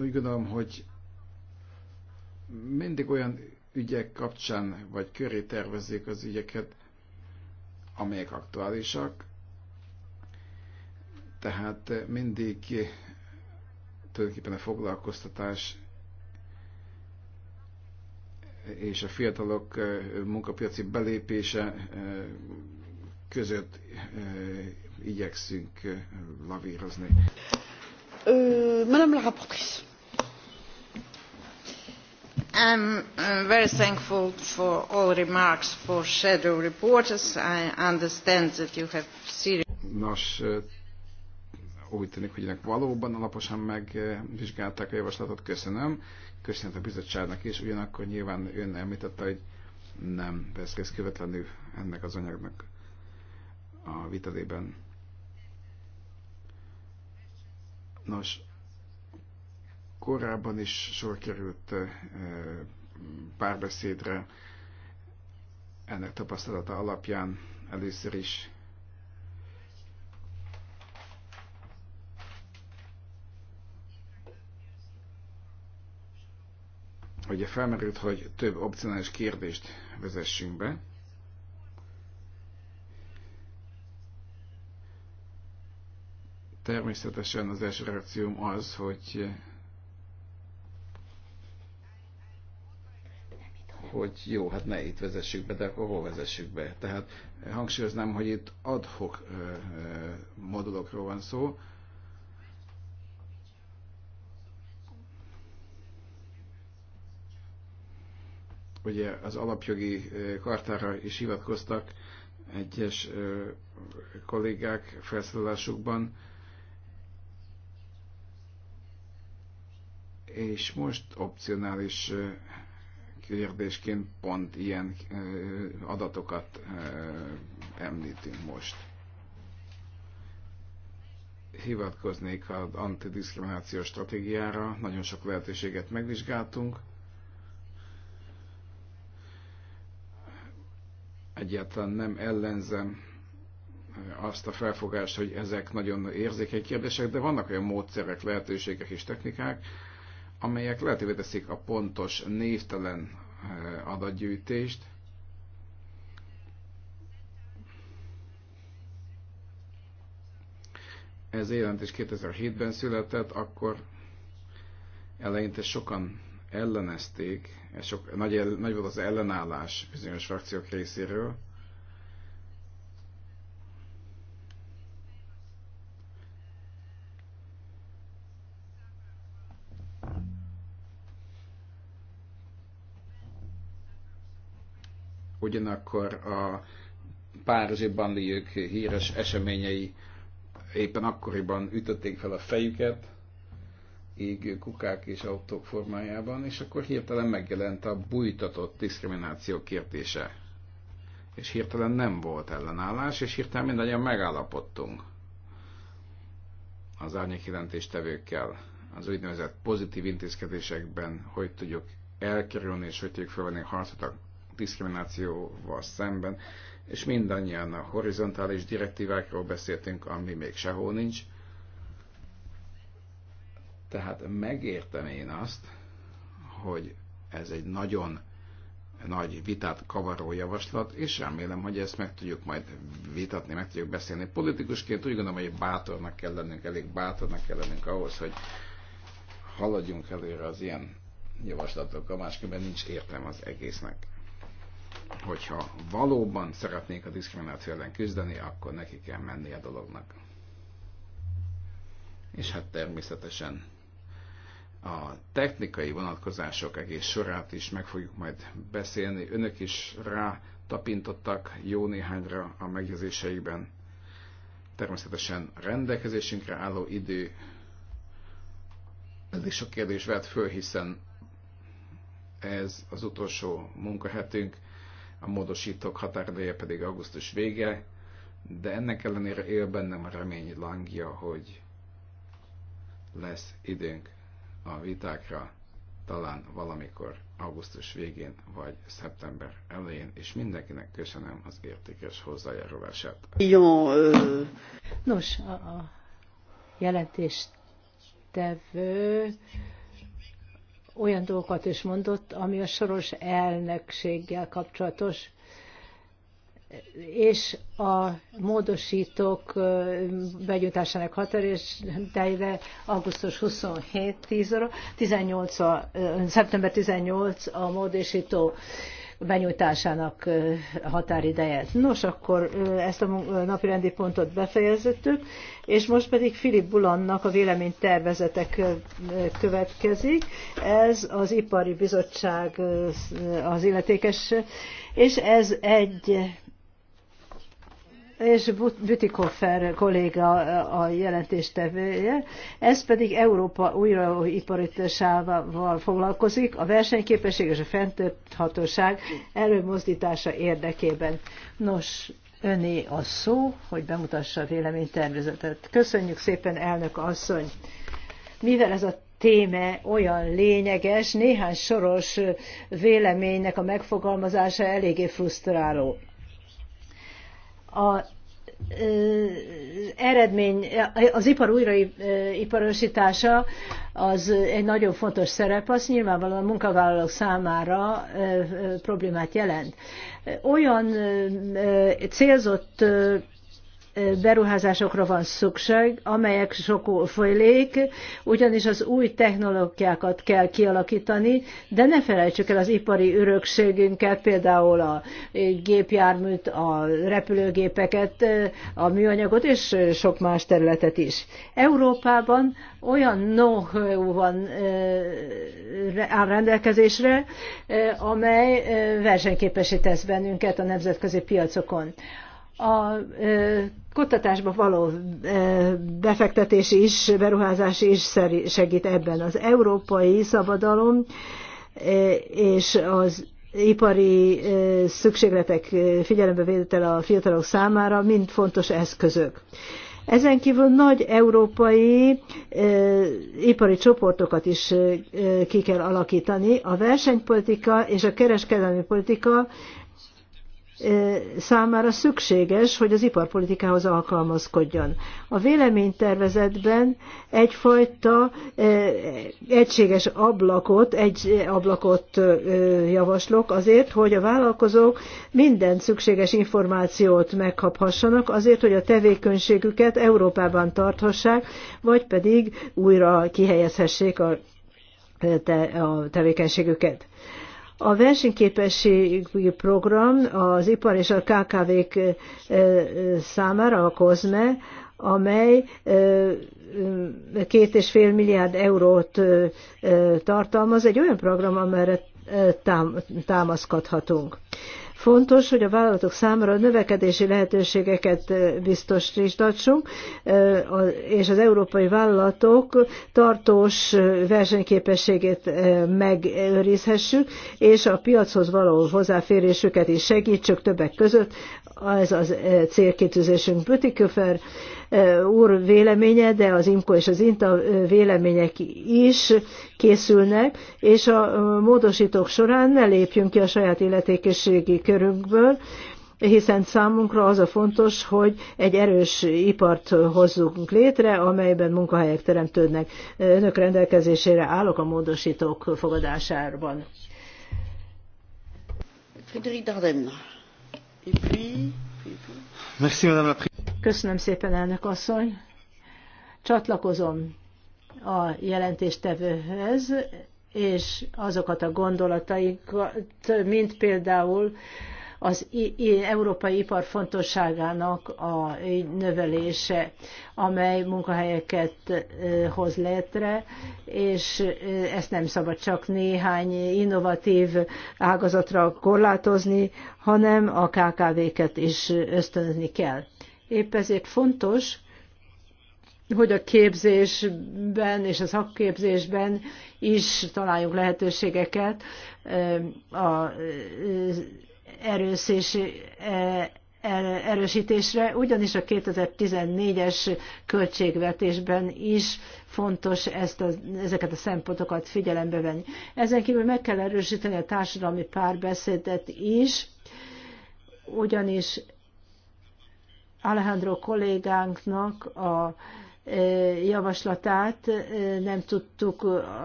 úgy gondolom, hogy mindig olyan ügyek kapcsán, vagy köré tervezzék az ügyeket, amelyek aktuálisak. Tehát mindig tulajdonképpen a foglalkoztatás és a fiatalok munkapiaci belépése között igyekszünk lavírozni. Euh, madame la rapportrice i am very thankful for all the remarks for shadow reporters. I understand that you have serious... Nos, eh, úgy tűnik, hogy ennek valóban alaposan megvizsgálták a javaslatot. Köszönöm. Köszönöm a bizottságnak is. Ugyanakkor nyilván ön említette, hogy nem vesz követlenül ennek az anyagnak a vitadében. Nos, korábban is sor került eh, párbeszédre ennek tapasztalata alapján először is ugye felmerült, hogy több opcionális kérdést vezessünk be. Természetesen az első reakcióm az, hogy hogy jó, hát ne itt vezessük be, de hol vezessük be. Tehát hangsúlyoznám, hogy itt adhok modulokról van szó. Ugye az alapjogi kartára is hivatkoztak egyes kollégák felszólalásukban, és most opcionális kérdésként pont ilyen adatokat említünk most. Hivatkoznék az antidiszkrimináció stratégiára, nagyon sok lehetőséget megvizsgáltunk. Egyáltalán nem ellenzem azt a felfogást, hogy ezek nagyon érzékeny kérdések, de vannak olyan módszerek, lehetőségek és technikák, amelyek lehetővé teszik a pontos, névtelen eh, adatgyűjtést, ez jelentés 2007-ben született, akkor eleinte sokan ellenezték, sok, nagy, nagy volt az ellenállás bizonyos frakciók részéről, ugyanakkor a Párizsiban lévők híres eseményei éppen akkoriban ütötték fel a fejüket, égő kukák és autók formájában, és akkor hirtelen megjelent a bújtatott diszkrimináció kérdése. És hirtelen nem volt ellenállás, és hirtelen mindannyian megállapodtunk az jelentéstevőkkel az úgynevezett pozitív intézkedésekben, hogy tudjuk elkerülni, és hogy tudjuk felvenni harcot a diszkriminációval szemben, és mindannyian a horizontális direktívákról beszéltünk, ami még sehol nincs. Tehát megértem én azt, hogy ez egy nagyon nagy vitát kavaró javaslat, és remélem, hogy ezt meg tudjuk majd vitatni, meg tudjuk beszélni. Politikusként úgy gondolom, hogy bátornak kell lennünk, elég bátornak kell lennünk ahhoz, hogy haladjunk előre az ilyen javaslatokkal, másképpen nincs értelme az egésznek hogyha valóban szeretnék a diszkrimináció ellen küzdeni, akkor neki kell menni a dolognak. És hát természetesen a technikai vonatkozások egész sorát is meg fogjuk majd beszélni. Önök is rá tapintottak jó néhányra a megjegyzéseikben. Természetesen rendelkezésünkre álló idő elég sok kérdés vett föl, hiszen ez az utolsó munkahetünk, a módosítók határideje pedig augusztus vége, de ennek ellenére él bennem a remény lángja, hogy lesz időnk a vitákra talán valamikor augusztus végén vagy szeptember elején, és mindenkinek köszönöm az értékes hozzájárulását. Jó. Nos, a, a jelentéstevő olyan dolgokat is mondott, ami a soros elnökséggel kapcsolatos, és a módosítók begyújtásának határideje augusztus 27 10 óra, 18 a, szeptember 18 a módosító benyújtásának határideje. Nos, akkor ezt a napirendi pontot befejezettük, és most pedig Filip Bulannak a véleménytervezetek következik. Ez az Ipari Bizottság az illetékes, és ez egy és Bütikoffer kolléga a jelentéstevője, ez pedig Európa újraiparításával foglalkozik, a versenyképesség és a fenntarthatóság előmozdítása érdekében. Nos, öné a szó, hogy bemutassa a véleménytervezetet. Köszönjük szépen, elnök asszony! Mivel ez a téme olyan lényeges, néhány soros véleménynek a megfogalmazása eléggé frusztráló a eredmény, az ipar újraiparosítása az egy nagyon fontos szerep, az nyilvánvalóan a munkavállalók számára problémát jelent. Olyan célzott beruházásokra van szükség, amelyek sokul folylék, ugyanis az új technológiákat kell kialakítani, de ne felejtsük el az ipari örökségünket, például a gépjárműt, a repülőgépeket, a műanyagot és sok más területet is. Európában olyan know-how van áll rendelkezésre, amely versenyképesítesz tesz bennünket a nemzetközi piacokon a kutatásba való befektetés is, beruházás is segít ebben. Az európai szabadalom és az ipari szükségletek figyelembevétele a fiatalok számára mind fontos eszközök. Ezen kívül nagy európai e, ipari csoportokat is e, ki kell alakítani. A versenypolitika és a kereskedelmi politika számára szükséges, hogy az iparpolitikához alkalmazkodjon. A véleménytervezetben egyfajta egységes ablakot, egy ablakot javaslok azért, hogy a vállalkozók minden szükséges információt megkaphassanak, azért, hogy a tevékenységüket Európában tarthassák, vagy pedig újra kihelyezhessék a, te, a tevékenységüket a versenyképességi program az ipar és a KKV-k számára, a COSME, amely két és fél milliárd eurót tartalmaz, egy olyan program, amelyre támaszkodhatunk. Fontos, hogy a vállalatok számára növekedési lehetőségeket biztosítsunk, és az európai vállalatok tartós versenyképességét megőrizhessük, és a piachoz való hozzáférésüket is segítsük többek között. Ez az célkitűzésünk Bütiköfer úr véleménye, de az IMKO és az INTA vélemények is készülnek, és a módosítók során ne lépjünk ki a saját illetékességi körünkből, hiszen számunkra az a fontos, hogy egy erős ipart hozzunk létre, amelyben munkahelyek teremtődnek. Önök rendelkezésére állok a módosítók fogadásában. Frédéric Dardenne. Et puis... Köszönöm szépen, elnök asszony. Csatlakozom a jelentéstevőhöz, és azokat a gondolataikat, mint például az európai ipar fontosságának a növelése, amely munkahelyeket hoz létre, és ezt nem szabad csak néhány innovatív ágazatra korlátozni, hanem a KKV-ket is ösztönözni kell. Épp ezért fontos, hogy a képzésben és a szakképzésben is találjunk lehetőségeket a erőszés, e, e, erősítésre, ugyanis a 2014-es költségvetésben is fontos ezt a, ezeket a szempontokat figyelembe venni. Ezen kívül meg kell erősíteni a társadalmi párbeszédet is, ugyanis Alejandro kollégánknak a javaslatát nem tudtuk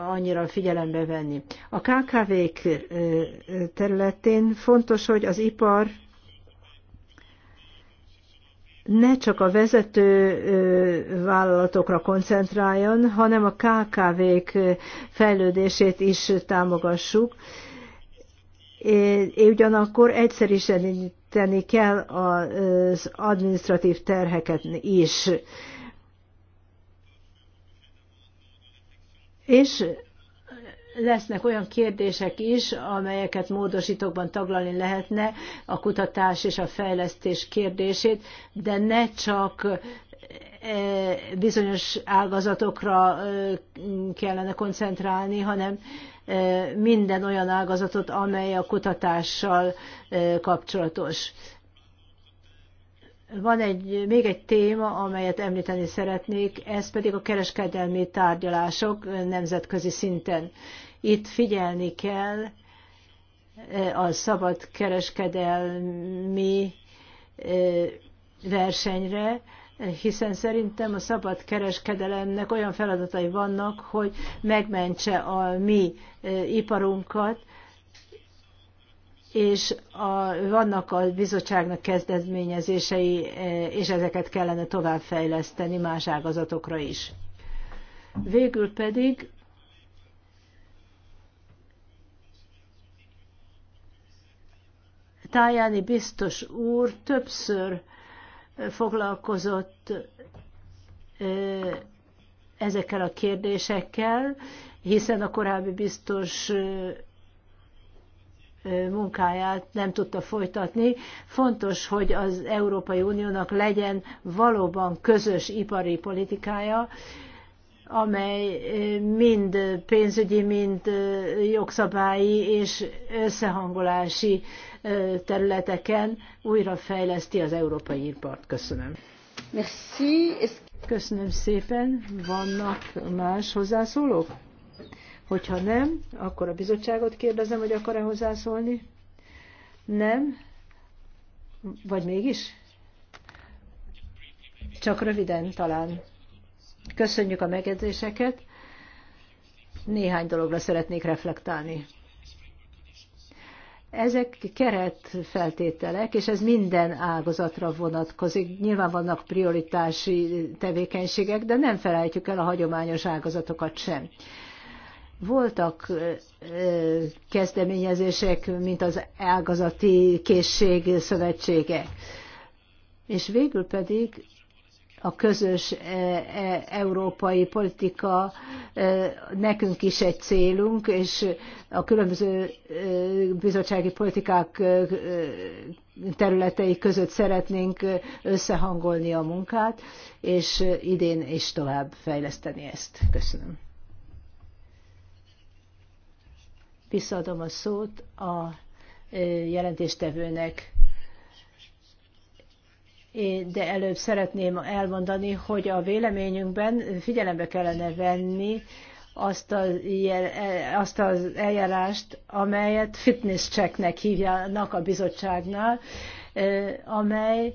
annyira figyelembe venni. A KKV-k területén fontos, hogy az ipar ne csak a vezető vállalatokra koncentráljon, hanem a KKV-k fejlődését is támogassuk. É, ugyanakkor egyszerűsíteni kell az administratív terheket is És lesznek olyan kérdések is, amelyeket módosítókban taglalni lehetne, a kutatás és a fejlesztés kérdését, de ne csak e, bizonyos ágazatokra e, kellene koncentrálni, hanem e, minden olyan ágazatot, amely a kutatással kapcsolatos. Van egy, még egy téma, amelyet említeni szeretnék, ez pedig a kereskedelmi tárgyalások nemzetközi szinten. Itt figyelni kell e, a szabad kereskedelmi e, versenyre, hiszen szerintem a szabad kereskedelemnek olyan feladatai vannak, hogy megmentse a mi e, iparunkat, és a, vannak a bizottságnak kezdeményezései, e, és ezeket kellene továbbfejleszteni más ágazatokra is. Végül pedig Tájáni biztos úr többször foglalkozott e, ezekkel a kérdésekkel, hiszen a korábbi biztos munkáját nem tudta folytatni. Fontos, hogy az Európai Uniónak legyen valóban közös ipari politikája, amely mind pénzügyi, mind jogszabályi és összehangolási területeken újrafejleszti az európai ipart. Köszönöm. Merci. Köszönöm szépen. Vannak más hozzászólók? Hogyha nem, akkor a bizottságot kérdezem, hogy akar-e hozzászólni. Nem? Vagy mégis? Csak röviden talán. Köszönjük a megjegyzéseket. Néhány dologra szeretnék reflektálni. Ezek keretfeltételek, és ez minden ágazatra vonatkozik. Nyilván vannak prioritási tevékenységek, de nem felejtjük el a hagyományos ágazatokat sem. Voltak kezdeményezések, mint az Ágazati Készség Szövetsége. És végül pedig a közös e, e, európai politika nekünk is egy célunk, és a különböző bizottsági politikák területei között szeretnénk összehangolni a munkát, és idén is tovább fejleszteni ezt. Köszönöm. visszaadom a szót a jelentéstevőnek. De előbb szeretném elmondani, hogy a véleményünkben figyelembe kellene venni azt az, e, azt az eljárást, amelyet fitness checknek hívjanak a bizottságnál, amely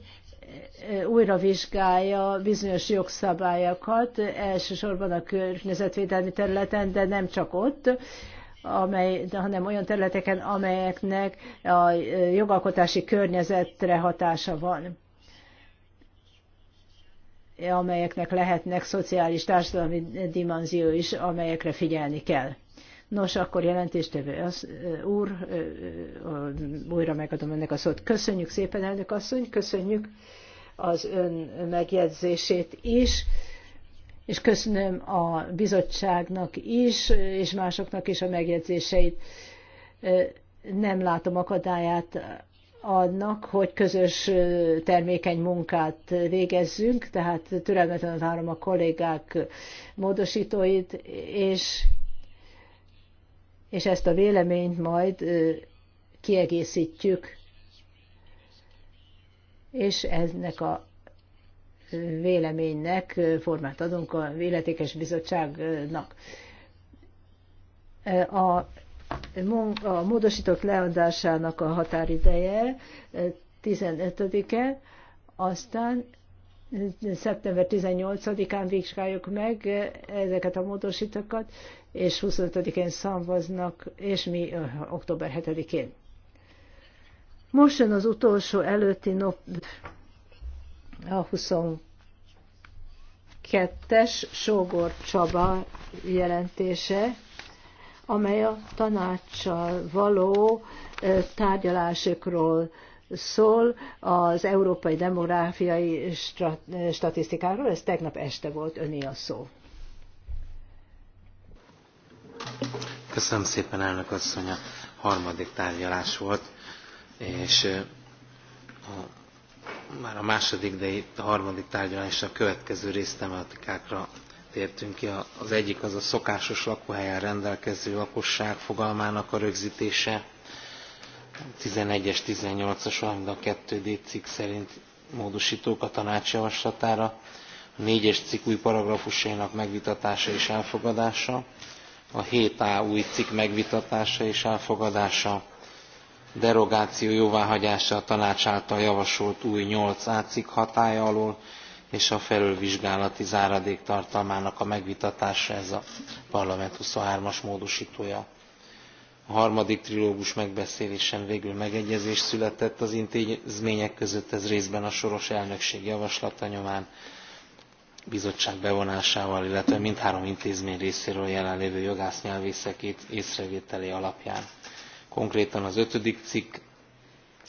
újra vizsgálja bizonyos jogszabályokat, elsősorban a környezetvédelmi területen, de nem csak ott, amely, hanem olyan területeken, amelyeknek a jogalkotási környezetre hatása van amelyeknek lehetnek szociális társadalmi dimenzió is, amelyekre figyelni kell. Nos, akkor jelentéstevő az, úr, újra megadom önnek a szót. Köszönjük szépen, elnök asszony, köszönjük az ön megjegyzését is és köszönöm a bizottságnak is, és másoknak is a megjegyzéseit. Nem látom akadályát annak, hogy közös termékeny munkát végezzünk, tehát türelmetlenül várom a kollégák módosítóit, és, és ezt a véleményt majd kiegészítjük, és ennek a véleménynek formát adunk a véletékes bizottságnak. A, a módosítók leadásának a határideje 15-e, eh, aztán eh, szeptember 18-án vizsgáljuk meg eh, ezeket a módosítókat, és 25-én szavaznak, és mi október 7-én. Most jön az utolsó előtti nap, a 22-es Sógor Csaba jelentése, amely a tanácssal való tárgyalásokról szól az európai demográfiai statisztikáról. Ez tegnap este volt öné a szó. Köszönöm szépen, elnök asszony, a harmadik tárgyalás volt, és a már a második, de itt a harmadik tárgyalásra a következő résztematikákra tértünk ki. Az egyik az a szokásos lakóhelyen rendelkező lakosság fogalmának a rögzítése. 11-es, 18-as, valamint a 2D cikk szerint módosítók a tanács javaslatára. A 4-es cikk új paragrafusainak megvitatása és elfogadása. A 7A új cikk megvitatása és elfogadása derogáció jóváhagyása a tanács által javasolt új nyolc a cikk hatálya alól és a felülvizsgálati záradék tartalmának a megvitatása ez a parlament twenty three as módostója. a harmadik trilógus megbeszélésen végül megegyezés született az intézmények között ez részben a soros elnökség javaslata nyomán bizottság bevonásával illetve mindhárom intézmény részéről jelenlévő jogásznyelvészek észrevételei alapján konkrétan az ötödik cikk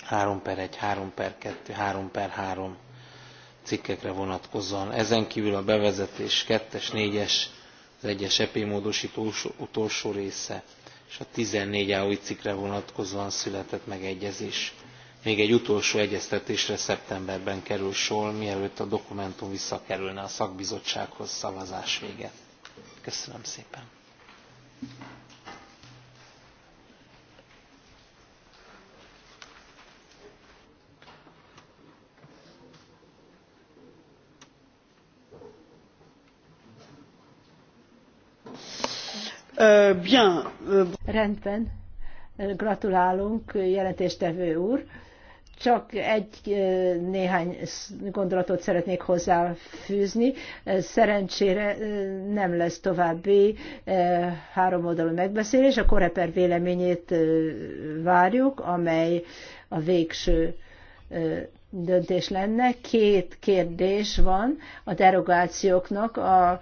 három per egy három per kettő három per három cikkekre vonatkozóan. Ezen kívül a bevezetés 2-es, 4-es, az 1-es EP utolsó része és a 14 új cikkre vonatkozóan született megegyezés. Még egy utolsó egyeztetésre szeptemberben kerül sor, mielőtt a dokumentum visszakerülne a szakbizottsághoz szavazás vége. Köszönöm szépen! Bien. Rendben. Gratulálunk, jelentéstevő úr. Csak egy néhány gondolatot szeretnék hozzáfűzni. Szerencsére nem lesz további oldalú megbeszélés. A Koreper véleményét várjuk, amely a végső döntés lenne. Két kérdés van a derogációknak a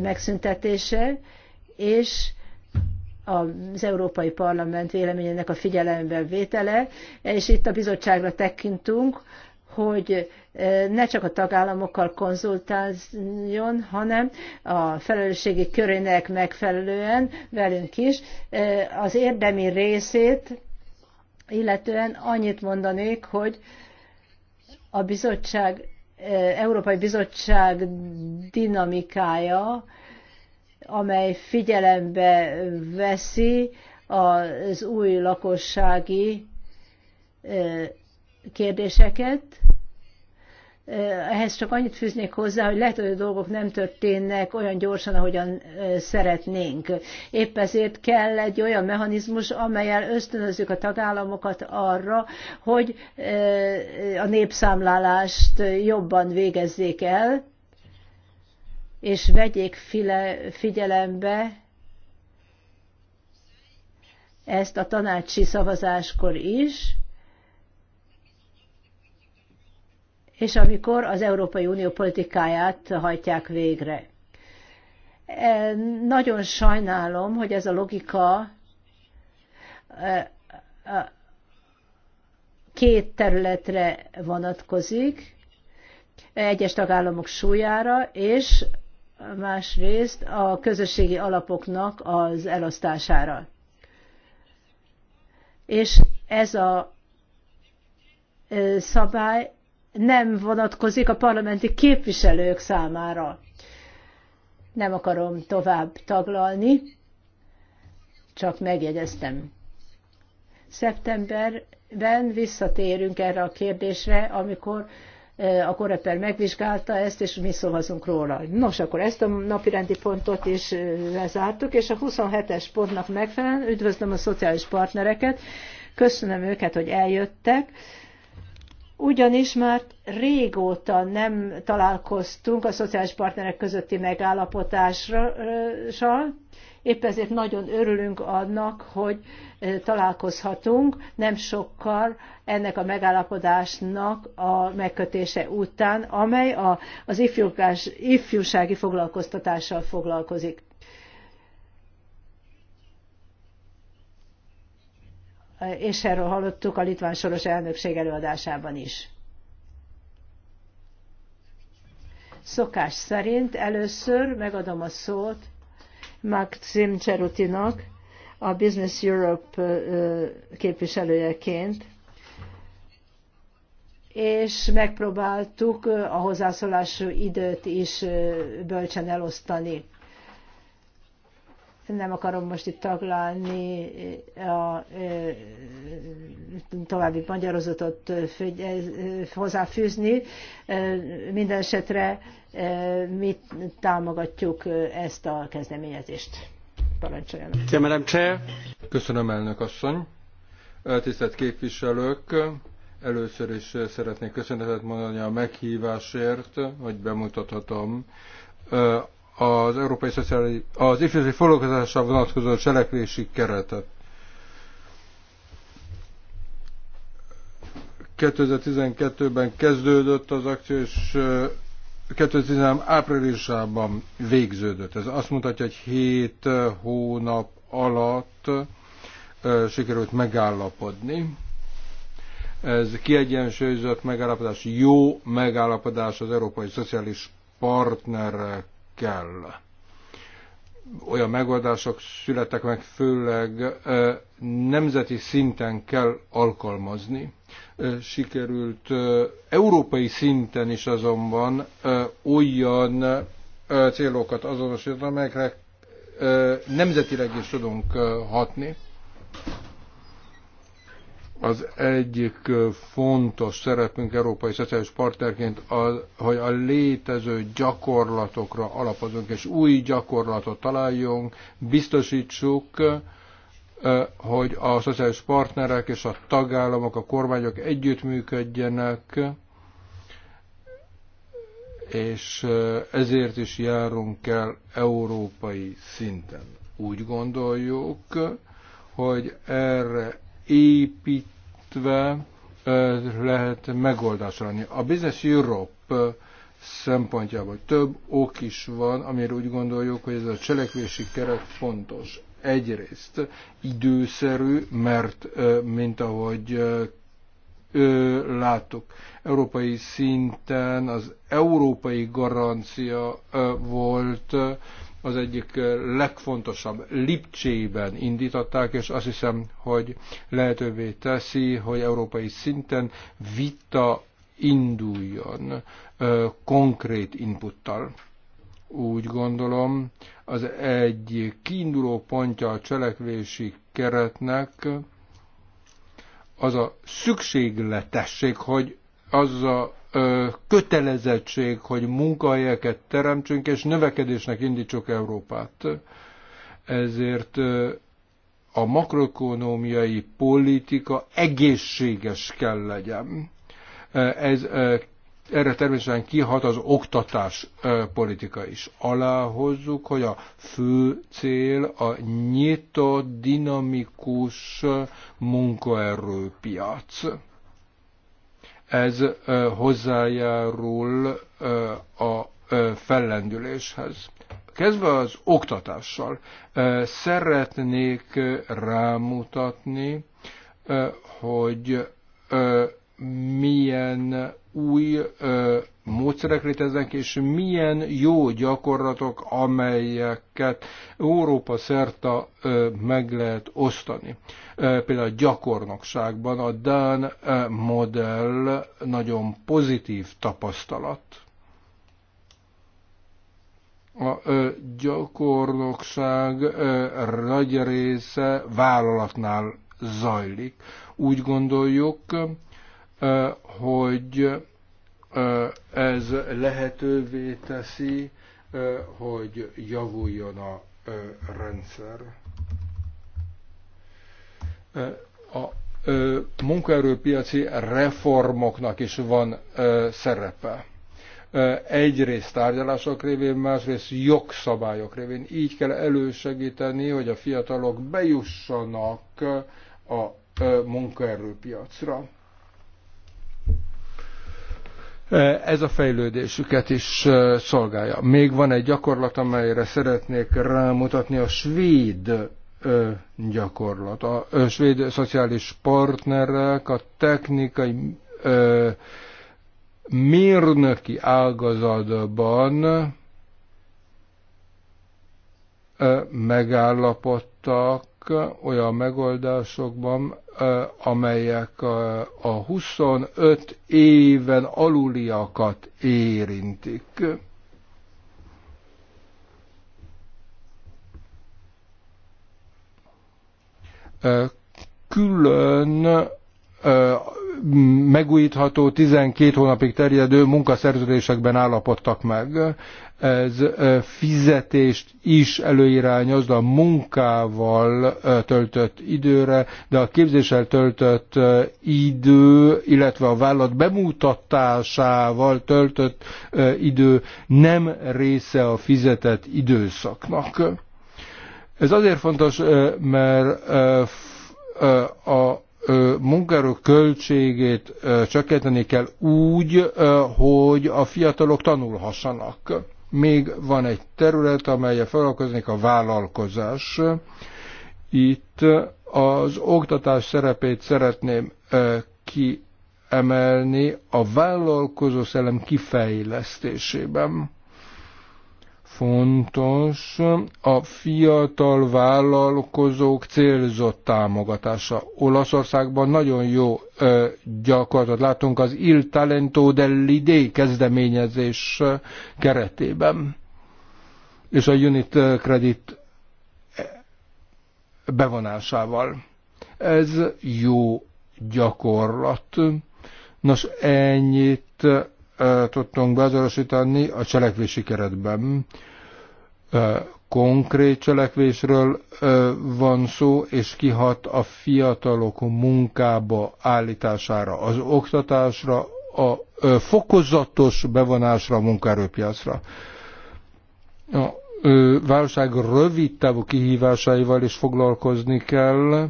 megszüntetése és az Európai Parlament véleményének a figyelemben vétele, és itt a bizottságra tekintünk, hogy e, ne csak a tagállamokkal konzultáljon, hanem a felelősségi körének megfelelően velünk is e, az érdemi részét, illetően annyit mondanék, hogy a bizottság, e, Európai Bizottság dinamikája amely figyelembe veszi az új lakossági kérdéseket. Ehhez csak annyit fűznék hozzá, hogy lehet, hogy a dolgok nem történnek olyan gyorsan, ahogyan szeretnénk. Épp ezért kell egy olyan mechanizmus, amelyel ösztönözzük a tagállamokat arra, hogy a népszámlálást jobban végezzék el, és vegyék figyelembe ezt a tanácsi szavazáskor is, és amikor az Európai Unió politikáját hajtják végre. E, nagyon sajnálom, hogy ez a logika e, két területre vonatkozik, egyes tagállamok súlyára, és másrészt a közösségi alapoknak az elosztására. És ez a szabály nem vonatkozik a parlamenti képviselők számára. Nem akarom tovább taglalni, csak megjegyeztem. Szeptemberben visszatérünk erre a kérdésre, amikor a Koreper megvizsgálta ezt, és mi szavazunk róla. Nos, akkor ezt a napirendi pontot is lezártuk, és a 27-es pontnak megfelelően üdvözlöm a szociális partnereket, köszönöm őket, hogy eljöttek, ugyanis már régóta nem találkoztunk a szociális partnerek közötti megállapotással, Épp ezért nagyon örülünk annak, hogy e, találkozhatunk nem sokkal ennek a megállapodásnak a megkötése után, amely a, az ifjúkás, ifjúsági foglalkoztatással foglalkozik. E, és erről hallottuk a litván soros elnökség előadásában is. Szokás szerint először megadom a szót Maxim Cserutinak, a Business Europe képviselőjeként, és megpróbáltuk a hozzászólás időt is bölcsen elosztani nem akarom most itt taglalni a további magyarozatot hozzáfűzni. Minden esetre mi támogatjuk ezt a kezdeményezést. Parancsoljanak. Köszönöm, elnök asszony. Tisztelt képviselők, először is szeretnék köszönetet mondani a meghívásért, hogy bemutathatom az Európai Szociális, az ifjúsági foglalkozásra vonatkozó cselekvési keretet. 2012-ben kezdődött az akció, és 2013 áprilisában végződött. Ez azt mutatja, hogy 7 hónap alatt sikerült megállapodni. Ez kiegyensúlyozott megállapodás, jó megállapodás az európai szociális partnerek kell. Olyan megoldások születtek meg, főleg nemzeti szinten kell alkalmazni. Sikerült európai szinten is azonban olyan célokat azonosítani, amelyekre nemzetileg is tudunk hatni az egyik fontos szerepünk európai szociális partnerként, az, hogy a létező gyakorlatokra alapozunk, és új gyakorlatot találjunk, biztosítsuk, hogy a szociális partnerek és a tagállamok, a kormányok együttműködjenek, és ezért is járunk el európai szinten. Úgy gondoljuk, hogy erre építve lehet megoldásra adni. A Business Europe szempontjából több ok is van, amire úgy gondoljuk, hogy ez a cselekvési keret fontos. Egyrészt időszerű, mert mint ahogy láttuk, európai szinten az európai garancia volt az egyik legfontosabb. Lipcsében indították, és azt hiszem, hogy lehetővé teszi, hogy európai szinten vita induljon konkrét inputtal. Úgy gondolom, az egy kiinduló pontja a cselekvési keretnek az a szükségletesség, hogy az a kötelezettség, hogy munkahelyeket teremtsünk, és növekedésnek indítsuk Európát. Ezért a makroekonómiai politika egészséges kell legyen. Ez, erre természetesen kihat az oktatás politika is. Aláhozzuk, hogy a fő cél a nyitott, dinamikus munkaerőpiac ez hozzájárul a fellendüléshez. Kezdve az oktatással, szeretnék rámutatni, hogy milyen új ö, módszerek léteznek, és milyen jó gyakorlatok, amelyeket Európa szerta ö, meg lehet osztani. Ö, például a gyakornokságban a Dán modell nagyon pozitív tapasztalat. A ö, gyakornokság ö, nagy része vállalatnál zajlik. Úgy gondoljuk, hogy ez lehetővé teszi, hogy javuljon a rendszer. A munkaerőpiaci reformoknak is van szerepe. Egyrészt tárgyalások révén, másrészt jogszabályok révén. Így kell elősegíteni, hogy a fiatalok bejussanak a munkaerőpiacra ez a fejlődésüket is szolgálja. Még van egy gyakorlat, amelyre szeretnék rámutatni, a svéd gyakorlat. A svéd szociális partnerek a technikai mérnöki ágazatban megállapodtak olyan megoldásokban, amelyek a 25 éven aluliakat érintik. Külön megújítható 12 hónapig terjedő munkaszerződésekben állapodtak meg ez fizetést is előirányoz a munkával töltött időre, de a képzéssel töltött idő, illetve a vállalat bemutatásával töltött idő nem része a fizetett időszaknak. Ez azért fontos, mert a munkaerő költségét csökkenteni kell úgy, hogy a fiatalok tanulhassanak még van egy terület, amelyre foglalkozik a vállalkozás. Itt az oktatás szerepét szeretném kiemelni a vállalkozó szellem kifejlesztésében fontos a fiatal vállalkozók célzott támogatása. Olaszországban nagyon jó ö, gyakorlatot látunk az Il Talento dell'Idé kezdeményezés keretében. És a Unit Credit e, bevonásával. Ez jó gyakorlat. Nos, ennyit tudtunk beazonosítani a cselekvési keretben. Konkrét cselekvésről van szó, és kihat a fiatalok munkába állítására, az oktatásra, a fokozatos bevonásra a munkaerőpiacra. A válság rövid távú kihívásaival is foglalkozni kell,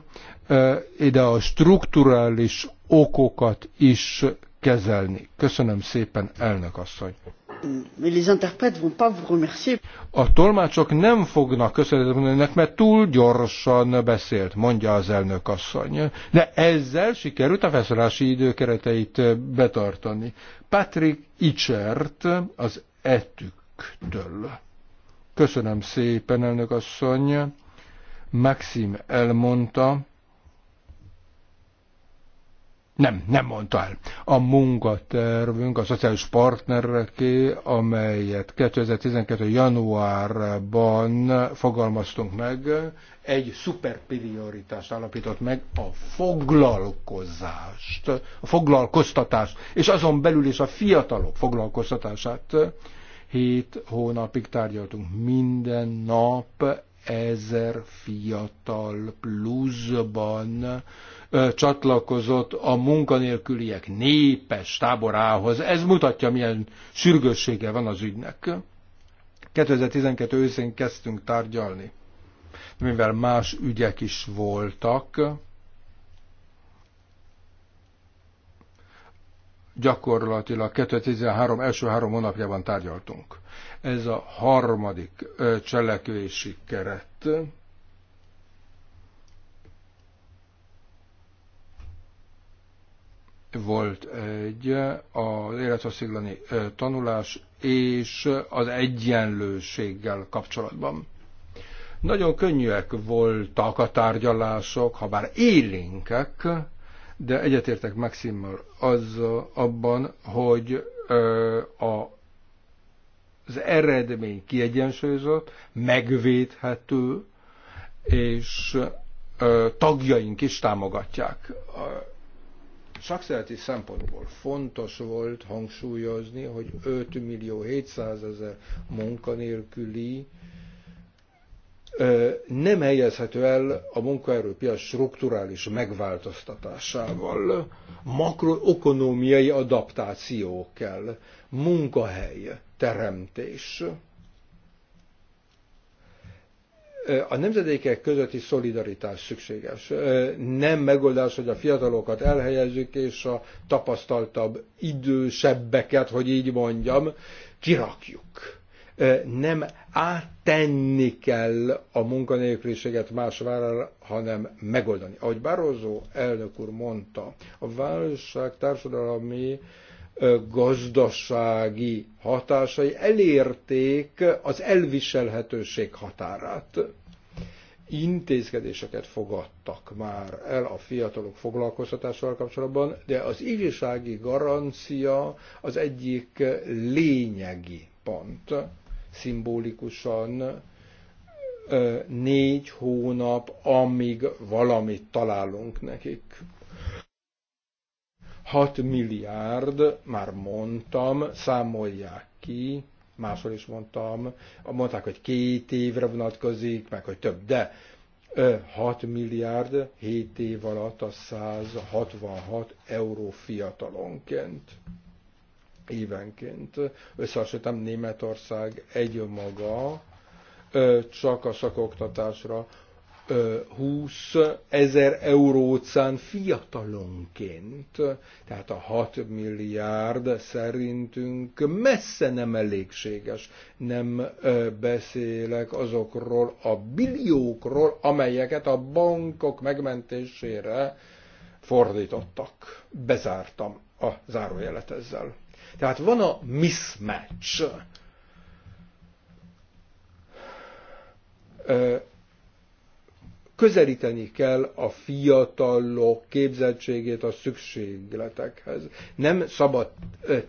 ide a strukturális okokat is kezelni. Köszönöm szépen, elnök asszony! A tolmácsok nem fognak köszönetet mondani, mert túl gyorsan beszélt, mondja az elnök asszony. De ezzel sikerült a felszólási időkereteit betartani. Patrick Icsert az etüktől. Köszönöm szépen, elnök asszony. Maxim elmondta, nem, nem mondta el. A munkatervünk a szociális partnereké, amelyet 2012. januárban fogalmaztunk meg, egy szuperprioritást alapított meg, a foglalkozást, a foglalkoztatást, és azon belül is a fiatalok foglalkoztatását. Hét hónapig tárgyaltunk minden nap ezer fiatal pluszban csatlakozott a munkanélküliek népes táborához. Ez mutatja, milyen sürgőssége van az ügynek. 2012 őszén kezdtünk tárgyalni, mivel más ügyek is voltak, gyakorlatilag 2013 első három hónapjában tárgyaltunk. Ez a harmadik cselekvési keret Volt egy az élethosszíglani tanulás és az egyenlőséggel kapcsolatban. Nagyon könnyűek voltak a tárgyalások, ha bár élénkek, de egyetértek Maximmal az abban, hogy a, az eredmény kiegyensúlyozott, megvédhető, és tagjaink is támogatják szakszereti szempontból fontos volt hangsúlyozni, hogy 5 millió 700 ezer munkanélküli nem helyezhető el a munkaerőpiac strukturális megváltoztatásával, makroökonómiai adaptáció kell, munkahely teremtés a nemzedékek közötti szolidaritás szükséges. Nem megoldás, hogy a fiatalokat elhelyezzük, és a tapasztaltabb idősebbeket, hogy így mondjam, kirakjuk. Nem áttenni kell a munkanélküliséget más várára, hanem megoldani. Ahogy Barroso elnök úr mondta, a válság társadalmi gazdasági hatásai elérték az elviselhetőség határát. Intézkedéseket fogadtak már el a fiatalok foglalkoztatásával kapcsolatban, de az ifjúsági garancia az egyik lényegi pont. Szimbolikusan négy hónap, amíg valamit találunk nekik 6 milliárd, már mondtam, számolják ki, máshol is mondtam, mondták, hogy két évre vonatkozik, meg hogy több, de 6 milliárd 7 év alatt a 166 euró fiatalonként évenként. Összehasonlítom Németország egy maga csak a szakoktatásra 20 ezer eurót szán fiatalonként, tehát a 6 milliárd szerintünk messze nem elégséges. Nem beszélek azokról a billiókról, amelyeket a bankok megmentésére fordítottak. Bezártam a zárójelet ezzel. Tehát van a mismatch közelíteni kell a fiatalok képzettségét a szükségletekhez. Nem szabad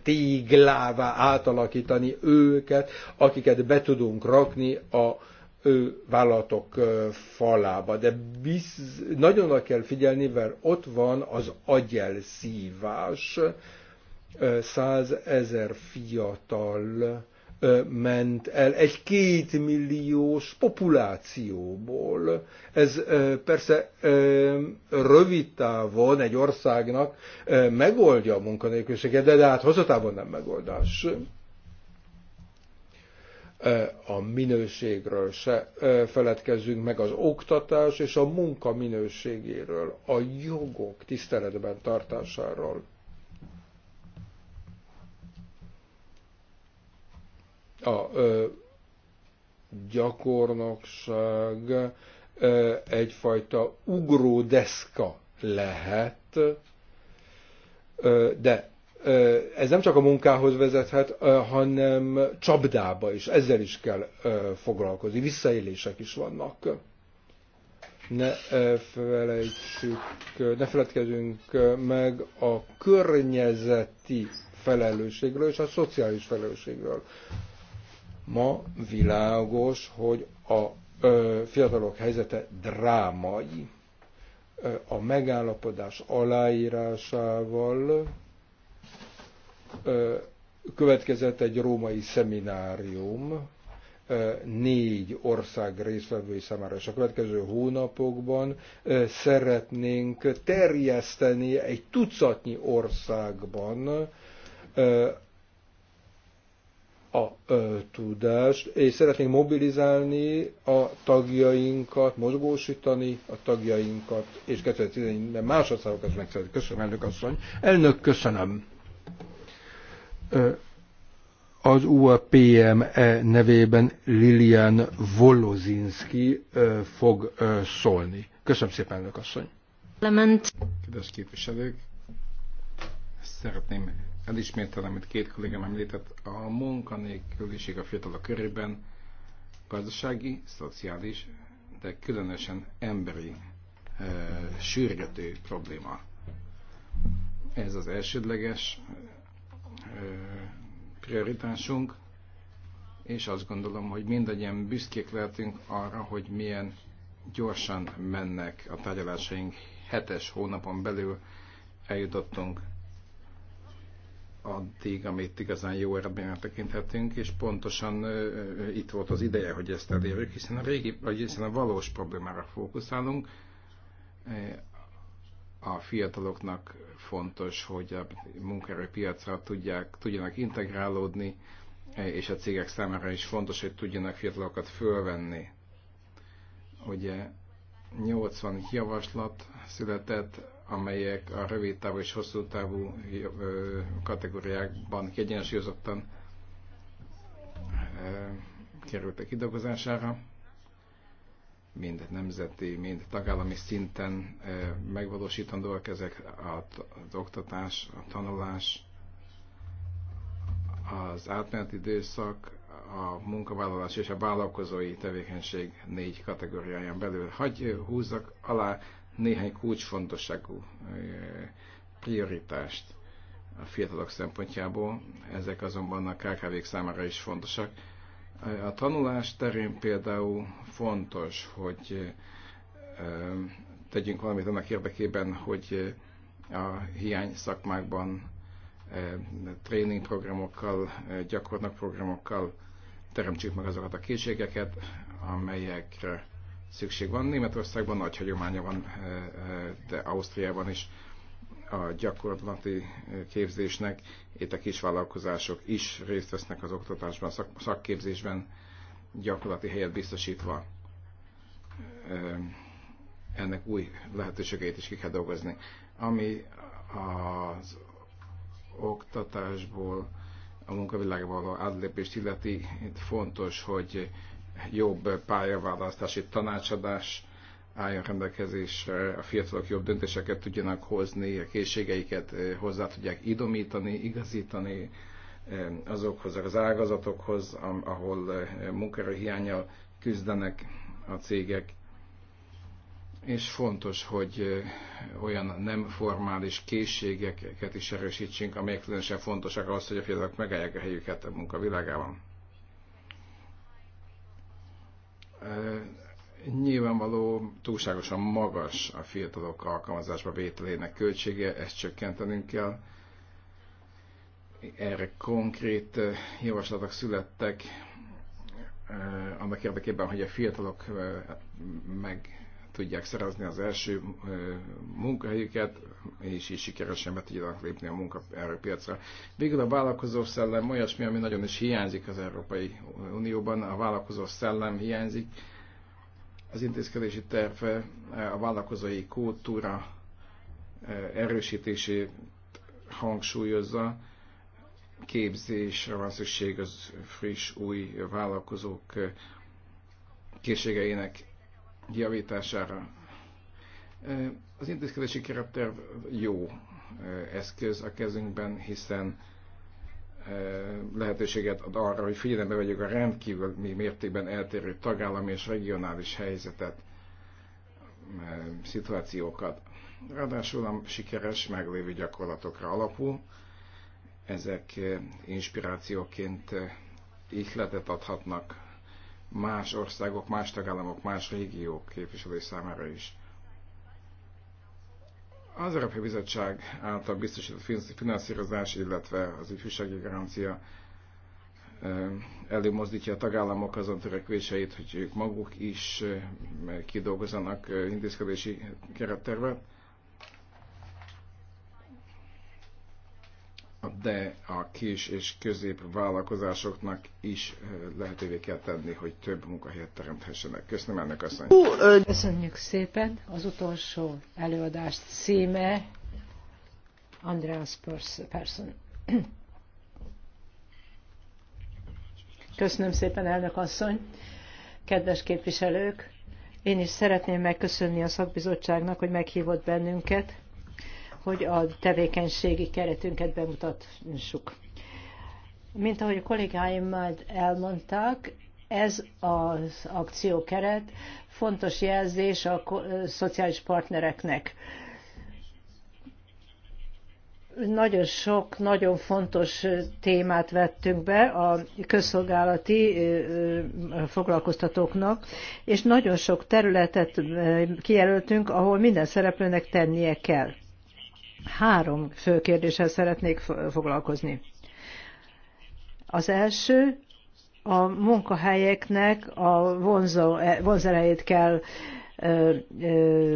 téglává átalakítani őket, akiket be tudunk rakni a ő vállalatok falába. De biz, nagyon oda kell figyelni, mert ott van az agyelszívás. Százezer fiatal ment el egy kétmilliós populációból. Ez persze rövid távon egy országnak megoldja a munkanélküliséget, de, de hát hozatában nem megoldás. A minőségről se feledkezzünk meg az oktatás és a munka minőségéről, a jogok tiszteletben tartásáról A gyakornokság egyfajta ugródeszka lehet, de ez nem csak a munkához vezethet, hanem csapdába is, ezzel is kell foglalkozni, visszaélések is vannak. Ne felejtsük, ne feledkezünk meg a környezeti felelősségről és a szociális felelősségről. Ma világos, hogy a fiatalok helyzete drámai. A megállapodás aláírásával következett egy római szeminárium, négy ország résztvevői számára, és a következő hónapokban szeretnénk terjeszteni egy tucatnyi országban a ö, tudást, és szeretnénk mobilizálni a tagjainkat, mozgósítani a tagjainkat, és 2014-ben más országokat is megszeretik. Köszönöm, elnök asszony. Elnök, köszönöm. Ö, az UAPME nevében Lilian Volozinski ö, fog ö, szólni. Köszönöm szépen, elnök asszony. Kedves képviselők, szeretném elismételem, amit két kollégám említett, a munkanélküliség a fiatalok körében gazdasági, szociális, de különösen emberi e, sürgető probléma. Ez az elsődleges e, prioritásunk, és azt gondolom, hogy mindannyian büszkék lehetünk arra, hogy milyen gyorsan mennek a tárgyalásaink hetes hónapon belül eljutottunk addig, amit igazán jó eredménynek tekinthetünk, és pontosan itt volt az ideje, hogy ezt elérjük, hiszen a, régi, vagy hiszen a valós problémára fókuszálunk. A fiataloknak fontos, hogy a munkaerőpiacra tudják, tudjanak integrálódni, és a cégek számára is fontos, hogy tudjanak fiatalokat fölvenni. Ugye 80 javaslat született, amelyek a rövid távú és hosszú távú kategóriákban kiegyensúlyozottan kerültek kidolgozására, mind nemzeti, mind tagállami szinten megvalósítandóak ezek az oktatás, a tanulás, az átmeneti időszak, a munkavállalás és a vállalkozói tevékenység négy kategóriáján belül. Hagy húzzak alá néhány kulcsfontosságú eh, prioritást a fiatalok szempontjából, ezek azonban a kkv számára is fontosak. Eh, a tanulás terén például fontos, hogy eh, tegyünk valamit annak érdekében, hogy a hiány szakmákban tréningprogramokkal, gyakornokprogramokkal teremtsük meg azokat a készségeket, amelyekre szükség van. Németországban nagy hagyománya van, eh, eh, de Ausztriában is a gyakorlati eh, képzésnek, itt a kisvállalkozások is részt vesznek az oktatásban, szak, szakképzésben, gyakorlati helyet biztosítva. Ennek új lehetőségeit is ki kell dolgozni. Ami az oktatásból a munkavilágban, való átlépést illeti, itt fontos, hogy jobb pályaválasztási tanácsadás álljon rendelkezésre, a fiatalok jobb döntéseket tudjanak hozni, a készségeiket eh, hozzá tudják idomítani, igazítani eh, azokhoz az ágazatokhoz, ahol eh, munkaerő hiányjal küzdenek a cégek. És fontos, hogy olyan nem formális készségeket is erősítsünk, amelyek különösen fontosak az, hogy a fiatalok megállják a helyüket a munkavilágában. Nyilvánvaló túlságosan magas a fiatalok alkalmazásba vételének költsége, ezt csökkentenünk kell. Erre konkrét javaslatok születtek annak érdekében, hogy a fiatalok hát meg tudják szerezni az első munkahelyüket, és is sikeresen be tudjanak lépni a munkaerőpiacra. Végül a vállalkozó szellem olyasmi, ami nagyon is hiányzik az Európai Unióban, a vállalkozó szellem hiányzik, az intézkedési terv a vállalkozói kultúra erősítését hangsúlyozza, képzésre van szükség az friss, új vállalkozók készségeinek javítására. Az intézkedési keretterv jó eszköz a kezünkben, hiszen lehetőséget ad arra, hogy figyelembe vegyük a rendkívül mértékben eltérő tagállami és regionális helyzetet, szituációkat. Ráadásul a sikeres meglévő gyakorlatokra alapul, ezek inspirációként ihletet adhatnak más országok, más tagállamok, más régiók képviselői számára is. Az Európai Bizottság által biztosított finanszírozás, illetve az ifjúsági garancia előmozdítja a tagállamok azon törekvéseit, hogy ők maguk is kidolgozanak intézkedési kerettervet. de a kis és közép vállalkozásoknak is eh, lehetővé kell tenni, hogy több munkahelyet teremthessenek. Köszönöm ennek asszony. Köszönjük szépen. Az utolsó előadás címe Andreas Person. Köszönöm szépen, elnök asszony. Kedves képviselők, én is szeretném megköszönni a szakbizottságnak, hogy meghívott bennünket hogy a tevékenységi keretünket bemutassuk. Mint ahogy a kollégáim elmondták, ez az akciókeret fontos jelzés a szociális partnereknek. Nagyon sok, nagyon fontos témát vettünk be a közszolgálati foglalkoztatóknak, és nagyon sok területet kijelöltünk, ahol minden szereplőnek tennie kell Három fő kérdéssel szeretnék foglalkozni. Az első, a munkahelyeknek a vonzerejét kell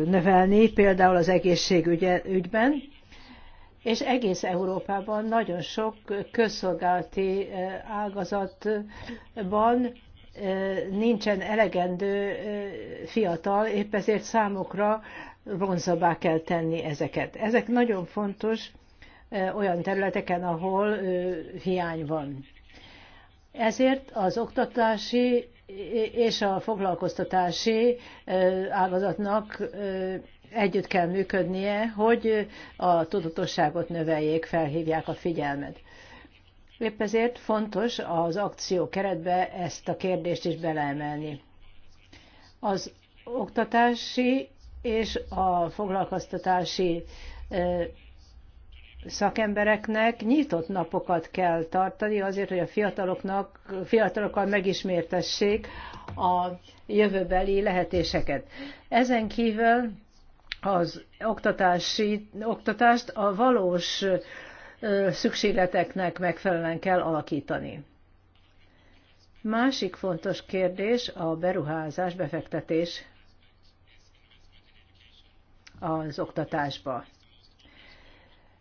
növelni, például az egészségügyben, és egész Európában nagyon sok közszolgálati ágazatban nincsen elegendő fiatal, épp ezért számukra vonzabbá kell tenni ezeket. Ezek nagyon fontos olyan területeken, ahol hiány van. Ezért az oktatási és a foglalkoztatási ágazatnak együtt kell működnie, hogy a tudatosságot növeljék, felhívják a figyelmet. Épp ezért fontos az akció keretbe ezt a kérdést is beleemelni. Az oktatási és a foglalkoztatási szakembereknek nyitott napokat kell tartani azért, hogy a fiataloknak, fiatalokkal megismértessék a jövőbeli lehetéseket. Ezen kívül az oktatási, oktatást a valós szükségleteknek megfelelően kell alakítani. Másik fontos kérdés a beruházás, befektetés az oktatásba.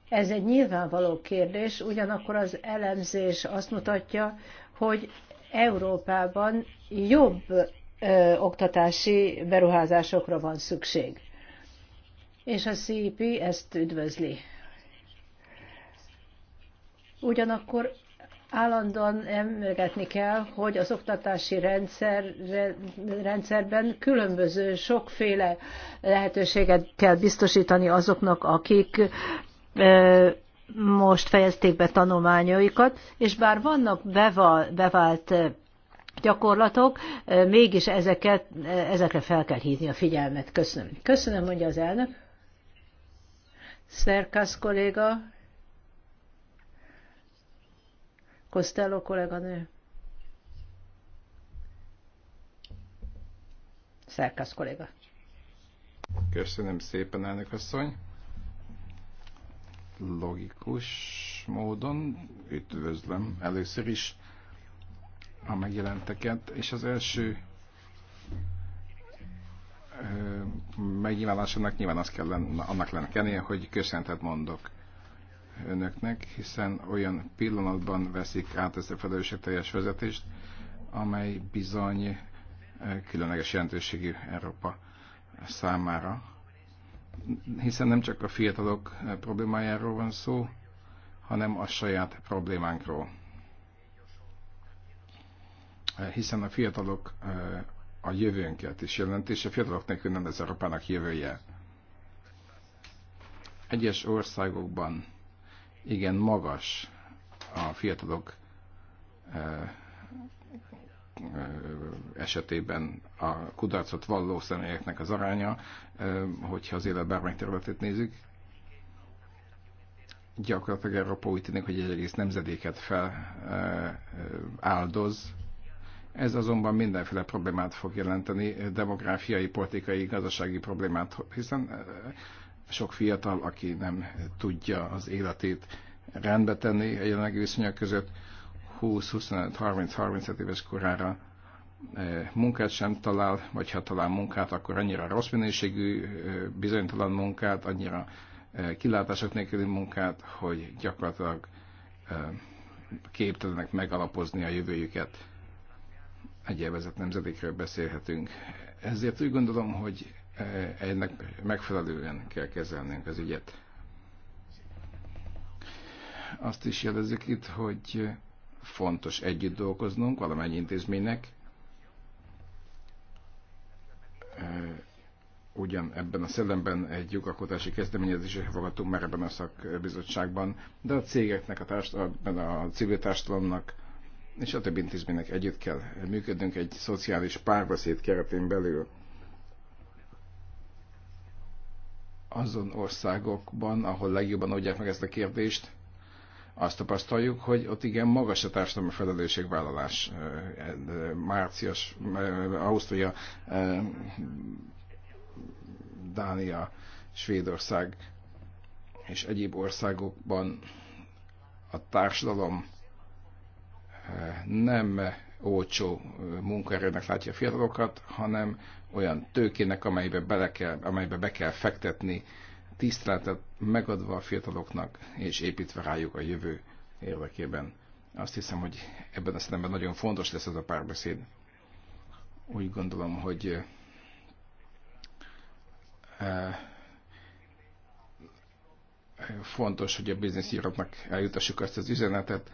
Ez egy nyilvánvaló kérdés, ugyanakkor az elemzés azt mutatja, hogy Európában jobb ö, oktatási beruházásokra van szükség. És a CIP ezt üdvözli. Ugyanakkor Állandóan emlegetni kell, hogy az oktatási rendszer, rendszerben különböző, sokféle lehetőséget kell biztosítani azoknak, akik most fejezték be tanulmányaikat, és bár vannak bevált gyakorlatok, mégis ezeket, ezekre fel kell hívni a figyelmet. Köszönöm. Köszönöm, mondja az elnök. Szerkasz kolléga, Costello kolléganő. Szerkasz kolléga. Köszönöm szépen, elnök asszony. Logikus módon üdvözlöm először is a megjelenteket, és az első megnyilvánulásának nyilván az kell, annak lenne kell, hogy köszöntet mondok önöknek, hiszen olyan pillanatban veszik át ezt a teljes vezetést, amely bizony eh, különleges jelentőségű Európa számára. Hiszen nem csak a fiatalok eh, problémájáról van szó, hanem a saját problémánkról. Eh, hiszen a fiatalok a jövőnket is jelenti, és a fiatalok nélkül nem az Európának jövője. Egyes országokban igen magas a fiatalok esetében a kudarcot valló személyeknek az aránya, hogyha az élet bármely területét nézzük, gyakorlatilag Európa úgy tűnik, hogy egy egész nemzedéket áldoz. Ez azonban mindenféle problémát fog jelenteni, demográfiai, politikai, gazdasági problémát, hiszen sok fiatal, aki nem tudja az életét rendbe tenni a jelenlegi viszonyok között, 20-25-30-35 éves korára e, munkát sem talál, vagy ha talál munkát, akkor annyira rossz minőségű, e, bizonytalan munkát, annyira e, kilátások nélküli munkát, hogy gyakorlatilag képtelenek megalapozni a jövőjüket. Egy nemzedékről beszélhetünk. Ezért úgy gondolom, hogy Eh, ennek megfelelően kell kezelnünk az ügyet. Azt is jelezik itt, hogy fontos együtt dolgoznunk valamennyi intézménynek, eh, ugyan ebben a szellemben egy jogalkotási kezdeményezésre fogadtunk már ebben a szakbizottságban, de a cégeknek, a, társadal- a civil társadalomnak és a több intézménynek együtt kell működnünk egy szociális párbeszéd keretén belül. azon országokban, ahol legjobban oldják meg ezt a kérdést, azt tapasztaljuk, hogy ott igen magas a társadalmi felelősségvállalás. Március, Ausztria, Dánia, Svédország és egyéb országokban a társadalom nem olcsó munkaerőnek látja a fiatalokat, hanem olyan tőkének, amelybe, bele kell, amelybe be kell fektetni, tiszteletet megadva a fiataloknak, és építve rájuk a jövő érdekében. Azt hiszem, hogy ebben a szemben nagyon fontos lesz ez a párbeszéd. Úgy gondolom, hogy eh, eh, fontos, hogy a Business Europe-nak eljutassuk ezt az üzenetet,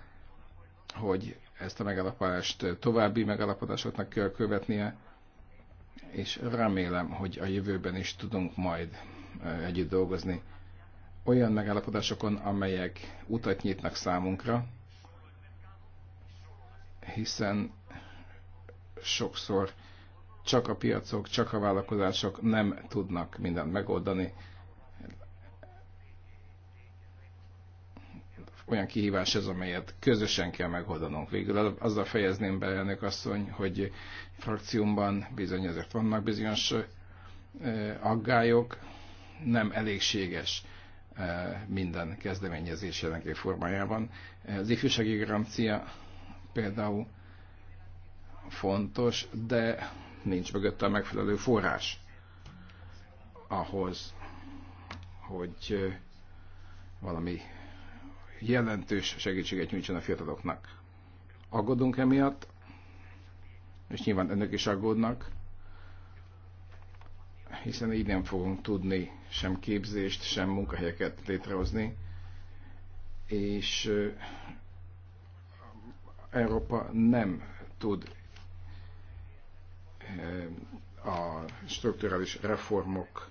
hogy ezt a megalapodást további megalapodásoknak kell követnie, és remélem, hogy a jövőben is tudunk majd együtt dolgozni olyan megállapodásokon, amelyek utat nyitnak számunkra, hiszen sokszor csak a piacok, csak a vállalkozások nem tudnak mindent megoldani, olyan kihívás ez, amelyet közösen kell megoldanunk. Végül azzal fejezném be, elnök asszony, hogy frakciumban bizony ezért vannak bizonyos aggályok, nem elégséges minden kezdeményezés jelenlegi formájában. Az ifjúsági garancia például fontos, de nincs mögötte a megfelelő forrás ahhoz, hogy valami jelentős segítséget nyújtson a fiataloknak. Aggódunk emiatt, és nyilván önök is aggódnak, hiszen így nem fogunk tudni sem képzést, sem munkahelyeket létrehozni, és Európa nem tud a strukturális reformok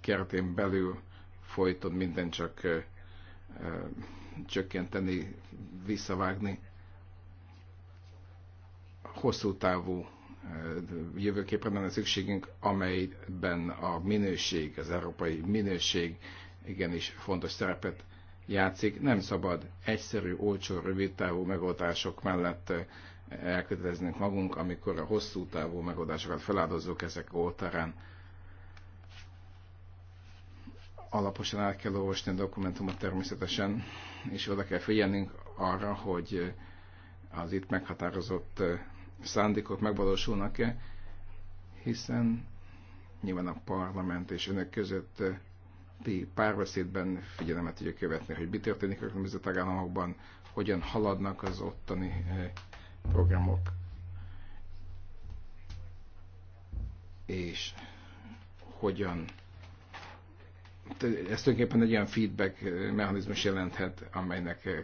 keretén belül folyton minden csak csökkenteni, visszavágni. Hosszú távú jövőképre lenne szükségünk, amelyben a minőség, az európai minőség igenis fontos szerepet játszik. Nem szabad egyszerű, olcsó, rövid távú megoldások mellett elköteleznünk magunk, amikor a hosszú távú megoldásokat feláldozzuk ezek oltárán alaposan át kell olvasni a dokumentumot természetesen, és oda kell figyelnünk arra, hogy az itt meghatározott szándékok megvalósulnak-e, hiszen nyilván a parlament és önök között ti párbeszédben figyelemet tudja követni, hogy mi történik a különböző tagállamokban, hogyan haladnak az ottani programok. És hogyan ez tulajdonképpen egy olyan feedback eh, mechanizmus jelenthet, amelynek eh,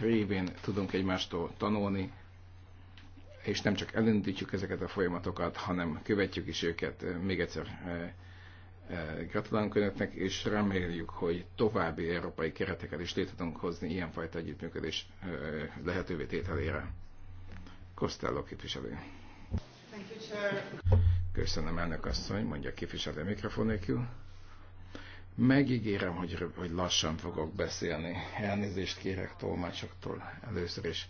révén tudunk egymástól tanulni, és nem csak elindítjuk ezeket a folyamatokat, hanem követjük is őket. Még egyszer eh, gratulálunk Önöknek, és reméljük, hogy további európai kereteket is létre tudunk hozni ilyenfajta együttműködés lehetővé tételére. Costello képviselő. Köszönöm, elnök asszony, mondja a képviselő mikrofon nélkül. Megígérem, hogy, hogy lassan fogok beszélni. Elnézést kérek tolmácsoktól először is.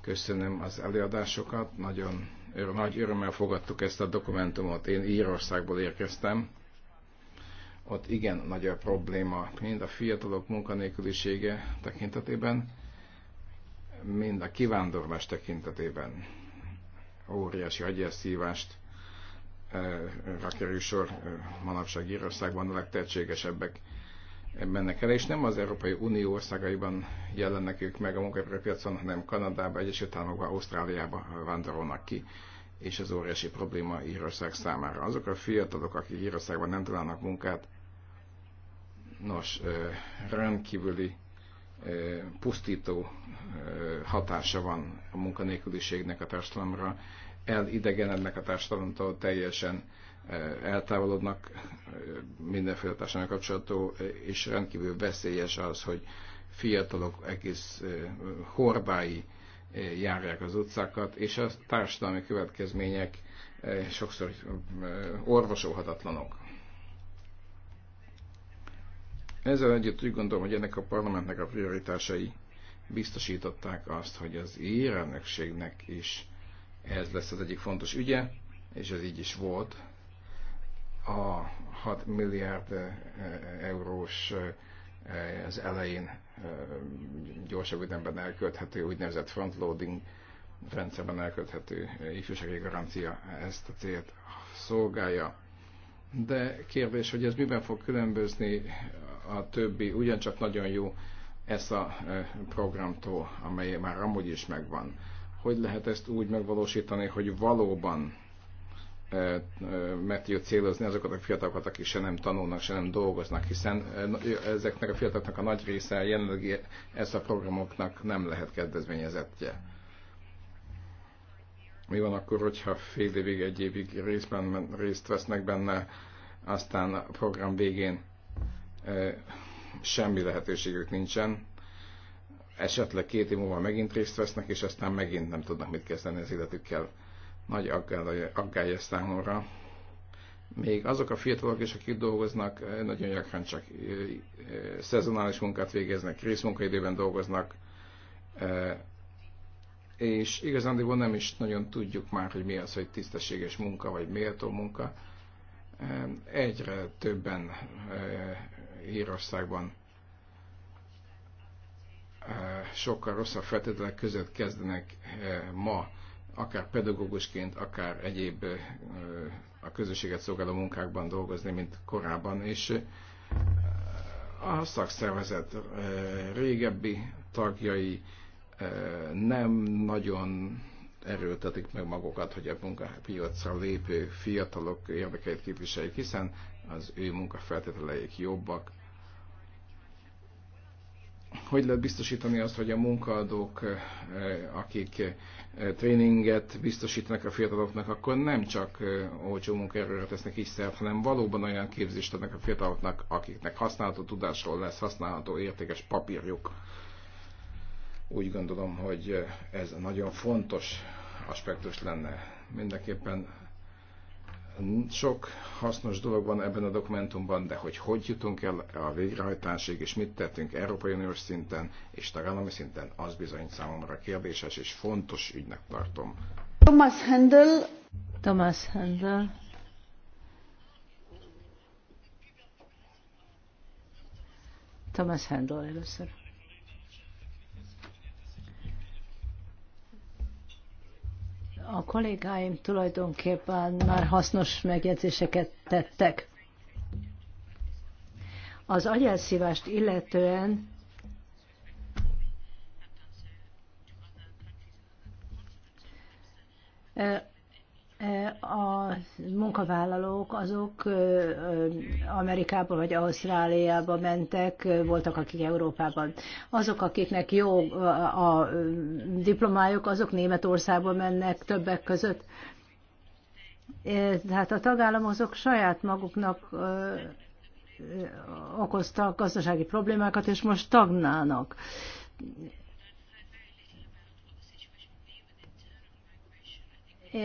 Köszönöm az előadásokat, nagyon öröm, nagy örömmel fogadtuk ezt a dokumentumot. Én Írországból érkeztem, ott igen nagy a probléma, mind a fiatalok munkanélkülisége tekintetében, mind a kivándorlás tekintetében. Óriási agyelszívást Eh, kerül sor eh, manapság Írországban a legtehetségesebbek mennek el, és nem az Európai Unió országaiban jelennek ők meg a munkaerőpiacon, hanem Kanadába, Egyesült Államokba, Ausztráliába vándorolnak ki, és ez óriási probléma Írország számára. Azok a fiatalok, akik Írországban nem találnak munkát, nos, eh, rendkívüli pusztító hatása van a munkanélküliségnek a társadalomra, elidegenednek a társadalomtól, teljesen eh, eltávolodnak eh, mindenféle társadalmi kapcsolató, eh, és rendkívül veszélyes az, hogy fiatalok egész horbái járják az utcákat, és a társadalmi következmények sokszor orvosolhatatlanok. Ezzel együtt úgy gondolom, hogy ennek a parlamentnek a prioritásai biztosították azt, hogy az írelnökségnek is ez lesz az egyik fontos ügye, és ez így is volt. A 6 milliárd eh, eurós eh, az elején eh, gyorsabb ütemben elkölthető úgynevezett frontloading rendszerben elkölthető ifjúsági garancia ezt a célt szolgálja. De kérdés, hogy ez miben fog különbözni a többi ugyancsak nagyon jó a programtól, amely már amúgy is megvan hogy lehet ezt úgy megvalósítani, hogy valóban eh, eh, meg tudjuk célozni azokat a fiatalokat, akik se nem tanulnak, se nem dolgoznak, hiszen eh, ezeknek a fiataloknak a nagy része jelenleg ezt a programoknak nem lehet kedvezményezettje. Mi van akkor, hogyha fél évig, egy évig részben, részt vesznek benne, aztán a program végén semmi lehetőségük nincsen, esetleg két év múlva megint részt vesznek, és aztán megint nem tudnak mit kezdeni az életükkel. Nagy aggály, számomra. Még azok a fiatalok is, akik dolgoznak, eh, nagyon gyakran csak eh, eh, szezonális munkát végeznek, részmunkaidőben dolgoznak, és igazándiból nem is nagyon tudjuk már, hogy mi az, hogy tisztességes munka, vagy méltó munka. Egyre többen Írországban sokkal rosszabb feltételek között kezdenek ma, akár pedagógusként, akár egyéb a közösséget szolgáló munkákban dolgozni, mint korábban, és a szakszervezet régebbi tagjai nem nagyon erőltetik meg magukat, hogy a munkapiacra lépő fiatalok érdekeit képviseljék, hiszen az ő munkafeltételeik jobbak, hogy lehet biztosítani azt, hogy a munkaadók, akik tréninget biztosítanak a fiataloknak, akkor nem csak olcsó munkaerőre tesznek is szert, hanem valóban olyan képzést adnak a fiataloknak, akiknek használható tudásról lesz használható értékes papírjuk. Úgy gondolom, hogy ez nagyon fontos aspektus lenne. Mindenképpen sok hasznos dolog van ebben a dokumentumban, de hogy hogy jutunk el a végrehajtásig, és mit tettünk Európai Uniós szinten és tagállami szinten, az bizony számomra kérdéses és fontos ügynek tartom. Thomas Handel. Thomas Handel. Thomas Handel először. A kollégáim tulajdonképpen már hasznos megjegyzéseket tettek. Az agyelszívást illetően a munkavállalók azok Amerikába vagy Ausztráliába mentek, voltak akik Európában. Azok, akiknek jó a diplomájuk, azok Németországba mennek többek között. Tehát a tagállamok azok saját maguknak okoztak gazdasági problémákat, és most stagnálnak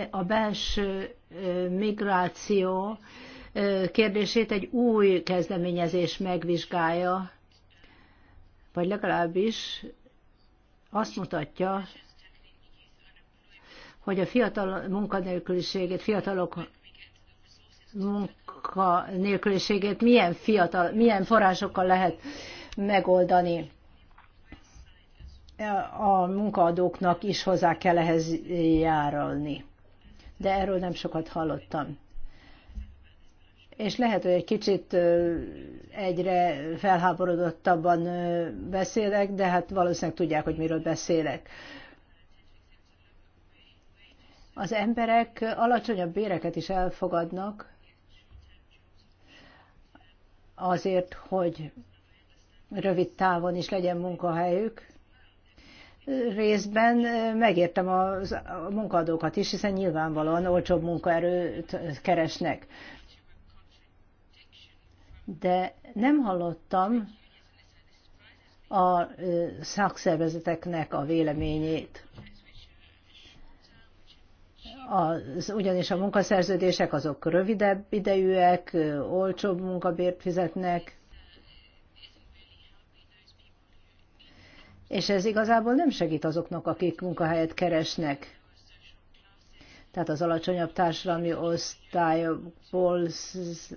a belső migráció kérdését egy új kezdeményezés megvizsgálja, vagy legalábbis azt mutatja, hogy a fiatal munkanélküliséget, fiatalok munkanélküliségét milyen, fiatal, milyen forrásokkal lehet megoldani. A munkaadóknak is hozzá kell ehhez járulni de erről nem sokat hallottam. És lehet, hogy egy kicsit egyre felháborodottabban beszélek, de hát valószínűleg tudják, hogy miről beszélek. Az emberek alacsonyabb béreket is elfogadnak azért, hogy rövid távon is legyen munkahelyük, részben megértem a munkadókat is, hiszen nyilvánvalóan olcsóbb munkaerőt keresnek. De nem hallottam a szakszervezeteknek a véleményét. Az, ugyanis a munkaszerződések azok rövidebb idejűek, olcsóbb munkabért fizetnek, és ez igazából nem segít azoknak, akik munkahelyet keresnek. Tehát az alacsonyabb társadalmi osztályból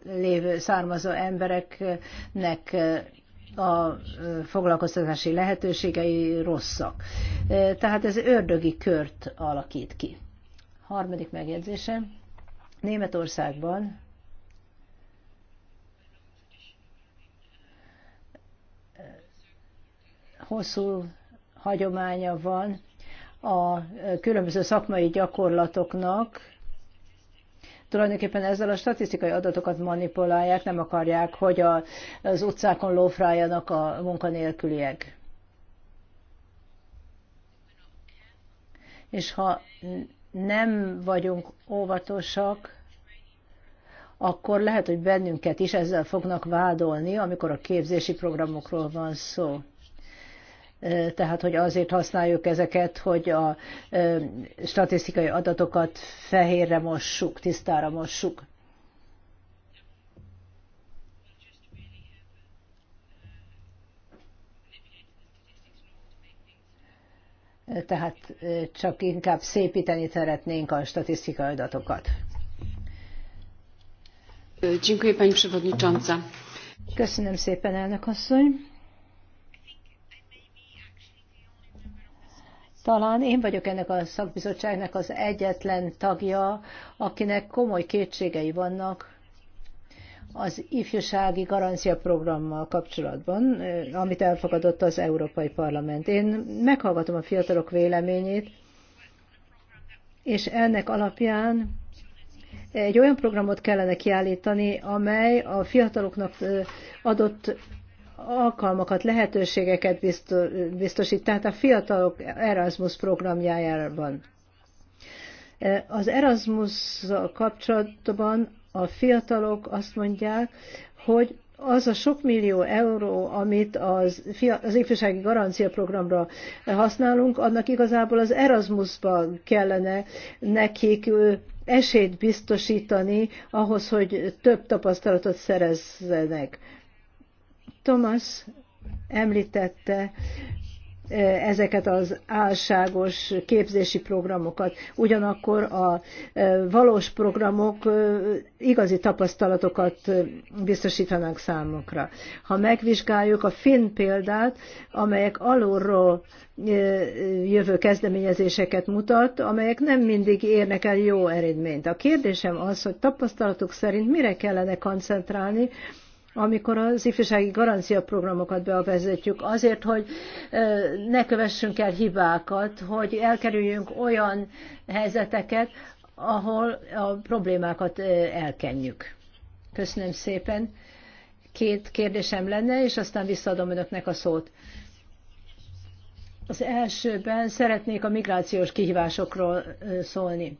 lévő származó embereknek a foglalkoztatási lehetőségei rosszak. Tehát ez ördögi kört alakít ki. Harmadik megjegyzésem. Németországban hosszú hagyománya van a különböző szakmai gyakorlatoknak, tulajdonképpen ezzel a statisztikai adatokat manipulálják, nem akarják, hogy a, az utcákon lófrájanak a munkanélküliek. És ha nem vagyunk óvatosak, akkor lehet, hogy bennünket is ezzel fognak vádolni, amikor a képzési programokról van szó tehát hogy azért használjuk ezeket, hogy a statisztikai adatokat fehérre mossuk, tisztára mossuk. Tehát csak inkább szépíteni szeretnénk a statisztikai adatokat. Köszönöm szépen, elnök asszony. Talán én vagyok ennek a szakbizottságnak az egyetlen tagja, akinek komoly kétségei vannak az ifjúsági garancia programmal kapcsolatban, amit elfogadott az Európai Parlament. Én meghallgatom a fiatalok véleményét, és ennek alapján egy olyan programot kellene kiállítani, amely a fiataloknak adott alkalmakat, lehetőségeket biztosít, tehát a fiatalok Erasmus programjájában. E, az Erasmus kapcsolatban a fiatalok azt mondják, hogy az a sok millió euró, amit az, az ifjúsági garancia programra használunk, annak igazából az Erasmusba kellene nekik esélyt biztosítani ahhoz, hogy több tapasztalatot szerezzenek. Thomas említette e, ezeket az álságos képzési programokat. Ugyanakkor a e, valós programok e, igazi tapasztalatokat biztosítanak számukra. Ha megvizsgáljuk a finn példát, amelyek alulról jövő kezdeményezéseket mutat, amelyek nem mindig érnek el jó eredményt. A kérdésem az, hogy tapasztalatok szerint mire kellene koncentrálni, amikor az ifjúsági garancia programokat bevezetjük, azért, hogy ne kövessünk el hibákat, hogy elkerüljünk olyan helyzeteket, ahol a problémákat elkenjük. Köszönöm szépen. Két kérdésem lenne, és aztán visszaadom önöknek a szót. Az elsőben szeretnék a migrációs kihívásokról szólni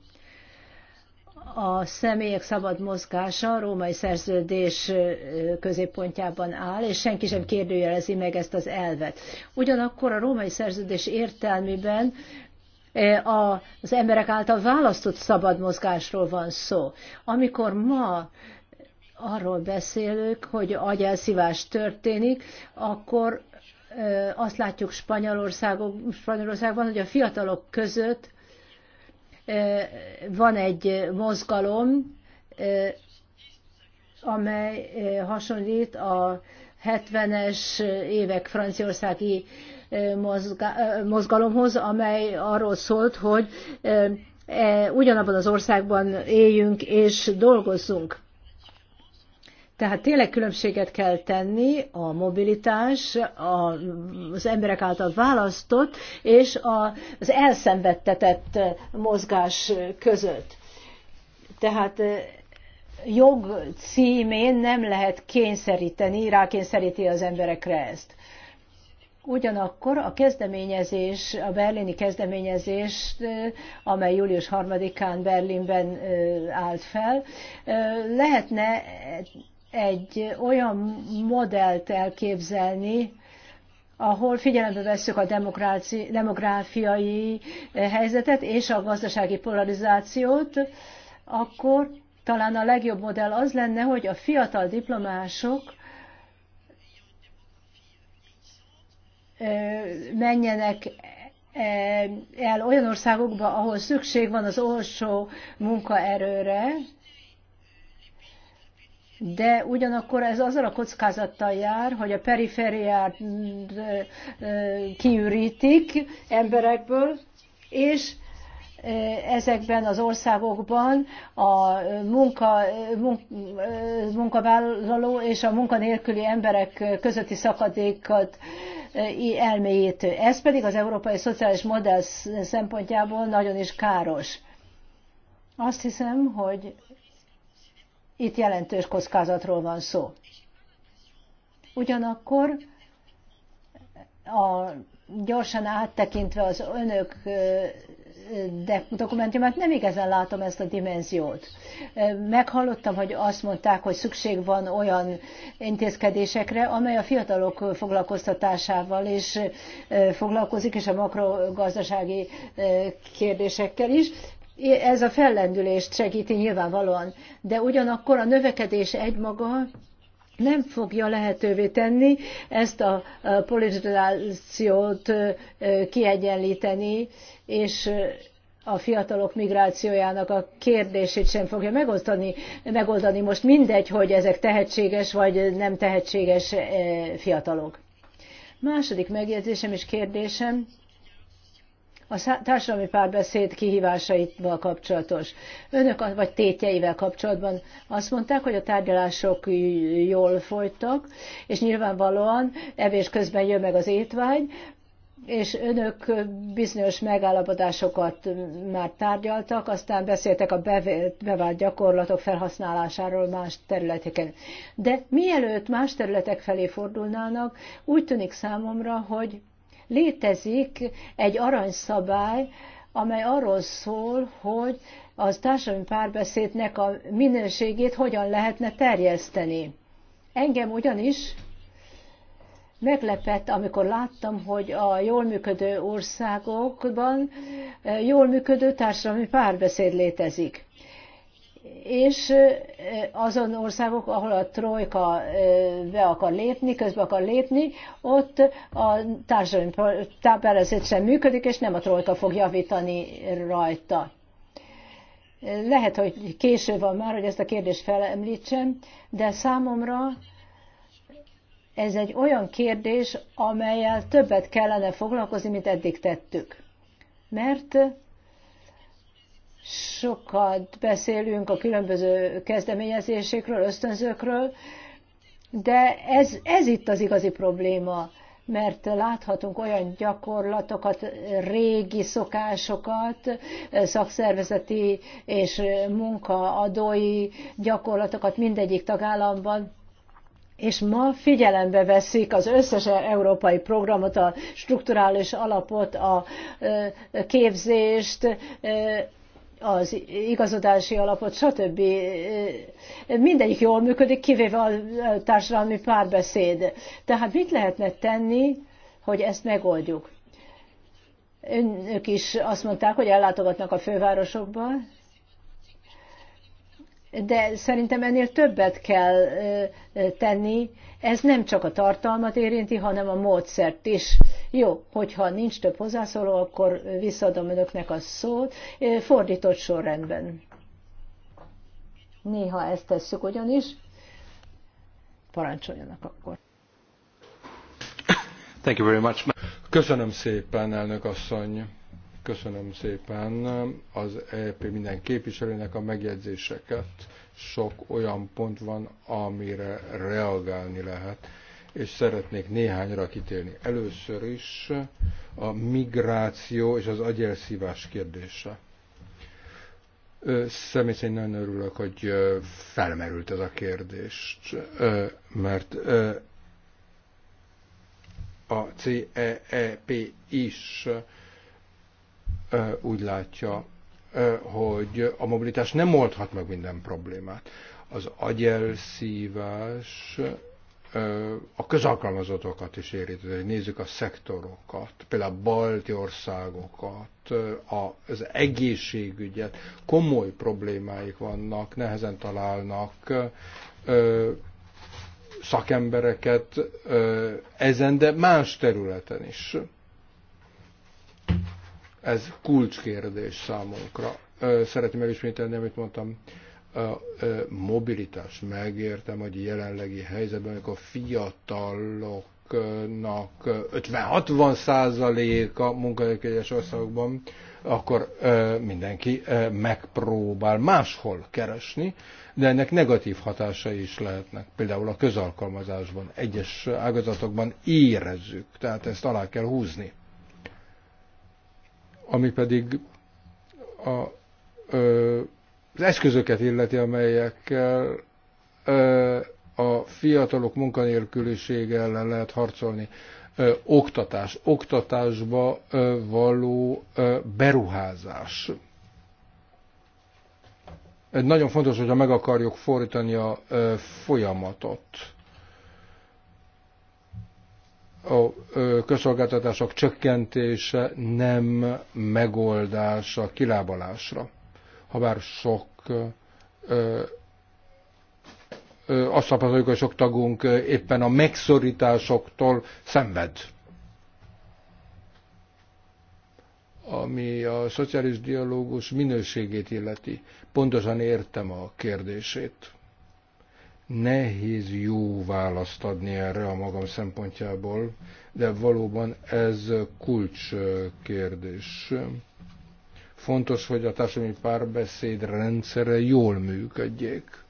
a személyek szabad mozgása a római szerződés középpontjában áll, és senki sem kérdőjelezi meg ezt az elvet. Ugyanakkor a római szerződés értelmében az emberek által választott szabad mozgásról van szó. Amikor ma arról beszélünk, hogy agyelszívás történik, akkor azt látjuk Spanyolországban, hogy a fiatalok között van egy mozgalom, amely hasonlít a 70-es évek franciaországi mozgalomhoz, amely arról szólt, hogy e, ugyanabban az országban éljünk és dolgozzunk. Tehát tényleg különbséget kell tenni a mobilitás, a, az emberek által választott és a, az elszenvedtetett mozgás között. Tehát jog címén nem lehet kényszeríteni, rákényszeríti az emberekre ezt. Ugyanakkor a kezdeményezés, a berlini kezdeményezés, amely július 3-án Berlinben állt fel, lehetne egy olyan modellt elképzelni, ahol figyelembe veszük a demográfiai helyzetet és a gazdasági polarizációt, akkor talán a legjobb modell az lenne, hogy a fiatal diplomások menjenek el olyan országokba, ahol szükség van az olcsó munkaerőre, de ugyanakkor ez azzal a kockázattal jár, hogy a perifériát mm, kiürítik emberekből, és ezekben az országokban a munka, munka munkavállaló és a munkanélküli emberek közötti szakadékat elmélyítő. Ez pedig az európai szociális modell szempontjából nagyon is káros. Azt hiszem, hogy itt jelentős kockázatról van szó. Ugyanakkor a gyorsan áttekintve az önök dokumentumát, nem igazán látom ezt a dimenziót. Meghallottam, hogy azt mondták, hogy szükség van olyan intézkedésekre, amely a fiatalok foglalkoztatásával is foglalkozik, és a makrogazdasági kérdésekkel is, ez a fellendülést segíti nyilvánvalóan, de ugyanakkor a növekedés egymaga nem fogja lehetővé tenni ezt a politizációt kiegyenlíteni, és a fiatalok migrációjának a kérdését sem fogja megoldani. megoldani. Most mindegy, hogy ezek tehetséges vagy nem tehetséges fiatalok. Második megjegyzésem és kérdésem a társadalmi párbeszéd kihívásaival kapcsolatos. Önök, vagy tétjeivel kapcsolatban azt mondták, hogy a tárgyalások jól folytak, és nyilvánvalóan evés közben jön meg az étvágy, és önök bizonyos megállapodásokat már tárgyaltak, aztán beszéltek a bevált gyakorlatok felhasználásáról más területeken. De mielőtt más területek felé fordulnának, úgy tűnik számomra, hogy Létezik egy aranyszabály, amely arról szól, hogy az társadalmi párbeszédnek a minőségét hogyan lehetne terjeszteni. Engem ugyanis meglepett, amikor láttam, hogy a jól működő országokban jól működő társadalmi párbeszéd létezik és azon országok, ahol a trojka be akar lépni, közbe akar lépni, ott a társadalmi táperezet sem működik, és nem a trojka fog javítani rajta. Lehet, hogy késő van már, hogy ezt a kérdést felemlítsem, de számomra ez egy olyan kérdés, amelyel többet kellene foglalkozni, mint eddig tettük. Mert Sokat beszélünk a különböző kezdeményezésekről, ösztönzőkről, de ez, ez itt az igazi probléma, mert láthatunk olyan gyakorlatokat, régi szokásokat, szakszervezeti és munkaadói gyakorlatokat mindegyik tagállamban, és ma figyelembe veszik az összes európai programot, a strukturális alapot, a képzést, az igazodási alapot, stb. Mindegyik jól működik, kivéve a társadalmi párbeszéd. Tehát mit lehetne tenni, hogy ezt megoldjuk? Önök is azt mondták, hogy ellátogatnak a fővárosokba, de szerintem ennél többet kell tenni. Ez nem csak a tartalmat érinti, hanem a módszert is, jó, hogyha nincs több hozzászóló, akkor visszaadom önöknek a szót, fordított sorrendben. Néha ezt tesszük ugyanis. Parancsoljanak akkor. Thank you very much. Köszönöm szépen, elnök asszony. Köszönöm szépen az EP minden képviselőnek a megjegyzéseket. Sok olyan pont van, amire reagálni lehet és szeretnék néhányra kitérni. Először is a migráció és az agyelszívás kérdése. Személy szerint nagyon örülök, hogy felmerült ez a kérdés, mert a CEEP is úgy látja, hogy a mobilitás nem oldhat meg minden problémát. Az agyelszívás a közalkalmazottokat is érintő, hogy nézzük a szektorokat, például a balti országokat, az egészségügyet, komoly problémáik vannak, nehezen találnak szakembereket ezen, de más területen is. Ez kulcskérdés számunkra. Szeretném megismételni, amit mondtam a mobilitás. Megértem, hogy jelenlegi helyzetben, amikor fiataloknak 50-60 százaléka munkahelyes országokban, akkor mindenki megpróbál máshol keresni, de ennek negatív hatásai is lehetnek. Például a közalkalmazásban, egyes ágazatokban érezzük, tehát ezt alá kell húzni. Ami pedig a az eszközöket illeti, amelyekkel a fiatalok munkanélkülisége ellen lehet harcolni. Oktatás, oktatásba való beruházás. Nagyon fontos, hogyha meg akarjuk fordítani a folyamatot. A közszolgáltatások csökkentése nem megoldás a kilábalásra Habár sok ö, ö, azt tapasztaljuk, hogy sok tagunk éppen a megszorításoktól szenved. Ami a szociális dialógus minőségét illeti. Pontosan értem a kérdését. Nehéz jó választ adni erre a magam szempontjából, de valóban ez kulcskérdés. kérdés Fontos, hogy a társadalmi párbeszéd rendszere jól működjék.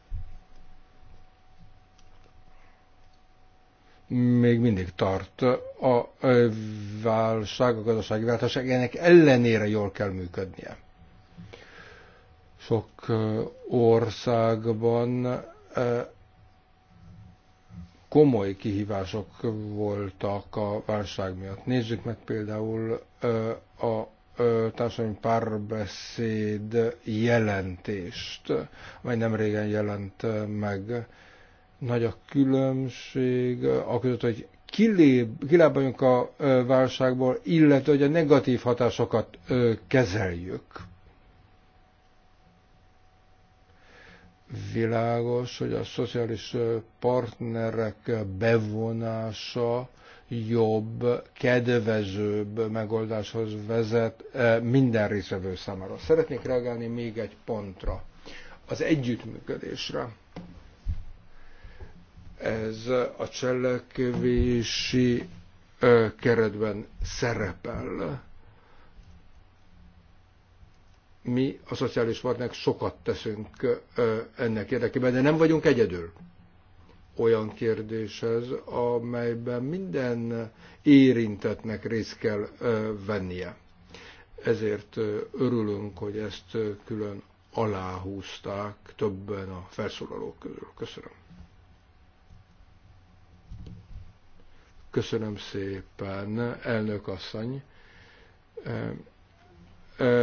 Még mindig tart a válság, a gazdasági válság, ennek ellenére jól kell működnie. Sok országban komoly kihívások voltak a válság miatt. Nézzük meg például a társadalmi párbeszéd jelentést, amely nem régen jelent meg. Nagy a különbség, a között, hogy kiléb, a válságból, illetve hogy a negatív hatásokat kezeljük. Világos, hogy a szociális partnerek bevonása jobb, kedvezőbb megoldáshoz vezet eh, minden részvevő számára. Szeretnék reagálni még egy pontra, az együttműködésre. Ez a cselekvési eh, keretben szerepel. Mi a szociális partnerek sokat teszünk eh, ennek érdekében, de nem vagyunk egyedül olyan kérdéshez, amelyben minden érintetnek részt kell vennie. Ezért örülünk, hogy ezt külön aláhúzták többen a felszólalók közül. Köszönöm. Köszönöm szépen, elnök asszony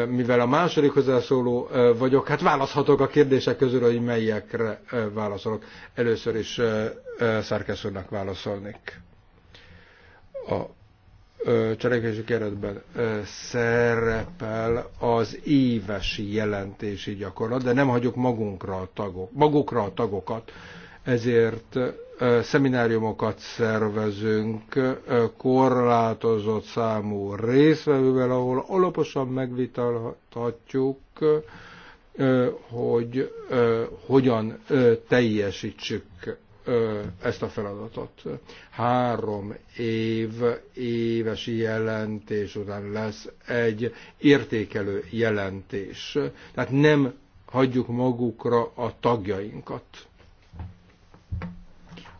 mivel a második hozzászóló vagyok, hát választhatok a kérdések közül, hogy melyekre válaszolok. Először is Szárkesz úrnak válaszolnék. A cselekvési keretben szerepel az éves jelentési gyakorlat, de nem hagyjuk magunkra a tagok, magukra a tagokat, ezért szemináriumokat szervezünk korlátozott számú részvevővel, ahol alaposan megvitathatjuk, hogy hogyan teljesítsük ezt a feladatot. Három év éves jelentés után lesz egy értékelő jelentés. Tehát nem hagyjuk magukra a tagjainkat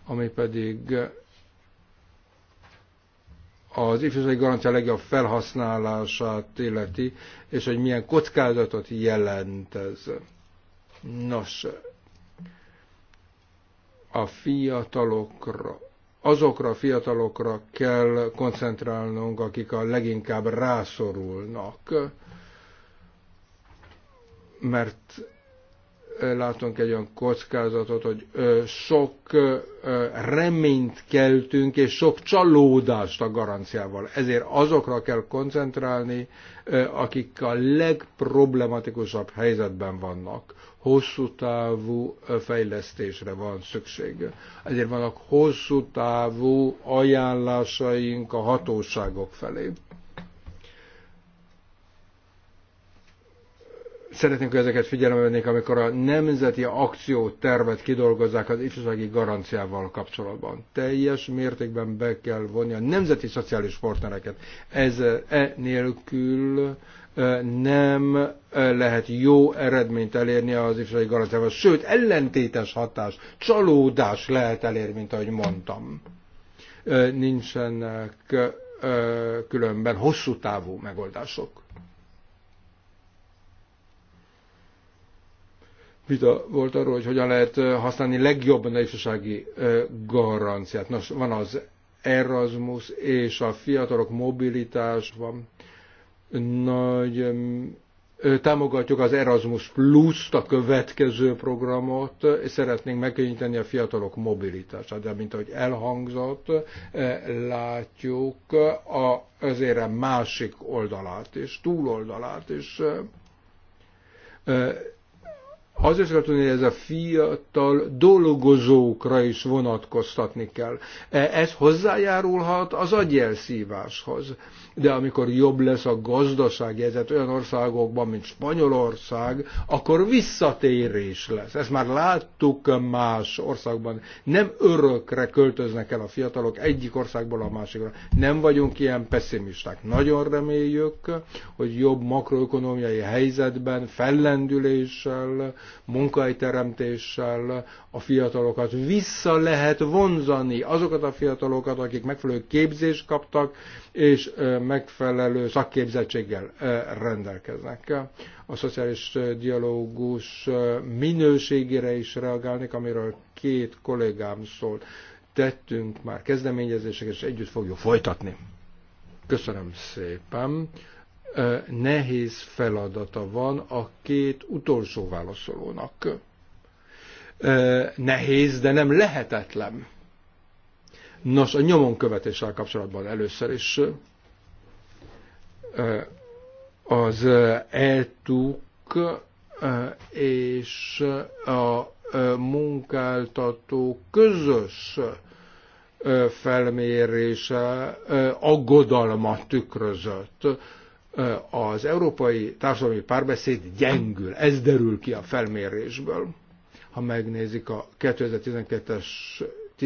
ami pedig az ifjúsági garancia legjobb felhasználását illeti, és hogy milyen kockázatot jelent ez. Nos, a fiatalokra, azokra a fiatalokra kell koncentrálnunk, akik a leginkább rászorulnak, mert látunk egy olyan kockázatot, hogy sok reményt keltünk, és sok csalódást a garanciával. Ezért azokra kell koncentrálni, akik a legproblematikusabb helyzetben vannak. Hosszú távú fejlesztésre van szükség. Ezért vannak hosszú távú ajánlásaink a hatóságok felé. Szeretnénk, hogy ezeket figyelembe vennék, amikor a nemzeti akciótervet kidolgozzák az ifjúsági garanciával kapcsolatban. Teljes mértékben be kell vonni a nemzeti szociális partnereket. Ez e nélkül e, nem e, lehet jó eredményt elérni az ifjúsági garanciával, sőt, ellentétes hatás, csalódás lehet elérni, mint ahogy mondtam. E, nincsenek különben hosszú távú megoldások vita volt arról, hogy hogyan lehet használni legjobb a ifjúsági garanciát. Nos, van az Erasmus és a fiatalok mobilitás van. Nagy támogatjuk az Erasmus plus a következő programot, és szeretnénk megkönnyíteni a fiatalok mobilitását. De mint ahogy elhangzott, látjuk az a másik oldalát és túloldalát, is. Az is kell tudni, hogy ez a fiatal dolgozókra is vonatkoztatni kell. E, ez hozzájárulhat az agyelszíváshoz de amikor jobb lesz a gazdasági helyzet olyan országokban, mint Spanyolország, akkor visszatérés lesz. Ezt már láttuk más országban. Nem örökre költöznek el a fiatalok egyik országból a másikra. Nem vagyunk ilyen pessimisták. Nagyon reméljük, hogy jobb makroökonomiai helyzetben, fellendüléssel, munkahelyteremtéssel a fiatalokat vissza lehet vonzani. Azokat a fiatalokat, akik megfelelő képzést kaptak, és megfelelő szakképzettséggel rendelkeznek. A szociális dialógus minőségére is reagálnék, amiről két kollégám szólt. Tettünk már kezdeményezéseket, és együtt fogjuk folytatni. Köszönöm szépen. Nehéz feladata van a két utolsó válaszolónak. Nehéz, de nem lehetetlen Nos, a követéssel kapcsolatban először is az eltuk és a munkáltató közös felmérése aggodalmat tükrözött. Az európai társadalmi párbeszéd gyengül, ez derül ki a felmérésből. Ha megnézik a 2012-es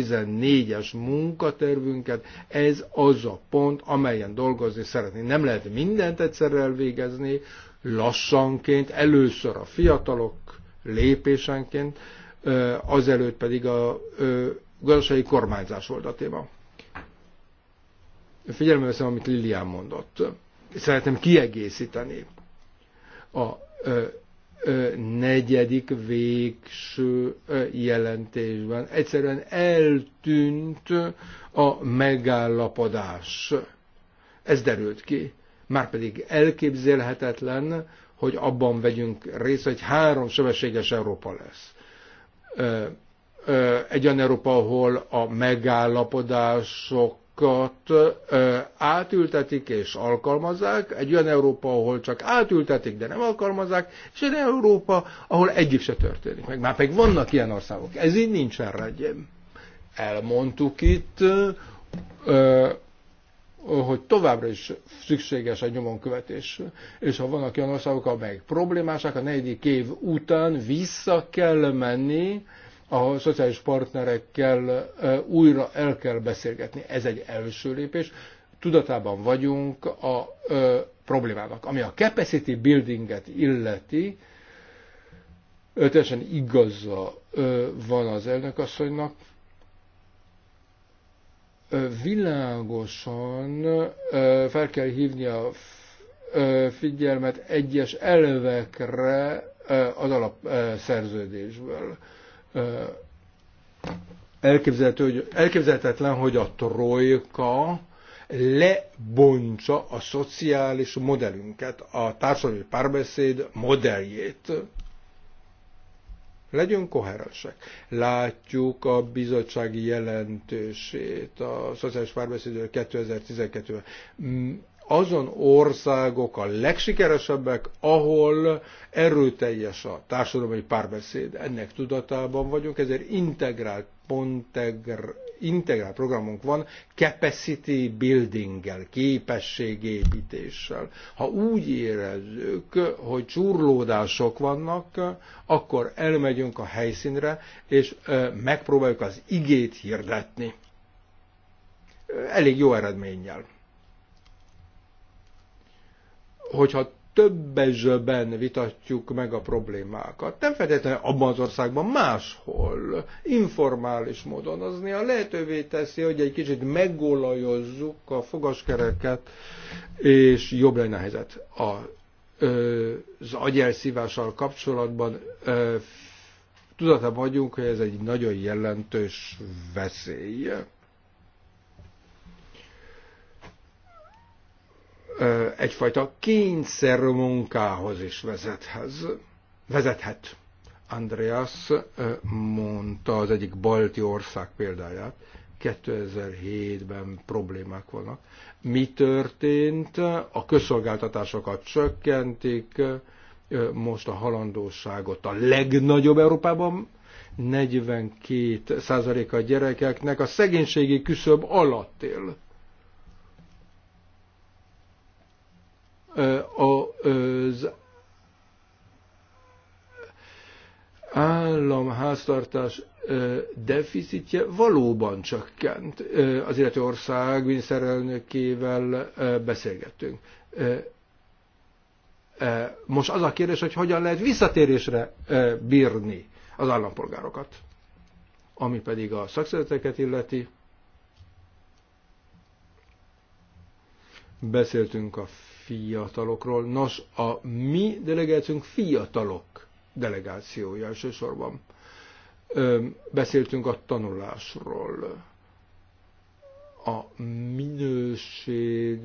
2014-es munkatervünket, ez az a pont, amelyen dolgozni szeretné. Nem lehet mindent egyszer elvégezni, lassanként, először a fiatalok lépésenként, azelőtt pedig a gazdasági kormányzás volt a téma. Figyelembe veszem, amit Lilián mondott. Szeretném kiegészíteni a negyedik végső jelentésben. Egyszerűen eltűnt a megállapodás. Ez derült ki. Márpedig elképzelhetetlen, hogy abban vegyünk részt, hogy három sebességes Európa lesz. Egy olyan Európa, ahol a megállapodások normákat átültetik és alkalmazzák, egy olyan Európa, ahol csak átültetik, de nem alkalmazzák, és egy Európa, ahol egyik se történik meg. Már pedig vannak ilyen országok. Ez így nincsen rendjén. Elmondtuk itt, hogy továbbra is szükséges a nyomonkövetés. És ha vannak olyan országok, amelyek problémásak, a negyedik év után vissza kell menni, a szociális partnerekkel újra el kell beszélgetni. Ez egy első lépés. Tudatában vagyunk a ö, problémának. Ami a capacity buildinget illeti, teljesen igaza ö, van az asszonynak. ö, világosan ö, fel kell hívni a ö, figyelmet egyes elvekre ö, az alapszerződésből. Ö, elképzelhető, hogy elképzelhetetlen, hogy a trojka lebontsa a szociális modellünket, a társadalmi párbeszéd modelljét. Legyünk koherensek. Látjuk a bizottsági jelentését a szociális párbeszédről 2012-ben azon országok a legsikeresebbek, ahol erőteljes a társadalmi párbeszéd. Ennek tudatában vagyunk, ezért integrált, pontegr, integrált programunk van capacity buildinggel, képességépítéssel. Ha úgy érezzük, hogy csurlódások vannak, akkor elmegyünk a helyszínre, és megpróbáljuk az igét hirdetni. Elég jó eredménnyel hogyha többezőben vitatjuk meg a problémákat. Nem feltétlenül abban az országban, máshol, informális módon. Az néha lehetővé teszi, hogy egy kicsit megolajozzuk a fogaskereket, és jobb lenne a helyzet. A, az agyelszívással kapcsolatban tudatában vagyunk, hogy ez egy nagyon jelentős veszély. egyfajta kényszer munkához is vezethez. vezethet. Andreas mondta az egyik balti ország példáját, 2007-ben problémák vannak. Mi történt? A közszolgáltatásokat csökkentik, most a halandóságot a legnagyobb Európában, 42 a gyerekeknek a szegénységi küszöb alatt él. az államháztartás deficitje valóban csökkent. Az illető ország miniszterelnökével beszélgettünk. Most az a kérdés, hogy hogyan lehet visszatérésre bírni az állampolgárokat. Ami pedig a szakszereteket illeti, beszéltünk a fiatalokról. Nos, a mi delegációnk fiatalok delegációja elsősorban. Beszéltünk a tanulásról. A minőség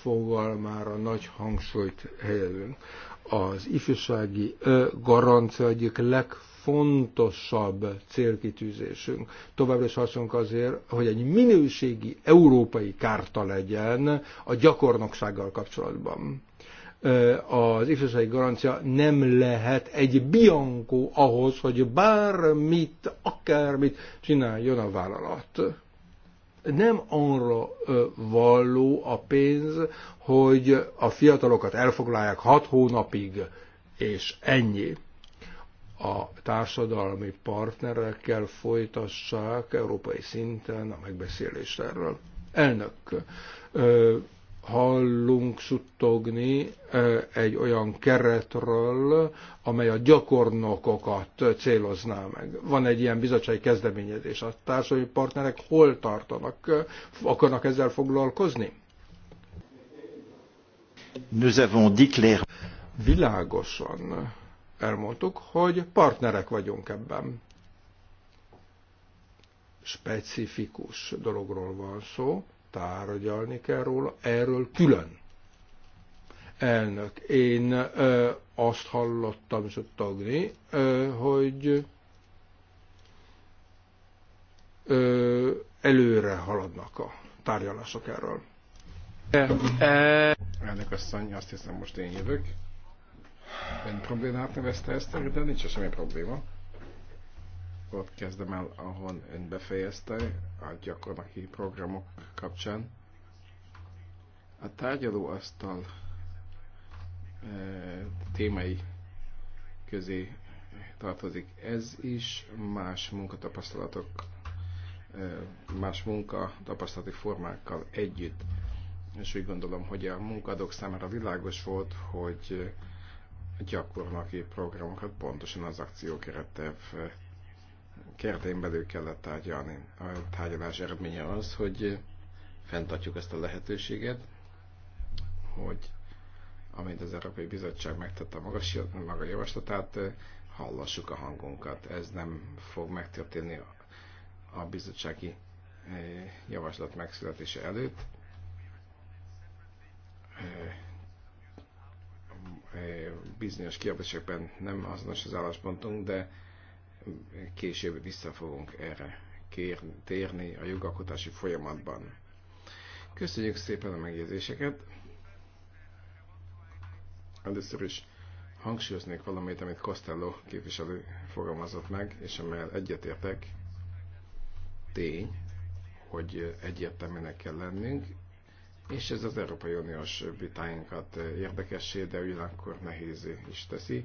fogalmára nagy hangsúlyt helyezünk. Az ifjúsági garancia egyik legfontosabb legfontosabb célkitűzésünk. Továbbra is harcolunk azért, hogy egy minőségi európai kárta legyen a gyakornoksággal kapcsolatban az ifjúsági garancia nem lehet egy biankó ahhoz, hogy bármit, akármit csináljon a vállalat. Nem arra való a pénz, hogy a fiatalokat elfoglalják hat hónapig, és ennyi a társadalmi partnerekkel folytassák európai szinten a megbeszélést erről. Elnök, hallunk suttogni egy olyan keretről, amely a gyakornokokat célozná meg. Van egy ilyen bizottsági kezdeményezés. A társadalmi partnerek hol tartanak? Akarnak ezzel foglalkozni? Nous avons clair. Világosan elmondtuk, hogy partnerek vagyunk ebben. Specifikus dologról van szó, tárgyalni kell róla, erről külön. Elnök, én ö, azt hallottam, és ott tagni, ö, hogy ö, előre haladnak a tárgyalások erről. Elnök asszony, azt hiszem most én jövök. Egy problémát nevezte ezt, de nincs semmi probléma. Ott kezdem el, ahon ön befejezte a gyakorlati programok kapcsán. A tárgyalóasztal e, témai közé tartozik ez is, más munkatapasztalatok, e, más munkatapasztalati formákkal együtt. És úgy gondolom, hogy a munkadók számára világos volt, hogy gyakornoki programokat pontosan az akciókeretterv eh, keretén belül kellett tárgyalni. A tárgyalás eredménye az, hogy eh, fenntartjuk ezt a lehetőséget, hogy amint az Európai Bizottság megtette a magas, maga javaslatát, eh, hallassuk a hangunkat. Ez nem fog megtörténni a bizottsági javaslat megszületése előtt bizonyos kérdésekben nem azonos az álláspontunk, de később vissza fogunk erre térni a jogalkotási folyamatban. Köszönjük szépen a megjegyzéseket! Először is hangsúlyoznék valamit, amit Costello képviselő fogalmazott meg, és amelyel egyetértek, tény, hogy egyértelműnek kell lennünk, és ez az Európai Uniós vitáinkat érdekessé, de ugyanakkor nehézé is teszi.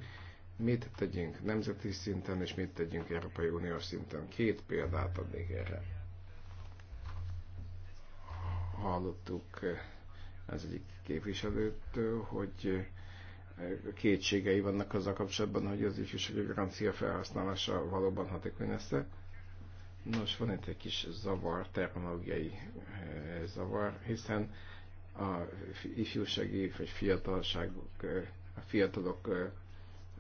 Mit tegyünk nemzeti szinten, és mit tegyünk Európai Uniós szinten? Két példát adnék erre. Hallottuk az egyik képviselőt, hogy kétségei vannak azzal kapcsolatban, hogy az ifjúsági garancia felhasználása valóban hatékony lesz-e. Nos, van itt egy kis zavar, terminológiai eh, zavar, hiszen a ifjúsági vagy fiatalságok, a fiatalok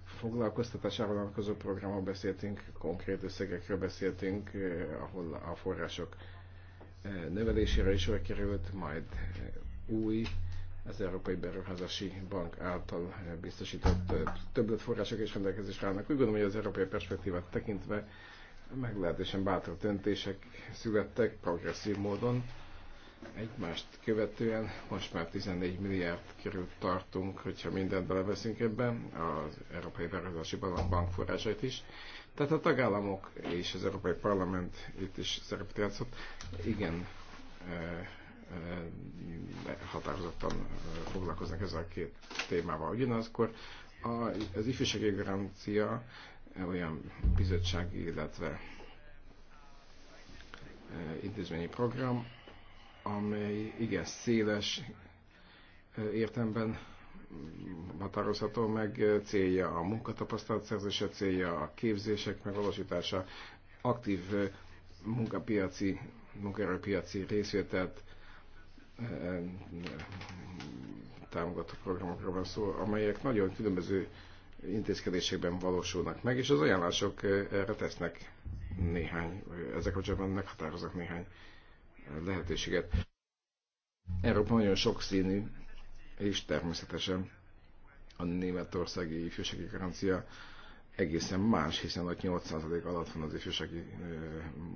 foglalkoztatásával alakozó programról beszéltünk, konkrét összegekről beszéltünk, ahol a források növelésére is került, majd új az Európai Beruházási Bank által biztosított források és rendelkezésre állnak. Úgy gondolom, hogy az európai perspektívát tekintve meglehetősen bátor döntések születtek progresszív módon egymást követően most már 14 milliárd körül tartunk, hogyha mindent beleveszünk ebben, az Európai Beruházási Bank forrásait is. Tehát a tagállamok és az Európai Parlament itt is szerepet játszott, igen e, e, határozottan e, foglalkoznak ezzel a két témával. Ugyanakkor az ifjúsági garancia olyan bizottsági, illetve intézményi program, amely igen széles értemben határozható meg célja a munkatapasztalat szerzése, célja a képzések megvalósítása, aktív munkapiaci, munkaerőpiaci részvételt támogató programokra van szó, amelyek nagyon különböző intézkedésekben valósulnak meg, és az ajánlások erre tesznek néhány, ezek kapcsolatban meghatározok néhány lehetőséget. Európa nagyon sokszínű, és természetesen a németországi ifjúsági garancia egészen más, hiszen ott 8% alatt van az ifjúsági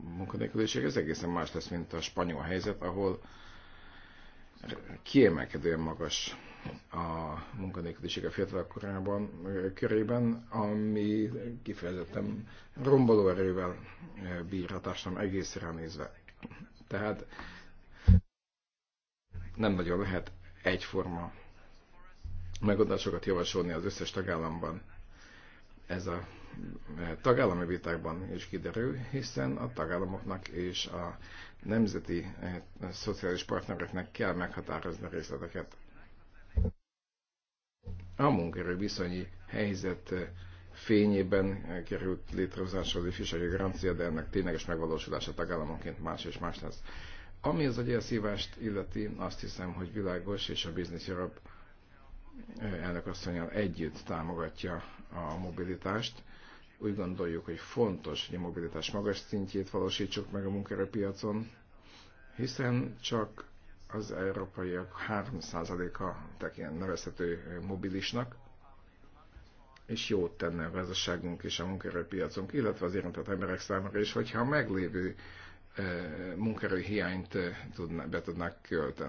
munkanélküliség, ez egészen más lesz, mint a spanyol helyzet, ahol kiemelkedően magas a munkanélküliség a fiatalok korában, körében, ami kifejezetten romboló erővel bír a társadalom egészre nézve. Tehát nem nagyon lehet egyforma megoldásokat javasolni az összes tagállamban. Ez a e, tagállami vitákban is kiderül, hiszen a tagállamoknak és a nemzeti a e, szociális partnereknek kell meghatározni a részleteket. A viszonyi helyzet e, fényében került létrehozásra az ifjúsági garancia, de ennek tényleges megvalósulása tagállamonként más és más lesz. Ami az agyelszívást illeti, azt hiszem, hogy világos, és a Business Europe eh, elnökasszonyal együtt támogatja a mobilitást. Úgy gondoljuk, hogy fontos, hogy a mobilitás magas szintjét valósítsuk meg a munkerőpiacon, hiszen csak az európaiak 3%-a nevezhető mobilisnak, és jót tenne a gazdaságunk és a munkaerőpiacunk, illetve az érintett emberek számára is, hogyha a meglévő eh, munkerőhiányt hiányt eh, be tudnak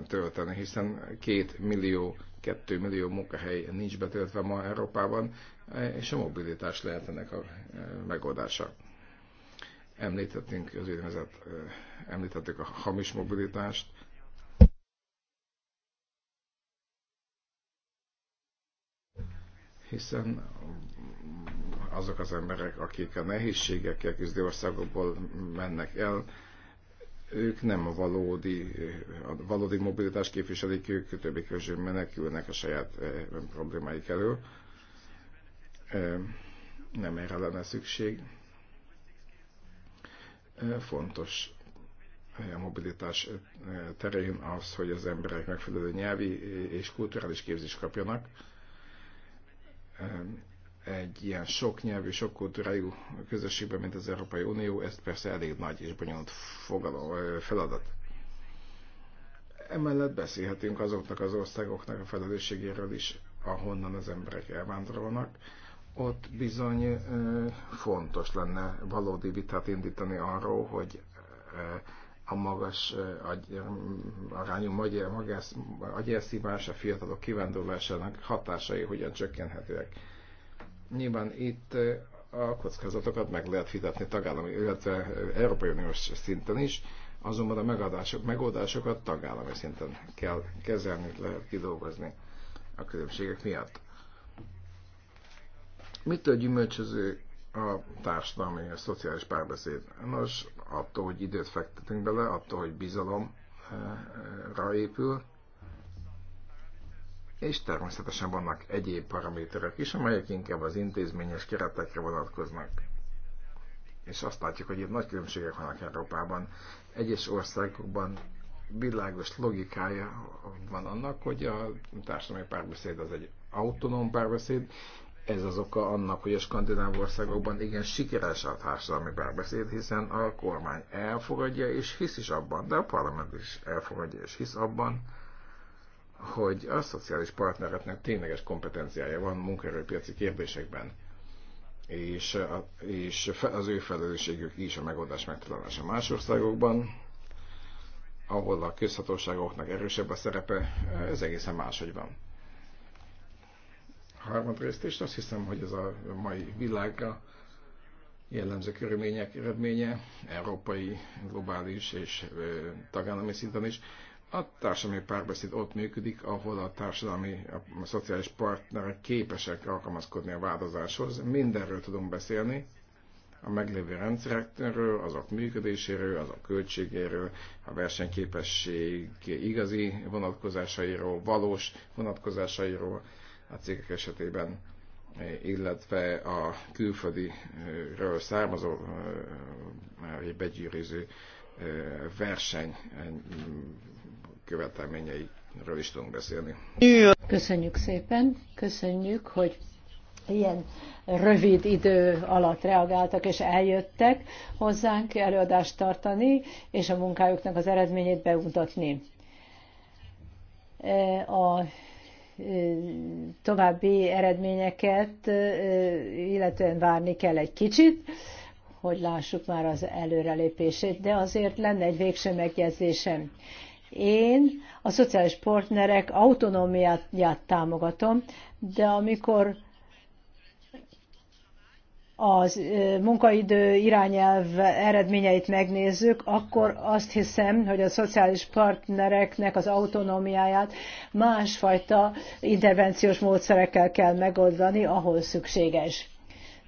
tölteni, hiszen két millió, kettő millió munkahely nincs betöltve ma Európában, eh, és a mobilitás lehet ennek a megoldása. Említettünk az úgynevezett, említettük a hamis mobilitást, hiszen azok az emberek, akik a nehézségekkel küzdő országokból mennek el, ők nem a valódi, a valódi mobilitás képviselik, ők többé közül menekülnek a saját eh, problémáik elől. Eh, nem erre lenne szükség. Eh, fontos a mobilitás terén az, hogy az emberek megfelelő nyelvi és kulturális képzést kapjanak egy ilyen sok nyelvű, sok kultúrájú közösségben, mint az Európai Unió, ez persze elég nagy és bonyolult fogalom, feladat. Emellett beszélhetünk azoknak az országoknak a felelősségéről is, ahonnan az emberek elvándorolnak. Ott bizony fontos lenne valódi vitát indítani arról, hogy a magas arányú agyelszívás, a fiatalok kivándorlásának hatásai hogyan csökkenhetőek. Nyilván itt a kockázatokat meg lehet fizetni tagállami, illetve Európai Uniós szinten is, azonban a megadások, megoldásokat tagállami szinten kell kezelni, lehet kidolgozni a különbségek miatt. Mitől gyümölcsöző a társadalmi, a szociális párbeszéd? Nos, attól, hogy időt fektetünk bele, attól, hogy bizalomra eh, eh, épül, és természetesen vannak egyéb paraméterek is, amelyek inkább az intézményes keretekre vonatkoznak. És azt látjuk, hogy itt nagy különbségek vannak Európában. Egyes országokban világos logikája van annak, hogy a társadalmi párbeszéd az egy autonóm párbeszéd, ez az oka annak, hogy a skandináv országokban igen sikeres a társadalmi párbeszéd, hiszen a kormány elfogadja és hisz is abban, de a parlament is elfogadja és hisz abban, hogy a szociális partnereknek tényleges kompetenciája van munkaerőpiaci kérdésekben, és, és az ő felelősségük is a megoldás megtalálása más országokban, ahol a közhatóságoknak erősebb a szerepe, ez egészen máshogy van harmadrészt, és azt hiszem, hogy ez a mai világra jellemző körülmények eredménye, európai, globális és tagállami szinten is. A társadalmi párbeszéd ott működik, ahol a társadalmi, a szociális partnerek képesek alkalmazkodni a változáshoz. Mindenről tudunk beszélni, a meglévő rendszerekről, azok működéséről, azok költségéről, a versenyképesség igazi vonatkozásairól, valós vonatkozásairól, a cégek esetében, eh, illetve a külföldi származó eh, begyűrűző eh, verseny követelményeiről is tudunk beszélni. Köszönjük szépen, köszönjük, hogy ilyen rövid idő alatt reagáltak és eljöttek hozzánk előadást tartani, és a munkájuknak az eredményét bemutatni. A további eredményeket, illetően várni kell egy kicsit, hogy lássuk már az előrelépését, de azért lenne egy végső megjegyzésem. Én a szociális partnerek autonómiáját támogatom, de amikor az munkaidő irányelv eredményeit megnézzük, akkor azt hiszem, hogy a szociális partnereknek az autonómiáját másfajta intervenciós módszerekkel kell megoldani, ahol szükséges.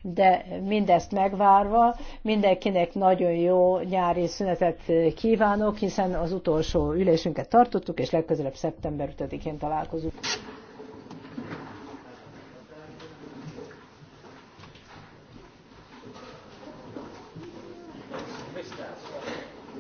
De mindezt megvárva, mindenkinek nagyon jó nyári szünetet kívánok, hiszen az utolsó ülésünket tartottuk, és legközelebb szeptember 5-én találkozunk.